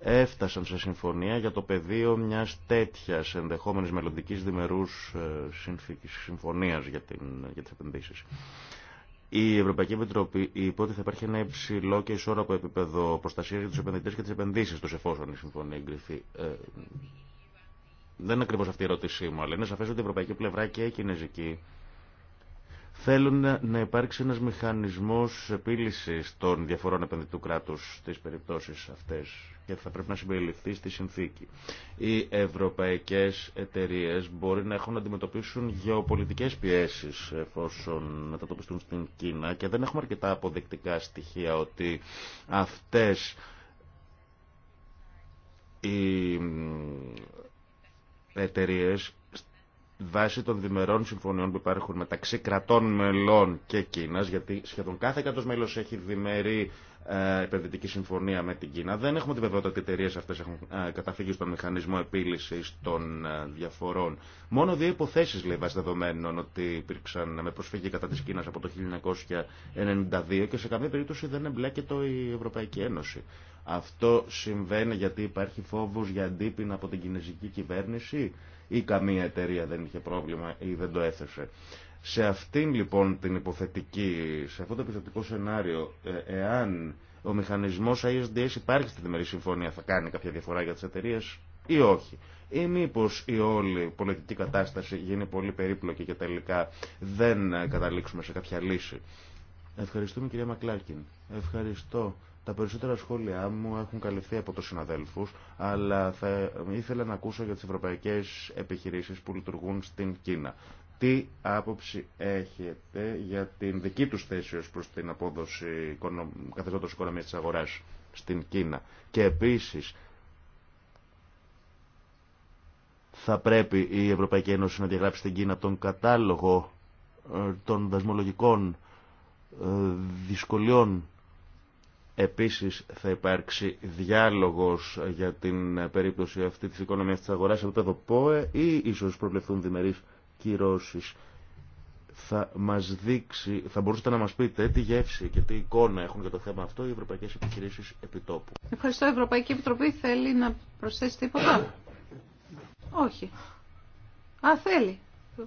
έφτασαν σε συμφωνία για το πεδίο μιας τέτοιας ενδεχόμενης μελλοντικής διμερούς ε, συμφωνίας για, την, για τις επενδύσεις. Η Ευρωπαϊκή Επιτροπή είπε ότι θα υπάρχει ένα υψηλό και ισόρροπο επίπεδο προστασία για του επενδυτέ και τι επενδύσει του, εφόσον η συμφωνία εγκριθεί. Ε, δεν είναι ακριβώς αυτή η ερώτησή μου, αλλά είναι σαφέ ότι η ευρωπαϊκή πλευρά και η κινέζικη θέλουν να υπάρξει ένας μηχανισμός επίλυση των διαφορών επενδυτικού κράτου στι περιπτώσει αυτέ και θα πρέπει να συμπεριληφθεί στη συνθήκη. Οι ευρωπαϊκές εταιρείε μπορεί να έχουν να αντιμετωπίσουν γεωπολιτικέ πιέσει εφόσον μετατοπιστούν στην Κίνα και δεν έχουμε αρκετά αποδεικτικά στοιχεία ότι αυτέ οι εταιρείε βάσει των διμερών συμφωνιών που υπάρχουν μεταξύ κρατών μελών και Κίνας, γιατί σχεδόν κάθε κράτος μέλος έχει διμερή ε, επενδυτική συμφωνία με την Κίνα. Δεν έχουμε τη βεβαιότητα ότι οι εταιρείε αυτέ έχουν ε, καταφύγει στον μηχανισμό επίλυση των ε, διαφορών. Μόνο δύο υποθέσει λέει βάσει δεδομένων ότι υπήρξαν με προσφυγή κατά τη Κίνα από το 1992 και σε καμία περίπτωση δεν εμπλέκεται η Ευρωπαϊκή Ένωση. Αυτό συμβαίνει γιατί υπάρχει φόβο για αντίπεινα από την κινέζικη κυβέρνηση ή καμία εταιρεία δεν είχε πρόβλημα ή δεν το έθεσε. Σε αυτήν λοιπόν την υποθετική, σε αυτό το επιθετικό σενάριο, ε, εάν ο μηχανισμός ISDS υπάρχει στη Δημερή Συμφωνία, θα κάνει κάποια διαφορά για τις εταιρείε ή όχι. Ή μήπω η όλη πολιτική κατάσταση γίνει πολύ περίπλοκη και τελικά δεν ε, καταλήξουμε σε κάποια λύση. Ευχαριστούμε κυρία Μακλάρκιν. Ευχαριστώ. Τα περισσότερα σχόλιά μου έχουν καλυφθεί από τους συναδέλφους, αλλά θα ήθελα να ακούσω για τις ευρωπαϊκές επιχειρήσεις που λειτουργούν στην Κίνα. Τι άποψη έχετε για την δική τους θέση ως προς την απόδοση καθεστώτος οικονομίας της αγοράς στην Κίνα. Και επίσης θα πρέπει η Ευρωπαϊκή Ένωση να διαγράψει στην Κίνα τον κατάλογο ε, των δασμολογικών ε, δυσκολιών. Επίσης θα υπάρξει διάλογος για την περίπτωση αυτή της οικονομίας της αγοράς από το ΠΟΕ ή ίσως προβλεφθούν διμερείς κυρώσεις. Θα, μας δείξει, θα μπορούσατε να μας πείτε τι γεύση και τι εικόνα έχουν για το θέμα αυτό οι ευρωπαϊκές επιχειρήσεις επιτόπου. Ευχαριστώ. Η Ευρωπαϊκή Επιτροπή θέλει να προσθέσει τίποτα. Όχι. Α, θέλει.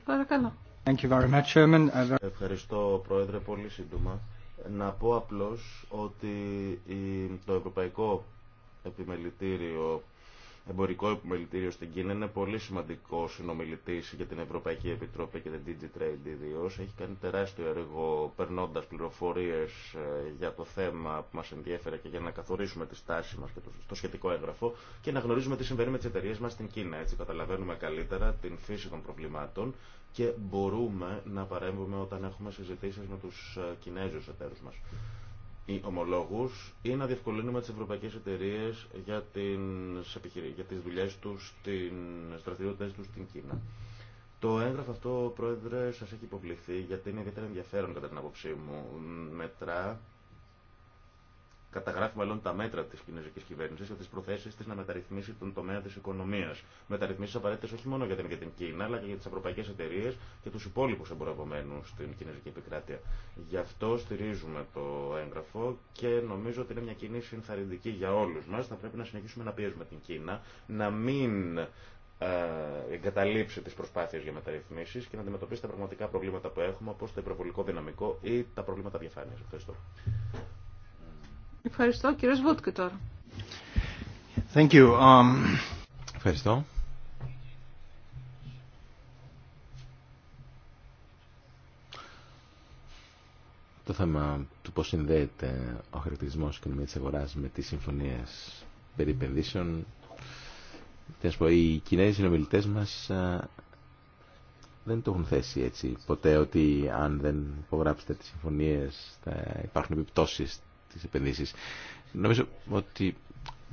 Παρακαλώ. Thank you very much, Ευχαριστώ, Πρόεδρε, πολύ σύντομα. Να πω απλώς ότι το Ευρωπαϊκό Επιμελητήριο εμπορικό επιμελητήριο στην Κίνα είναι πολύ σημαντικό συνομιλητή για την Ευρωπαϊκή Επιτροπή και την DigiTrade ιδίω. Έχει κάνει τεράστιο έργο περνώντα πληροφορίε ε, για το θέμα που μα ενδιέφερε και για να καθορίσουμε τη στάση μα και το σχετικό έγγραφο και να γνωρίζουμε τι συμβαίνει με τι εταιρείε μα στην Κίνα. Έτσι καταλαβαίνουμε καλύτερα την φύση των προβλημάτων και μπορούμε να παρέμβουμε όταν έχουμε συζητήσει με του ε, Κινέζου εταίρου μα. Οι ομολόγους ή να διευκολύνουμε τις ευρωπαϊκές εταιρείε για τις, για τις δουλειές τους, την στρατηριότητες τους στην Κίνα. Το έγγραφο αυτό, Πρόεδρε, σα έχει υποβληθεί γιατί είναι ιδιαίτερα ενδιαφέρον κατά την άποψή μου. Μετρά καταγράφει μάλλον τα μέτρα τη κινέζικη κυβέρνηση και τι προθέσει τη να μεταρρυθμίσει τον τομέα τη οικονομία. Μεταρρυθμίσει απαραίτητε όχι μόνο για την, για την Κίνα, αλλά και για τι ευρωπαϊκέ εταιρείε και του υπόλοιπου εμπορευομένου στην κινέζικη επικράτεια. Γι' αυτό στηρίζουμε το έγγραφο και νομίζω ότι είναι μια κοινή συνθαρρυντική για όλου μα. Θα πρέπει να συνεχίσουμε να πιέζουμε την Κίνα, να μην ε, εγκαταλείψει τι προσπάθειε για μεταρρυθμίσεις και να αντιμετωπίσει τα πραγματικά προβλήματα που έχουμε, όπω το υπερβολικό δυναμικό ή τα προβλήματα διαφάνεια. Ευχαριστώ. Ευχαριστώ. Κύριο Βούτκε τώρα. Thank you. Um... Ευχαριστώ. Το θέμα του πώς συνδέεται ο χαρακτηρισμός οικονομία της αγοράς με τις συμφωνίες περί επενδύσεων. Πω, οι Κινέζοι συνομιλητές μας δεν το έχουν θέσει έτσι ποτέ ότι αν δεν υπογράψετε τις συμφωνίες θα υπάρχουν επιπτώσεις τις επενδύσεις. Νομίζω ότι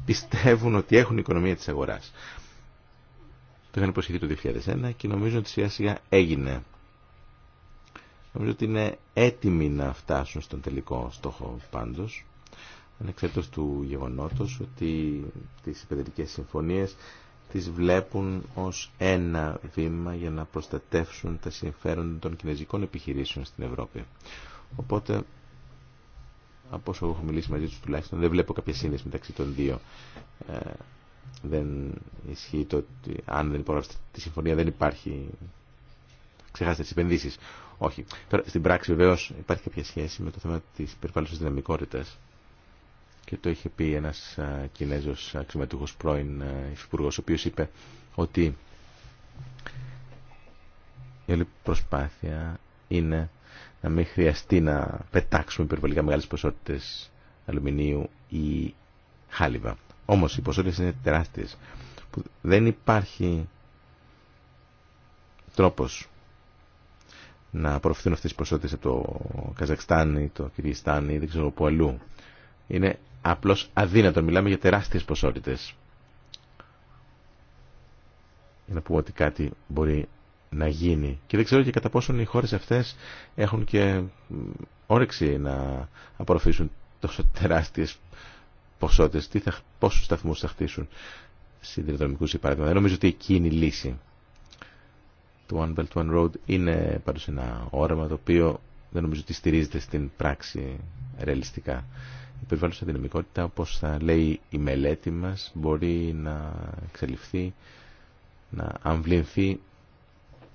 πιστεύουν ότι έχουν οικονομία της αγοράς. Το είχαν υποσχεθεί το 2001 και νομίζω ότι σιγά σιγά έγινε. Νομίζω ότι είναι έτοιμοι να φτάσουν στον τελικό στόχο πάντως, ανεξαρτήτως του γεγονότος ότι τις επενδυτικές συμφωνίες τις βλέπουν ως ένα βήμα για να προστατεύσουν τα συμφέροντα των κινέζικων επιχειρήσεων στην Ευρώπη. Οπότε από όσο έχω μιλήσει μαζί του τουλάχιστον δεν βλέπω κάποια σύνδεση μεταξύ των δύο ε, δεν ισχύει το ότι αν δεν υπογράψετε τη συμφωνία δεν υπάρχει ξεχάσετε τι επενδύσει. όχι, Τώρα, στην πράξη βεβαίω υπάρχει κάποια σχέση με το θέμα τη περιβάλλουσας δυναμικότητα και το είχε πει ένας Κινέζος αξιωματούχο πρώην υφυπουργό, ο οποίο είπε ότι η όλη προσπάθεια είναι να μην χρειαστεί να πετάξουμε υπερβολικά μεγάλες ποσότητες αλουμινίου ή χάλιβα. Όμως οι ποσότητες είναι τεράστιες. Που δεν υπάρχει τρόπος να απορροφηθούν αυτές οι ποσότητες από το Καζακστάν ή το Κυριστάν ή δεν ξέρω που αλλού. Είναι απλώς αδύνατο. Μιλάμε για τεράστιες ποσότητες. Για να πούμε ότι κάτι μπορεί να γίνει. Και δεν ξέρω και κατά πόσον οι χώρες αυτές έχουν και όρεξη να απορροφήσουν τόσο τεράστιες ποσότητες. Τι θα, πόσους σταθμούς θα χτίσουν σιδηροδρομικούς η παράδειγμα. Δεν νομίζω ότι εκεί είναι η λύση. Το One Belt One Road είναι πάντως ένα όραμα το οποίο δεν νομίζω ότι στηρίζεται στην πράξη ρεαλιστικά. Η περιβάλλουσα δυναμικότητα, όπως θα λέει η μελέτη μας, μπορεί να εξελιχθεί, να αμβλυνθεί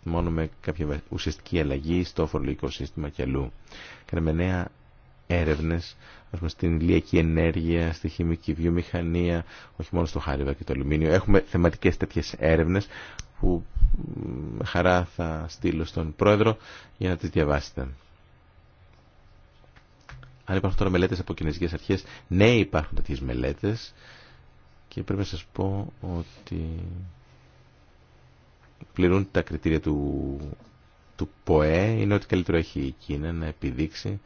μόνο με κάποια ουσιαστική αλλαγή στο φορολογικό σύστημα και αλλού. Κάναμε νέα έρευνες στην ηλιακή ενέργεια, στη χημική βιομηχανία, όχι μόνο στο χάριβα και το αλουμίνιο. Έχουμε θεματικές τέτοιε έρευνες που με χαρά θα στείλω στον πρόεδρο για να τις διαβάσετε. Αν υπάρχουν τώρα μελέτες από κινέζικε αρχέ, ναι υπάρχουν τέτοιε μελέτε και πρέπει να σας πω ότι πληρούν τα κριτήρια του, του ΠΟΕ είναι ότι καλύτερο έχει η Κίνα να επιδείξει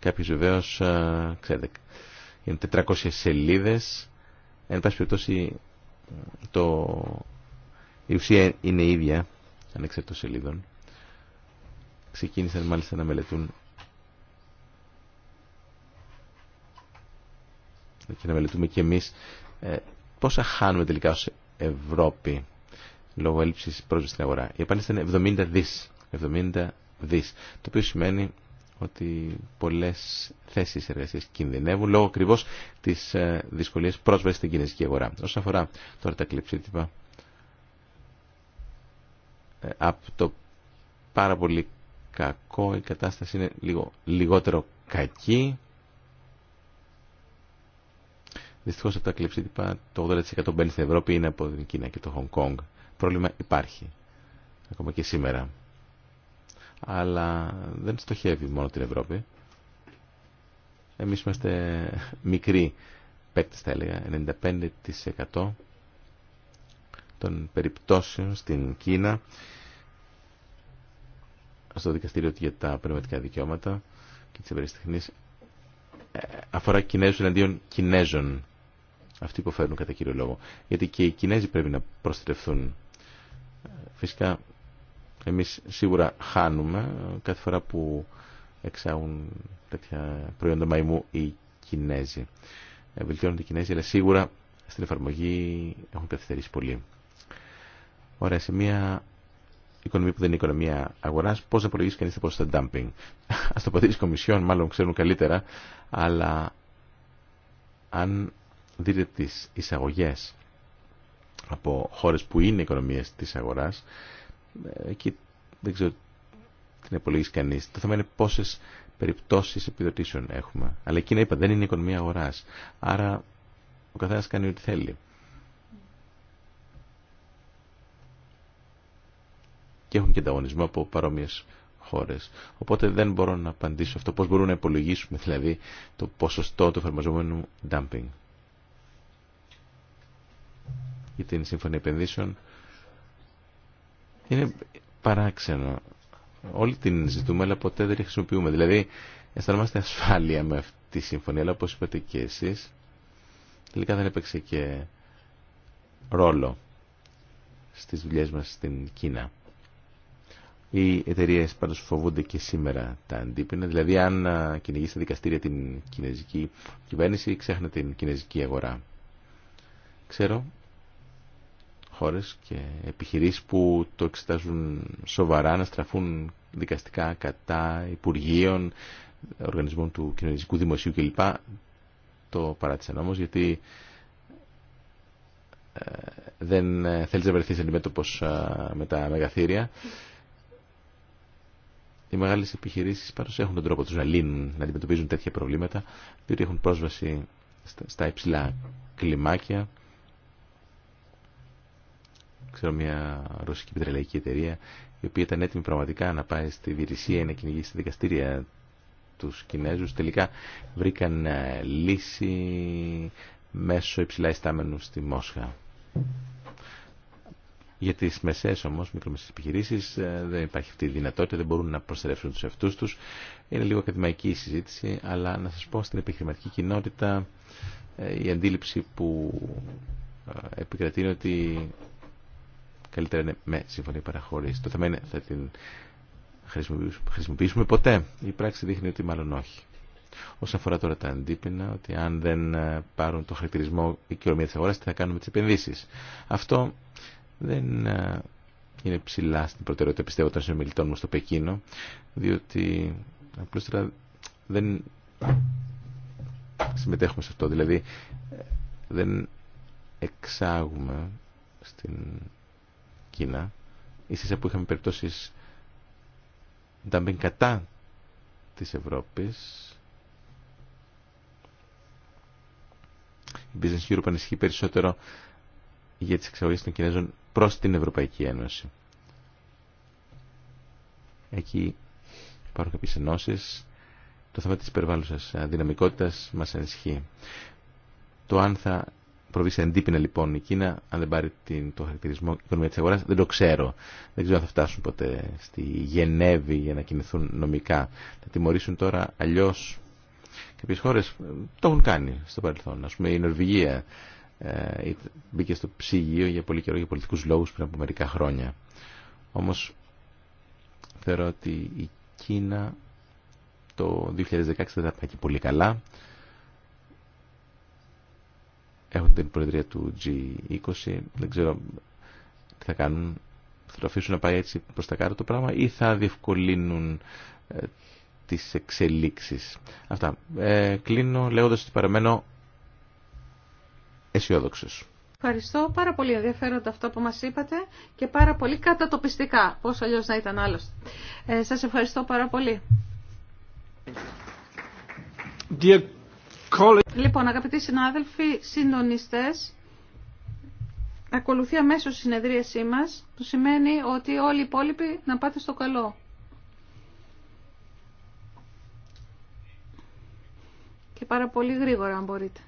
κάποιος βεβαίως, ξέρετε, είναι 400 σελίδες, εν πάση περιπτώσει το... η ουσία είναι ίδια, το σελίδων. Ξεκίνησαν μάλιστα να μελετούν και να μελετούμε και εμείς ε, πόσα χάνουμε τελικά ως Ευρώπη λόγω έλλειψη πρόσβαση στην αγορά. Η απάντηση ήταν 70 δι. 70 Το οποίο σημαίνει ότι πολλέ θέσει εργασίας κινδυνεύουν λόγω ακριβώ της ε, δυσκολίας πρόσβαση στην κινέζικη αγορά. Όσον αφορά τώρα τα κλειψίτυπα, ε, από το πάρα πολύ κακό η κατάσταση είναι λίγο, λιγότερο κακή. Δυστυχώς από τα κλειψίτυπα το 80% μπαίνει στην Ευρώπη είναι από την Κίνα και το Χονγκ πρόβλημα υπάρχει, ακόμα και σήμερα. Αλλά δεν στοχεύει μόνο την Ευρώπη. Εμείς είμαστε μικροί παίκτες, θα έλεγα, 95% των περιπτώσεων στην Κίνα στο δικαστήριο για τα πνευματικά δικαιώματα και τις ε, αφορά Κινέζους εναντίον Κινέζων αυτοί που φέρνουν κατά κύριο λόγο γιατί και οι Κινέζοι πρέπει να προστρεφθούν Φυσικά εμείς σίγουρα χάνουμε κάθε φορά που εξάγουν τέτοια προϊόντα μαϊμού οι Κινέζοι. Ε, Βελτιώνουν οι Κινέζοι, αλλά σίγουρα στην εφαρμογή έχουν καθυστερήσει πολύ. Ωραία, σε μια οικονομία που δεν είναι οικονομία αγορά, πώ να προηγήσει κανεί τα ποσοστά dumping. Α το πατήσει κομισιόν, μάλλον ξέρουν καλύτερα, αλλά αν δείτε τι εισαγωγέ από χώρες που είναι οικονομίες της αγοράς, ε, εκεί δεν ξέρω την υπολογίσει κανεί. Το θέμα είναι πόσε περιπτώσει επιδοτήσεων έχουμε. Αλλά εκείνα είπα δεν είναι οικονομία αγορά. Άρα ο καθένα κάνει ό,τι θέλει. Και έχουν και ανταγωνισμό από παρόμοιε χώρε. Οπότε δεν μπορώ να απαντήσω αυτό. Πώ μπορούμε να υπολογίσουμε δηλαδή το ποσοστό του εφαρμοζόμενου dumping για την Σύμφωνη Επενδύσεων είναι παράξενο. Όλη την ζητούμε, αλλά ποτέ δεν τη χρησιμοποιούμε. Δηλαδή, αισθανόμαστε ασφάλεια με αυτή τη συμφωνία, αλλά όπως είπατε και εσείς, τελικά δεν έπαιξε και ρόλο στις δουλειές μας στην Κίνα. Οι εταιρείε πάντως φοβούνται και σήμερα τα αντίπεινα, δηλαδή αν κυνηγεί στα δικαστήρια την κινέζικη κυβέρνηση, ξέχνα την κινέζικη αγορά. Ξέρω χώρες και επιχειρήσεις που το εξετάζουν σοβαρά να στραφούν δικαστικά κατά υπουργείων, οργανισμών του κοινωνικού δημοσίου κλπ. Το παράτησαν όμως γιατί ε, δεν ε, θέλεις να βρεθείς αντιμέτωπος ε, με τα μεγαθύρια. Οι μεγάλες επιχειρήσεις πάντως έχουν τον τρόπο τους να λύνουν, να αντιμετωπίζουν τέτοια προβλήματα, διότι έχουν πρόσβαση στα, στα υψηλά κλιμάκια Ξέρω μια ρωσική πετρελαϊκή εταιρεία η οποία ήταν έτοιμη πραγματικά να πάει στη Βηρησία ή να κυνηγήσει στη δικαστήρια τους Κινέζους. Τελικά βρήκαν ε, λύση μέσω υψηλά ειστάμενου στη Μόσχα. Για τις μεσαίες όμως, μικρομεσαίες επιχειρήσεις, ε, δεν υπάρχει αυτή η δυνατότητα, δεν μπορούν να προστατεύσουν τους εαυτούς τους. Είναι λίγο ακαδημαϊκή η συζήτηση, αλλά να σας πω στην επιχειρηματική κοινότητα ε, η αντίληψη που επικρατεί είναι ότι Καλύτερα είναι με συμφωνία παραχώρηση. Το θέμα είναι θα την χρησιμοποιήσουμε ποτέ. Η πράξη δείχνει ότι μάλλον όχι. Όσον αφορά τώρα τα αντίπεινα, ότι αν δεν ε, πάρουν το χαρακτηρισμό η κοινωνία τη αγορά, τι θα κάνουμε τι επενδύσει. Αυτό δεν ε, είναι ψηλά στην προτεραιότητα, πιστεύω, των συνομιλητών μου στο Πεκίνο, διότι απλούστερα δεν συμμετέχουμε σε αυτό. Δηλαδή, ε, δεν εξάγουμε στην Κίνα, ίσως που είχαμε περιπτώσεις dumping κατά της Ευρώπης, η Business Europe ανησυχεί περισσότερο για τις εξαγωγές των Κινέζων προς την Ευρωπαϊκή Ένωση. Εκεί υπάρχουν κάποιες ενώσει. Το θέμα της υπερβάλλουσας δυναμικότητας μας ανησυχεί. Το αν θα προβεί σε αντίπεινα λοιπόν η Κίνα, αν δεν πάρει την, το χαρακτηρισμό οικονομία τη αγορά, δεν το ξέρω. Δεν ξέρω αν θα φτάσουν ποτέ στη Γενέβη για να κινηθούν νομικά. Θα τιμωρήσουν τώρα αλλιώ κάποιε χώρε το έχουν κάνει στο παρελθόν. α πούμε η Νορβηγία ε, μπήκε στο ψυγείο για πολύ καιρό για πολιτικού λόγου πριν από μερικά χρόνια. Όμω θεωρώ ότι η Κίνα το 2016 δεν θα πάει και πολύ καλά έχουν την προεδρία του G20. Δεν ξέρω τι θα κάνουν. Θα το αφήσουν να πάει έτσι προς τα κάτω το πράγμα ή θα διευκολύνουν ε, τις εξελίξεις. Αυτά. Ε, κλείνω λέγοντας ότι παραμένω αισιόδοξο. Ευχαριστώ. Πάρα πολύ ενδιαφέροντα αυτό που μας είπατε και πάρα πολύ κατατοπιστικά. Πώς αλλιώς να ήταν άλλος. Ε, σας ευχαριστώ πάρα πολύ. Λοιπόν, αγαπητοί συνάδελφοι, συντονιστέ, ακολουθεί αμέσω η συνεδρίασή μας, που σημαίνει ότι όλοι οι υπόλοιποι να πάτε στο καλό. Και πάρα πολύ γρήγορα, αν μπορείτε.